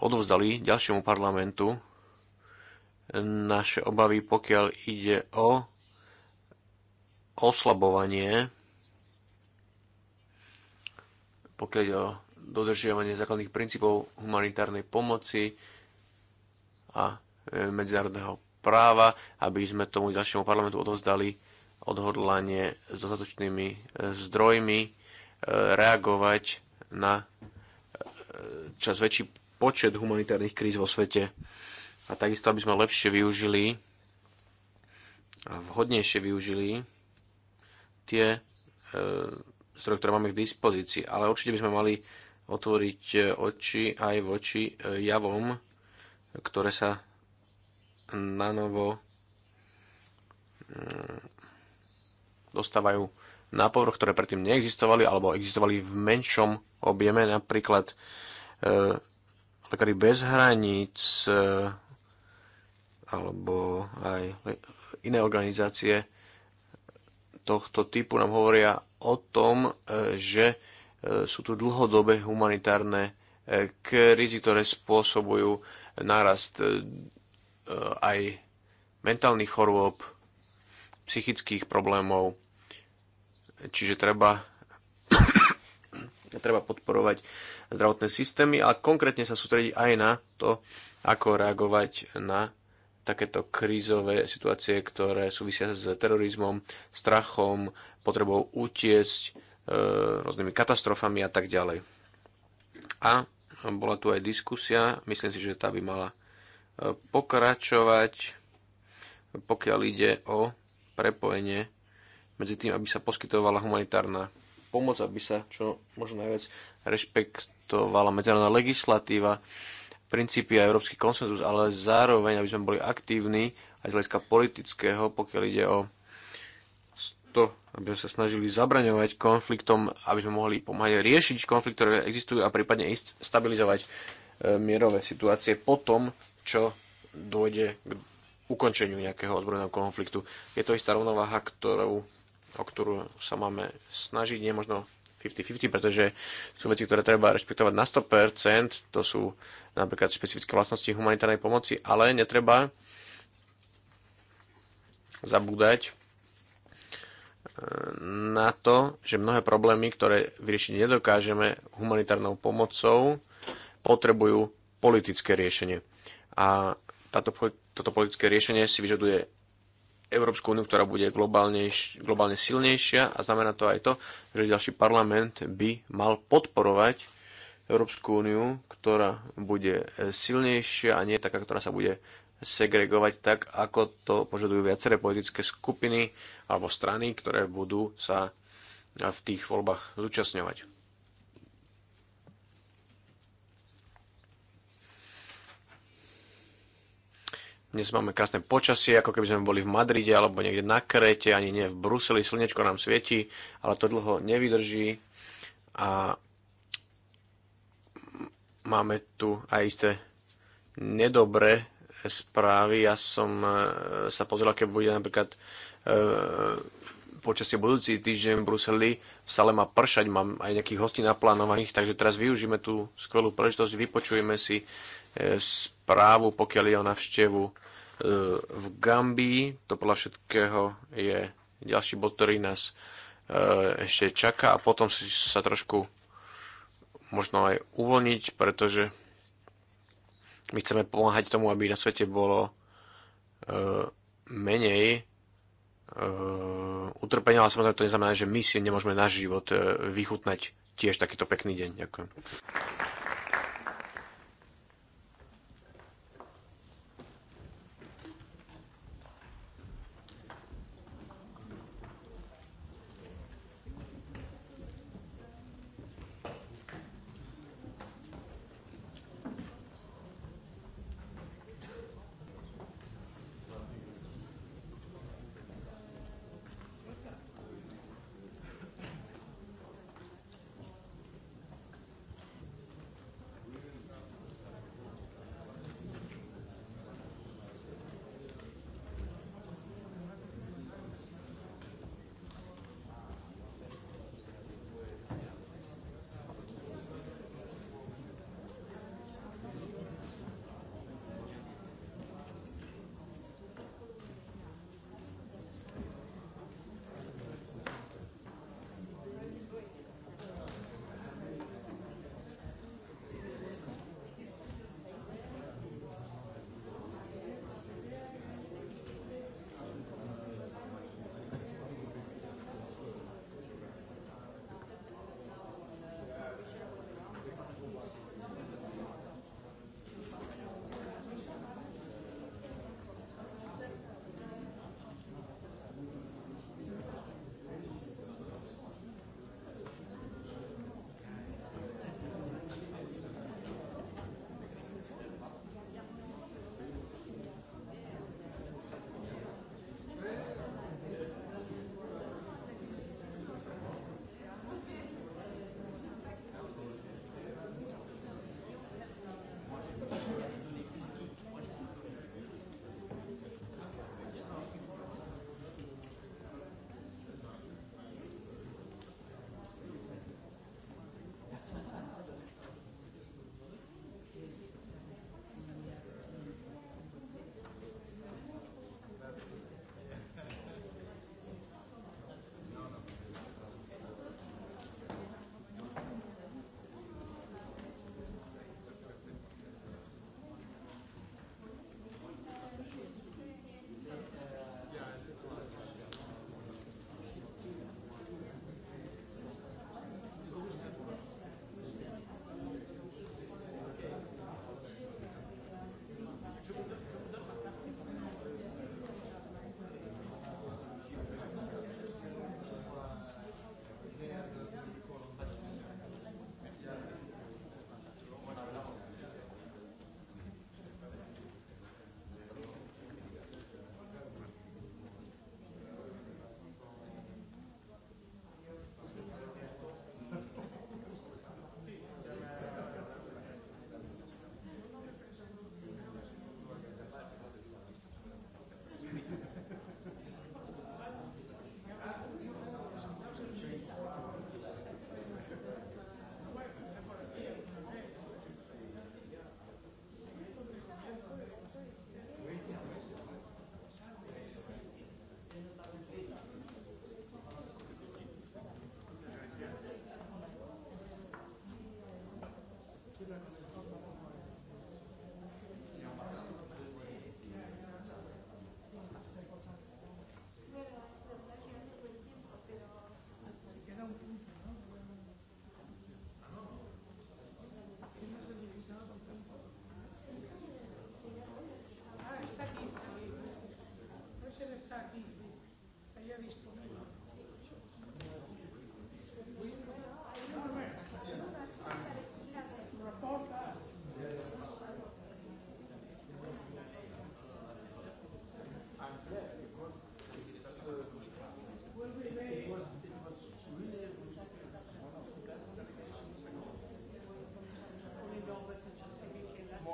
odovzdali ďalšiemu parlamentu e, naše obavy, pokiaľ ide o oslabovanie, pokiaľ ide o dodržiavanie základných princípov humanitárnej pomoci a medzinárodného práva, aby sme tomu ďalšiemu parlamentu odovzdali odhodlanie s dostatočnými e, zdrojmi e, reagovať na e, čas väčší počet humanitárnych kríz vo svete a takisto, aby sme lepšie využili a vhodnejšie využili tie zdroje, ktoré máme k dispozícii. Ale určite by sme mali otvoriť oči aj voči javom, ktoré sa novo e, dostávajú na povrch, ktoré predtým neexistovali alebo existovali v menšom objeme, napríklad e, lekári bez hraníc e, alebo aj iné organizácie tohto typu nám hovoria o tom, e, že e, sú tu dlhodobé humanitárne e, krízy, ktoré spôsobujú nárast. e, Eh, aj mentálnych chorôb, psychických problémov, čiže treba, treba podporovať zdravotné systémy a konkrétne sa sústrediť aj na to, ako reagovať na takéto krízové situácie, ktoré súvisia s terorizmom, strachom, potrebou utiesť, eh, rôznymi katastrofami a tak ďalej. A bola tu aj diskusia, myslím si, že tá by mala pokračovať, pokiaľ ide o prepojenie medzi tým, aby sa poskytovala humanitárna pomoc, aby sa čo možno najviac rešpektovala medzinárodná legislatíva, princípy a európsky konsenzus, ale zároveň, aby sme boli aktívni aj z hľadiska politického, pokiaľ ide o to, aby sme sa snažili zabraňovať konfliktom, aby sme mohli pomáhať riešiť konflikt, ktoré existujú a prípadne ísť stabilizovať e, mierové situácie potom, čo dôjde k ukončeniu nejakého ozbrojeného konfliktu. Je to istá rovnováha, ktorú, o ktorú sa máme snažiť, nie možno 50-50, pretože sú veci, ktoré treba rešpektovať na 100%, to sú napríklad špecifické vlastnosti humanitárnej pomoci, ale netreba zabúdať e, na to, že mnohé problémy, ktoré vyriešiť nedokážeme humanitárnou pomocou, potrebujú politické riešenie a táto, toto politické riešenie si vyžaduje Európsku úniu, ktorá bude globálne, globálne silnejšia a znamená to aj to, že ďalší parlament by mal podporovať Európsku úniu, ktorá bude silnejšia a nie taká, ktorá sa bude segregovať tak, ako to požadujú viaceré politické skupiny alebo strany, ktoré budú sa v tých voľbách zúčastňovať. Dnes máme krásne počasie, ako keby sme boli v Madride alebo niekde na Krete, ani nie v Bruseli, slnečko nám svieti, ale to dlho nevydrží a máme tu aj isté nedobré správy. Ja som e, sa pozrel, keď bude napríklad e, počasie budúci týždeň v Bruseli v sale má pršať, mám aj nejakých hostí naplánovaných, takže teraz využíme tú skvelú príležitosť, vypočujeme si správu, pokiaľ je o navštevu e, v Gambii. To podľa všetkého je ďalší bod, ktorý nás e, ešte čaká a potom si sa trošku možno aj uvoľniť, pretože my chceme pomáhať tomu, aby na svete bolo e, menej utrpenia, ale samozrejme to neznamená, že my si nemôžeme náš život vychutnať tiež takýto pekný deň. Ďakujem.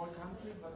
all countries, but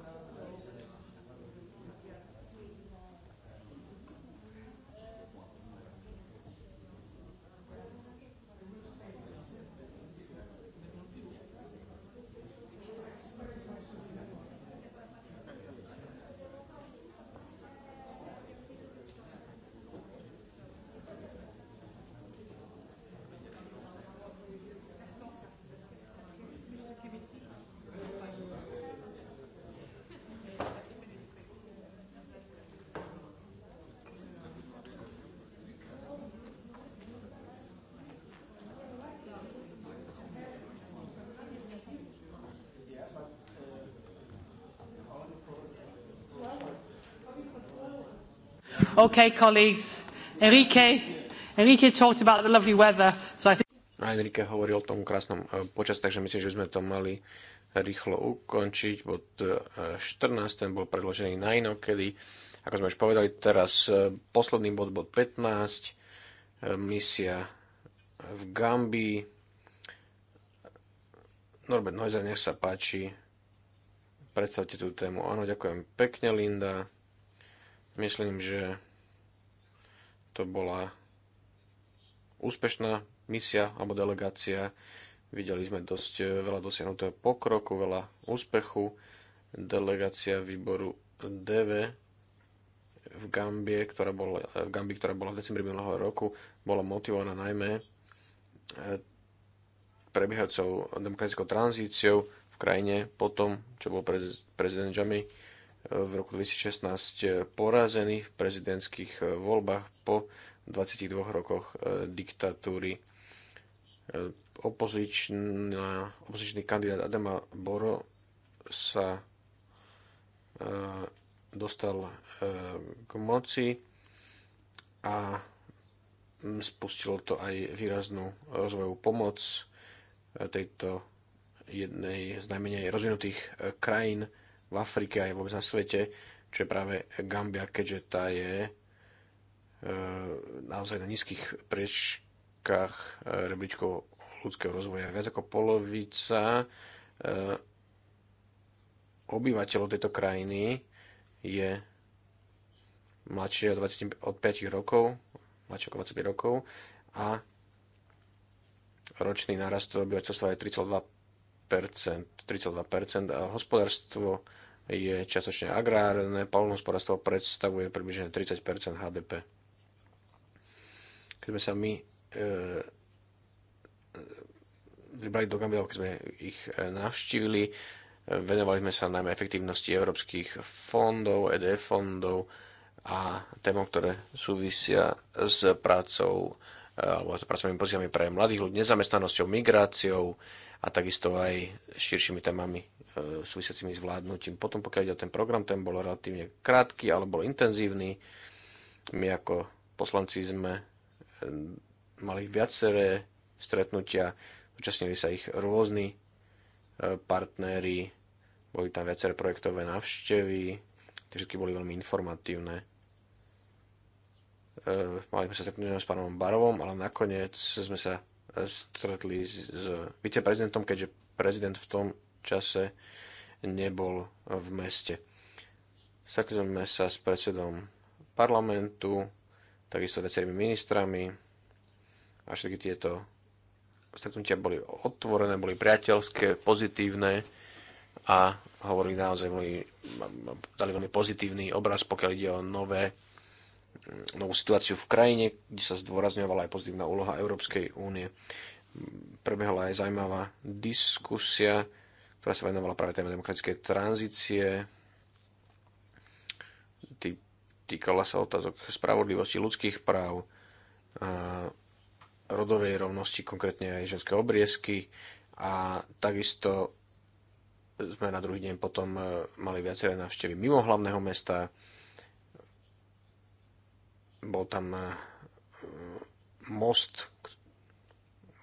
Okay, colleagues. Enrique, Enrique talked about the lovely weather, so I think... A Enrique hovoril o tom krásnom e, počas, takže myslím, že by sme to mali rýchlo ukončiť. Bod 14 e, ten bol predložený na inokedy. Ako sme už povedali, teraz e, posledný bod, bod 15, misia v Gambii. Norbert Neuser, nech sa páči. Predstavte tú tému. Áno, ďakujem pekne, Linda. Myslím, že to bola úspešná misia alebo delegácia. Videli sme dosť eh, veľa dosiahnutého pokroku, veľa úspechu. Delegácia výboru DV v Gambie, ktorá bola, eh, v Gambie, ktorá bola v decembri minulého roku, bola motivovaná najmä eh, prebiehajúcou demokratickou tranzíciou v krajine potom, čo bol prezident Jamie v roku 2016 eh, porazený v prezidentských eh, voľbách po 22 rokoch eh, diktatúry. Opozičná, opozičný kandidát Adama Boro sa dostal k moci a hm, spustilo to aj výraznú rozvojovú pomoc tejto jednej z najmenej rozvinutých krajín v Afrike aj vôbec na svete, čo je práve Gambia, keďže tá je e, naozaj na nízkych priečkách e, rebličkov ľudského rozvoja. Viac ako polovica e, obyvateľov tejto krajiny je mladšie od, 20, od 5 rokov, mladšie ako 25 rokov a ročný nárast obyvateľstva je 3,2%, 3,2% a hospodárstvo je čiastočne agrárne, polnohospodárstvo predstavuje približne 30 HDP. Keď sme sa my e, vybrali e, do Gambia, keď sme ich e, navštívili, e, venovali sme sa najmä efektívnosti európskych fondov, EDF fondov a témom, ktoré súvisia s prácou alebo s pracovnými pozíciami pre mladých ľudí, nezamestnanosťou, migráciou, a takisto aj s širšími témami e, súvisiacimi s vládnutím. Potom pokiaľ ide o ten program, ten bol relatívne krátky, ale bol intenzívny. My ako poslanci sme e, mali viaceré stretnutia, účastnili sa ich rôzni e, partnery, boli tam viaceré projektové návštevy, tie všetky boli veľmi informatívne. E, mali sme sa stretnúť s pánom Barovom, ale nakoniec sme sa stretli s viceprezidentom, keďže prezident v tom čase nebol v meste. Stretli sme sa s predsedom parlamentu, takisto viacerými ministrami a všetky tieto stretnutia boli otvorené, boli priateľské, pozitívne a hovorili naozaj, boli, dali veľmi pozitívny obraz, pokiaľ ide o nové novú situáciu v krajine, kde sa zdôrazňovala aj pozitívna úloha Európskej únie. Prebehla aj zaujímavá diskusia, ktorá sa venovala práve téme demokratickej tranzície. Týkala sa otázok spravodlivosti ľudských práv, rodovej rovnosti, konkrétne aj ženské obriezky a takisto sme na druhý deň potom e, mali viaceré návštevy mimo hlavného mesta, bol tam eh, most,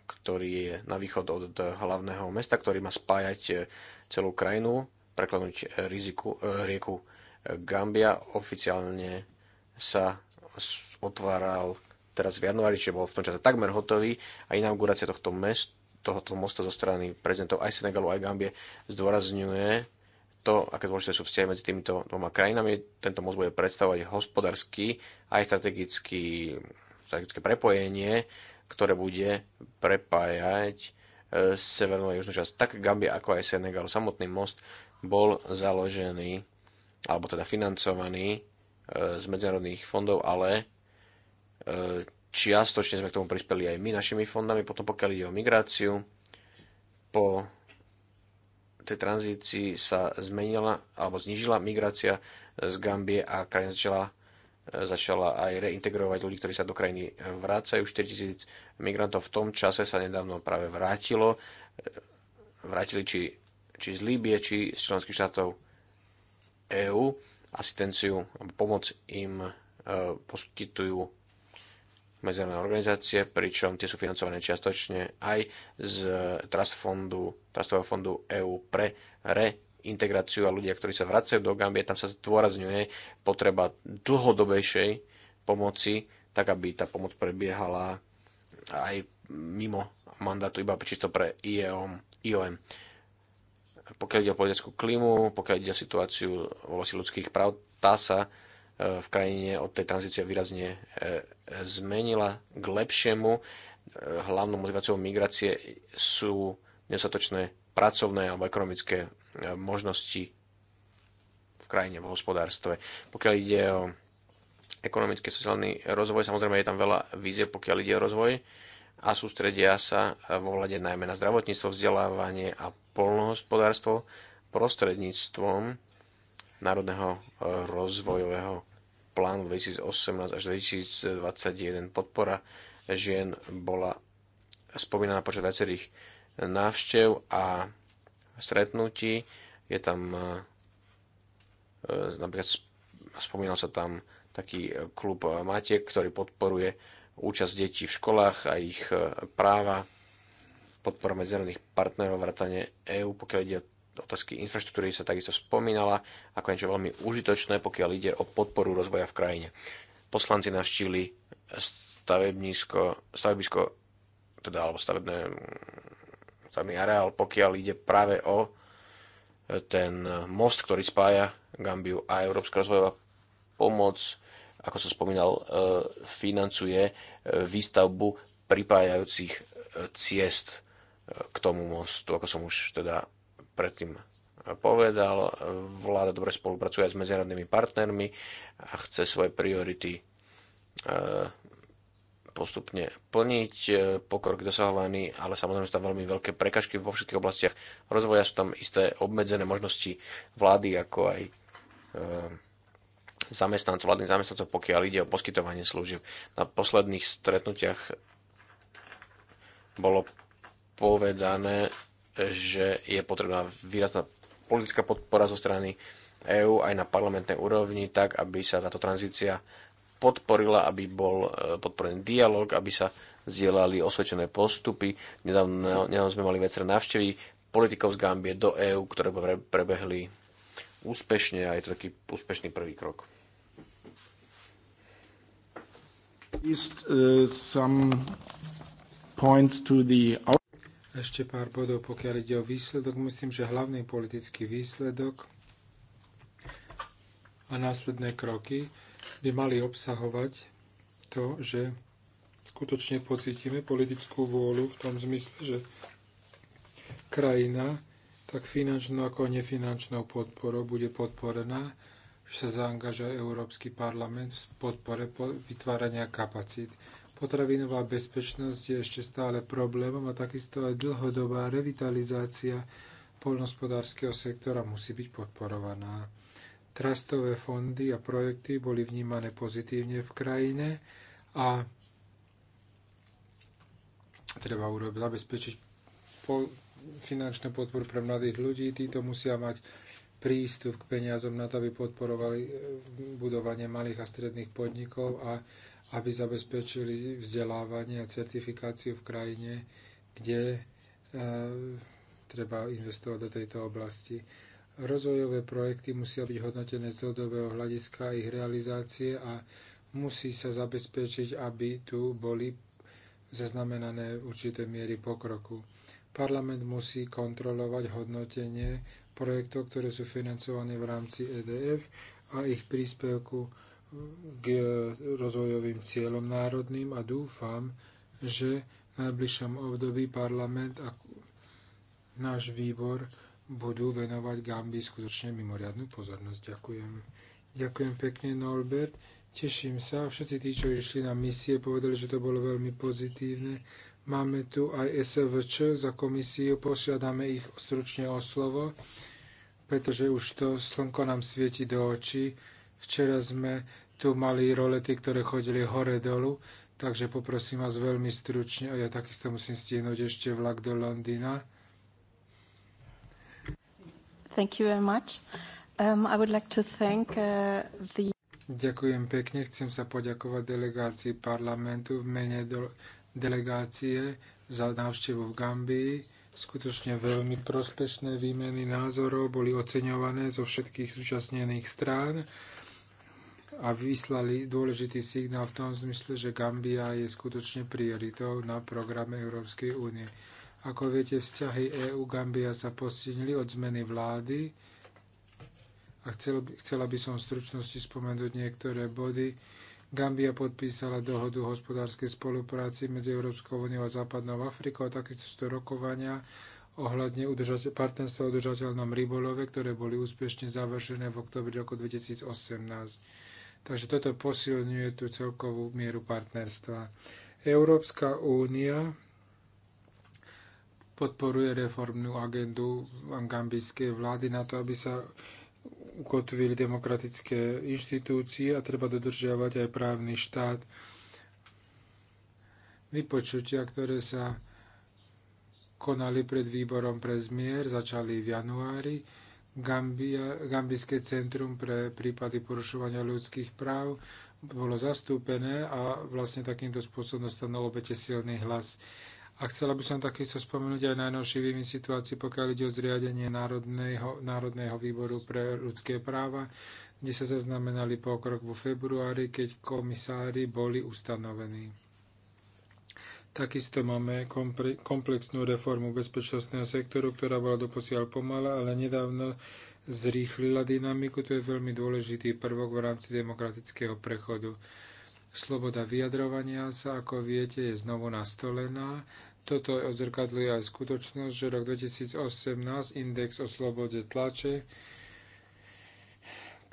ktorý je na východ od hlavného mesta, ktorý má spájať eh, celú krajinu, preklenúť riziku, eh, rieku Gambia. Oficiálne sa otváral teraz v januári, čiže bol v tom čase takmer hotový a inaugurácia tohto mest, tohoto mosta zo strany prezidentov aj Senegalu, aj Gambie zdôrazňuje to, aké dôležité sú vzťahy medzi týmito dvoma krajinami. Tento most bude predstavovať hospodársky aj strategický, strategické prepojenie, ktoré bude prepájať e, severnú a južnú časť. Tak Gambia ako aj Senegal. Samotný most bol založený, alebo teda financovaný e, z medzinárodných fondov, ale e, čiastočne sme k tomu prispeli aj my našimi fondami. Potom pokiaľ ide o migráciu, po tej tranzícii sa zmenila alebo znižila migrácia z Gambie a krajina začala, e, začala aj reintegrovať ľudí, ktorí sa do krajiny vrácajú. 4000 migrantov v tom čase sa nedávno práve vrátilo. E, vrátili či, či z Líbie, či z členských štátov EÚ. Asistenciu, pomoc im e, poskytujú medzinárodné organizácie, pričom tie sú financované čiastočne aj z Trust fondu, Trustového fondu EU pre reintegráciu a ľudia, ktorí sa vracajú do Gambie, tam sa zdôrazňuje potreba dlhodobejšej pomoci, tak aby tá pomoc prebiehala aj mimo mandátu iba čisto pre IOM. E IOM. Pokiaľ ide o politickú klímu, pokiaľ ide o situáciu v ľudských práv, tá sa v krajine od tej tranzície výrazne e, zmenila k lepšiemu. E, hlavnou motiváciou migrácie sú nedostatočné pracovné alebo ekonomické e, možnosti v krajine, v hospodárstve. Pokiaľ ide o ekonomický sociálny rozvoj, samozrejme je tam veľa vízie, pokiaľ ide o rozvoj a sústredia sa vo vlade najmä na zdravotníctvo, vzdelávanie a polnohospodárstvo prostredníctvom národného rozvojového plánu 2018 až 2021. Podpora žien bola spomínaná počas viacerých návštev a stretnutí. Je tam e, napríklad spomínal sa tam taký klub Matiek, ktorý podporuje účasť detí v školách a ich e, práva, podpora medzinárodných partnerov vrátane EÚ, pokiaľ ide o otázky infraštruktúry sa takisto spomínala ako niečo veľmi užitočné, pokiaľ ide o podporu rozvoja v krajine. Poslanci navštívili stavebnisko, stavebisko, teda alebo stavebné, stavebný areál, pokiaľ ide práve o e, ten most, ktorý spája Gambiu a Európska rozvojová pomoc, ako som spomínal, e, financuje e, výstavbu pripájajúcich ciest k tomu mostu, ako som už teda predtým povedal. Vláda dobre spolupracuje s medzinárodnými partnermi a chce svoje priority e, postupne plniť, e, pokrok dosahovaný, ale samozrejme sú tam veľmi veľké prekažky vo všetkých oblastiach rozvoja, sú tam isté obmedzené možnosti vlády, ako aj e, zamestnancov, vládnych zamestnancov, pokiaľ ide o poskytovanie služieb. Na posledných stretnutiach bolo povedané, že je potrebná výrazná politická podpora zo strany EÚ aj na parlamentnej úrovni, tak aby sa táto tranzícia podporila, aby bol e, podporený dialog, aby sa zdieľali osvedčené postupy. Nedávno, nedávno sme mali viaceré návštevy politikov z Gambie do EÚ, ktoré prebehli úspešne a je to taký úspešný prvý krok. East, uh, some points to the ešte pár bodov, pokiaľ ide o výsledok. Myslím, že hlavný politický výsledok a následné kroky by mali obsahovať to, že skutočne pocítime politickú vôľu v tom zmysle, že krajina tak finančnou ako nefinančnou podporou bude podporená, že sa zaangažuje Európsky parlament v podpore vytvárania kapacít. Potravinová bezpečnosť je ešte stále problémom a takisto aj dlhodobá revitalizácia poľnohospodárskeho sektora musí byť podporovaná. Trastové fondy a projekty boli vnímané pozitívne v krajine a treba urobiť, zabezpečiť po, finančnú podporu pre mladých ľudí. Títo musia mať prístup k peniazom na to, aby podporovali eh, budovanie malých a stredných podnikov a aby zabezpečili vzdelávanie a certifikáciu v krajine, kde e, treba investovať do tejto oblasti. Rozvojové projekty musia byť hodnotené z dlhodobého hľadiska ich realizácie a musí sa zabezpečiť, aby tu boli zaznamenané určité miery pokroku. Parlament musí kontrolovať hodnotenie projektov, ktoré sú financované v rámci EDF a ich príspevku k rozvojovým cieľom národným a dúfam, že v najbližšom období parlament a náš výbor budú venovať Gambii skutočne mimoriadnú pozornosť. Ďakujem. Ďakujem pekne, Norbert. Teším sa. Všetci tí, čo išli na misie, povedali, že to bolo veľmi pozitívne. Máme tu aj SVČ za komisiu, Posiadame ich stručne o slovo, pretože už to slnko nám svieti do očí Včera sme tu mali rolety, ktoré chodili hore-dolu, takže poprosím vás veľmi stručne, a ja takisto musím stihnúť ešte vlak do Londýna. Thank you very much. Um, I would like to thank uh, the... Ďakujem pekne. Chcem sa poďakovať delegácii parlamentu v mene do, delegácie za návštevu v Gambii. Skutočne veľmi prospešné výmeny názorov boli oceňované zo všetkých zúčastnených strán a vyslali dôležitý signál v tom zmysle, že Gambia je skutočne prioritou na programe Európskej únie. Ako viete, vzťahy EU-Gambia sa posilnili od zmeny vlády a chcel, chcela by som v stručnosti spomenúť niektoré body. Gambia podpísala dohodu o hospodárskej spolupráci medzi Európskou úniou a Západnou Afrikou, a takisto sú to rokovania ohľadne udržateľ, partnerstva o udržateľnom rybolove, ktoré boli úspešne završené v oktobri roku 2018. Takže toto posilňuje tú celkovú mieru partnerstva. Európska únia podporuje reformnú agendu gambijskej vlády na to, aby sa ukotvili demokratické inštitúcie a treba dodržiavať aj právny štát. Vypočutia, ktoré sa konali pred výborom pre zmier, začali v januári Gambia, Gambijské centrum pre prípady porušovania ľudských práv bolo zastúpené a vlastne takýmto spôsobom dostanú obete silný hlas. A chcela by som takisto spomenúť aj najnovší vývin situácii, pokiaľ ide o zriadenie Národného, Národného výboru pre ľudské práva, kde sa zaznamenali pokrok vo februári, keď komisári boli ustanovení. Takisto máme komplexnú reformu bezpečnostného sektoru, ktorá bola doposiaľ pomalá, ale nedávno zrýchlila dynamiku. To je veľmi dôležitý prvok v rámci demokratického prechodu. Sloboda vyjadrovania sa, ako viete, je znovu nastolená. Toto odzrkadluje aj skutočnosť, že rok 2018 index o slobode tlače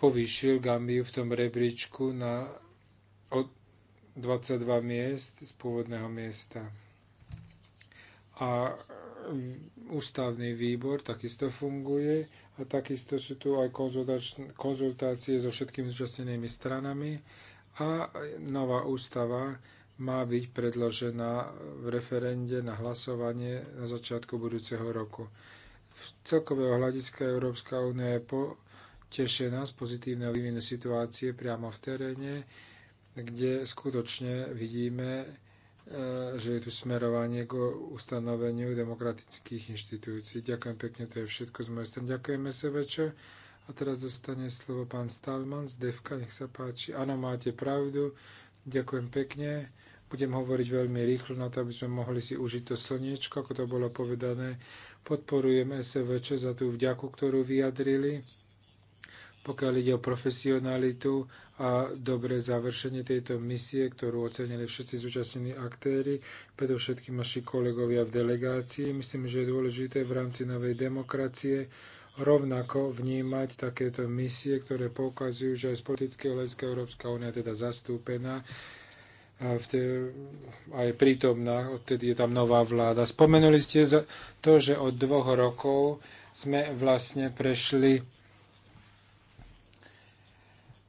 povýšil Gambiu v tom rebríčku na od 22 miest z pôvodného miesta. A mm, ústavný výbor takisto funguje a takisto sú tu aj konzultácie so všetkými zúčastnenými stranami a nová ústava má byť predložená v referende na hlasovanie na začiatku budúceho roku. V celkového hľadiska Európska únia je potešená z pozitívneho vývinu situácie priamo v teréne kde skutočne vidíme, e, že je tu smerovanie k ustanoveniu demokratických inštitúcií. Ďakujem pekne, to je všetko z mojej strany. Ďakujeme večer. A teraz dostane slovo pán Stalman z Devka, nech sa páči. Áno, máte pravdu. Ďakujem pekne. Budem hovoriť veľmi rýchlo na to, aby sme mohli si užiť to slniečko, ako to bolo povedané. Podporujem SVČ za tú vďaku, ktorú vyjadrili pokiaľ ide o profesionalitu a dobré završenie tejto misie, ktorú ocenili všetci zúčastnení aktéry, predovšetkým naši kolegovia v delegácii. Myslím, že je dôležité v rámci novej demokracie rovnako vnímať takéto misie, ktoré poukazujú, že aj z politického hľadiska Európska únia teda zastúpená v te, aj prítomná, odtedy je tam nová vláda. Spomenuli ste to, že od dvoch rokov sme vlastne prešli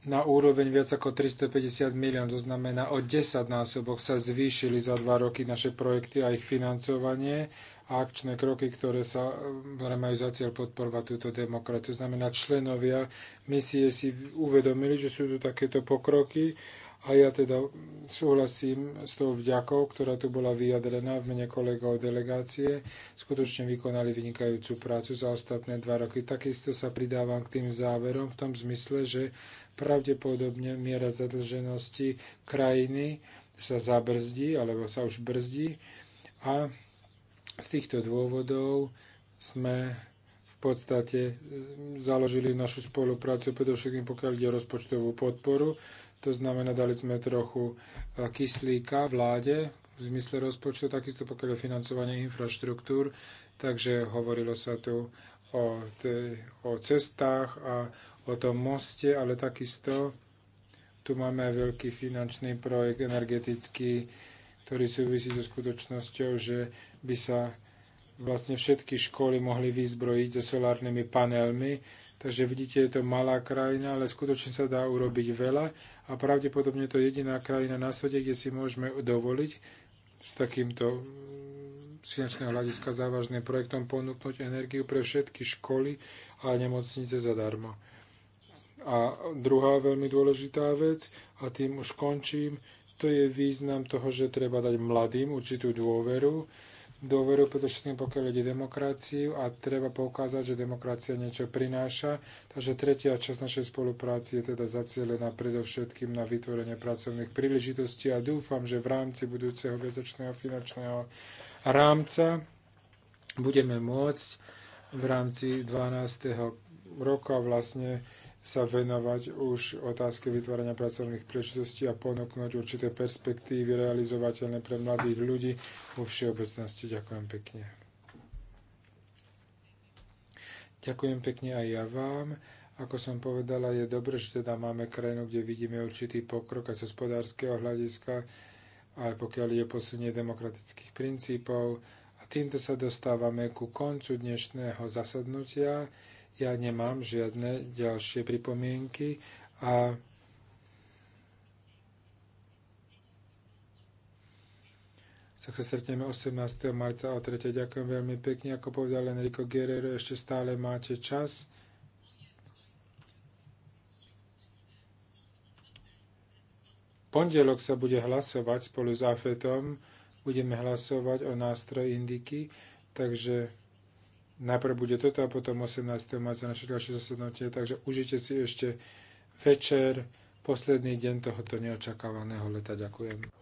na úroveň viac ako 350 milión, to znamená o 10 násobok sa zvýšili za dva roky naše projekty a ich financovanie a akčné kroky, ktoré, sa, ktoré majú za cieľ podporovať túto demokraciu. To znamená, členovia misie si uvedomili, že sú tu takéto pokroky a ja teda súhlasím s tou vďakou, ktorá tu bola vyjadrená v mene kolegov delegácie. Skutočne vykonali vynikajúcu prácu za ostatné dva roky. Takisto sa pridávam k tým záverom v tom zmysle, že pravdepodobne miera zadlženosti krajiny sa zabrzdí alebo sa už brzdí a z týchto dôvodov sme v podstate založili našu spoluprácu, predovšetkým pokiaľ ide o rozpočtovú podporu. To znamená, dali sme trochu e, kyslíka vláde v zmysle rozpočtu, takisto pokiaľ je financovanie infraštruktúr, takže hovorilo sa tu o, tej, o cestách a o tom moste, ale takisto tu máme aj veľký finančný projekt energetický, ktorý súvisí so skutočnosťou, že by sa vlastne všetky školy mohli vyzbrojiť so solárnymi panelmi. Takže vidíte, je to malá krajina, ale skutočne sa dá urobiť veľa a pravdepodobne to je jediná krajina na svete, kde si môžeme dovoliť s takýmto mm, z finančného hľadiska závažným projektom ponúknuť energiu pre všetky školy a nemocnice zadarmo. A druhá veľmi dôležitá vec, a tým už končím, to je význam toho, že treba dať mladým určitú dôveru, dôveru predovšetkým pokiaľ ide demokraciu a treba poukázať, že demokracia niečo prináša. Takže tretia časť našej spolupráci je teda zacielená predovšetkým na vytvorenie pracovných príležitostí a dúfam, že v rámci budúceho viezočného finančného rámca budeme môcť v rámci 12. roka vlastne sa venovať už otázke vytvárania pracovných príležitostí a ponúknuť určité perspektívy realizovateľné pre mladých ľudí vo všeobecnosti. Ďakujem pekne. Ďakujem pekne aj ja vám. Ako som povedala, je dobre, že teda máme krajinu, kde vidíme určitý pokrok aj z hospodárskeho hľadiska, aj pokiaľ je posunie demokratických princípov. A týmto sa dostávame ku koncu dnešného zasadnutia. Ja nemám žiadne ďalšie pripomienky a Tak sa stretneme 18. marca o 3. Ďakujem veľmi pekne. Ako povedal Enrico Guerrero, ešte stále máte čas. pondelok sa bude hlasovať spolu s AFETom. Budeme hlasovať o nástroji Indiky, takže Najprv bude toto a potom 18. marca naše ďalšie zasadnutie, takže užite si ešte večer, posledný deň tohoto neočakávaného leta. Ďakujem.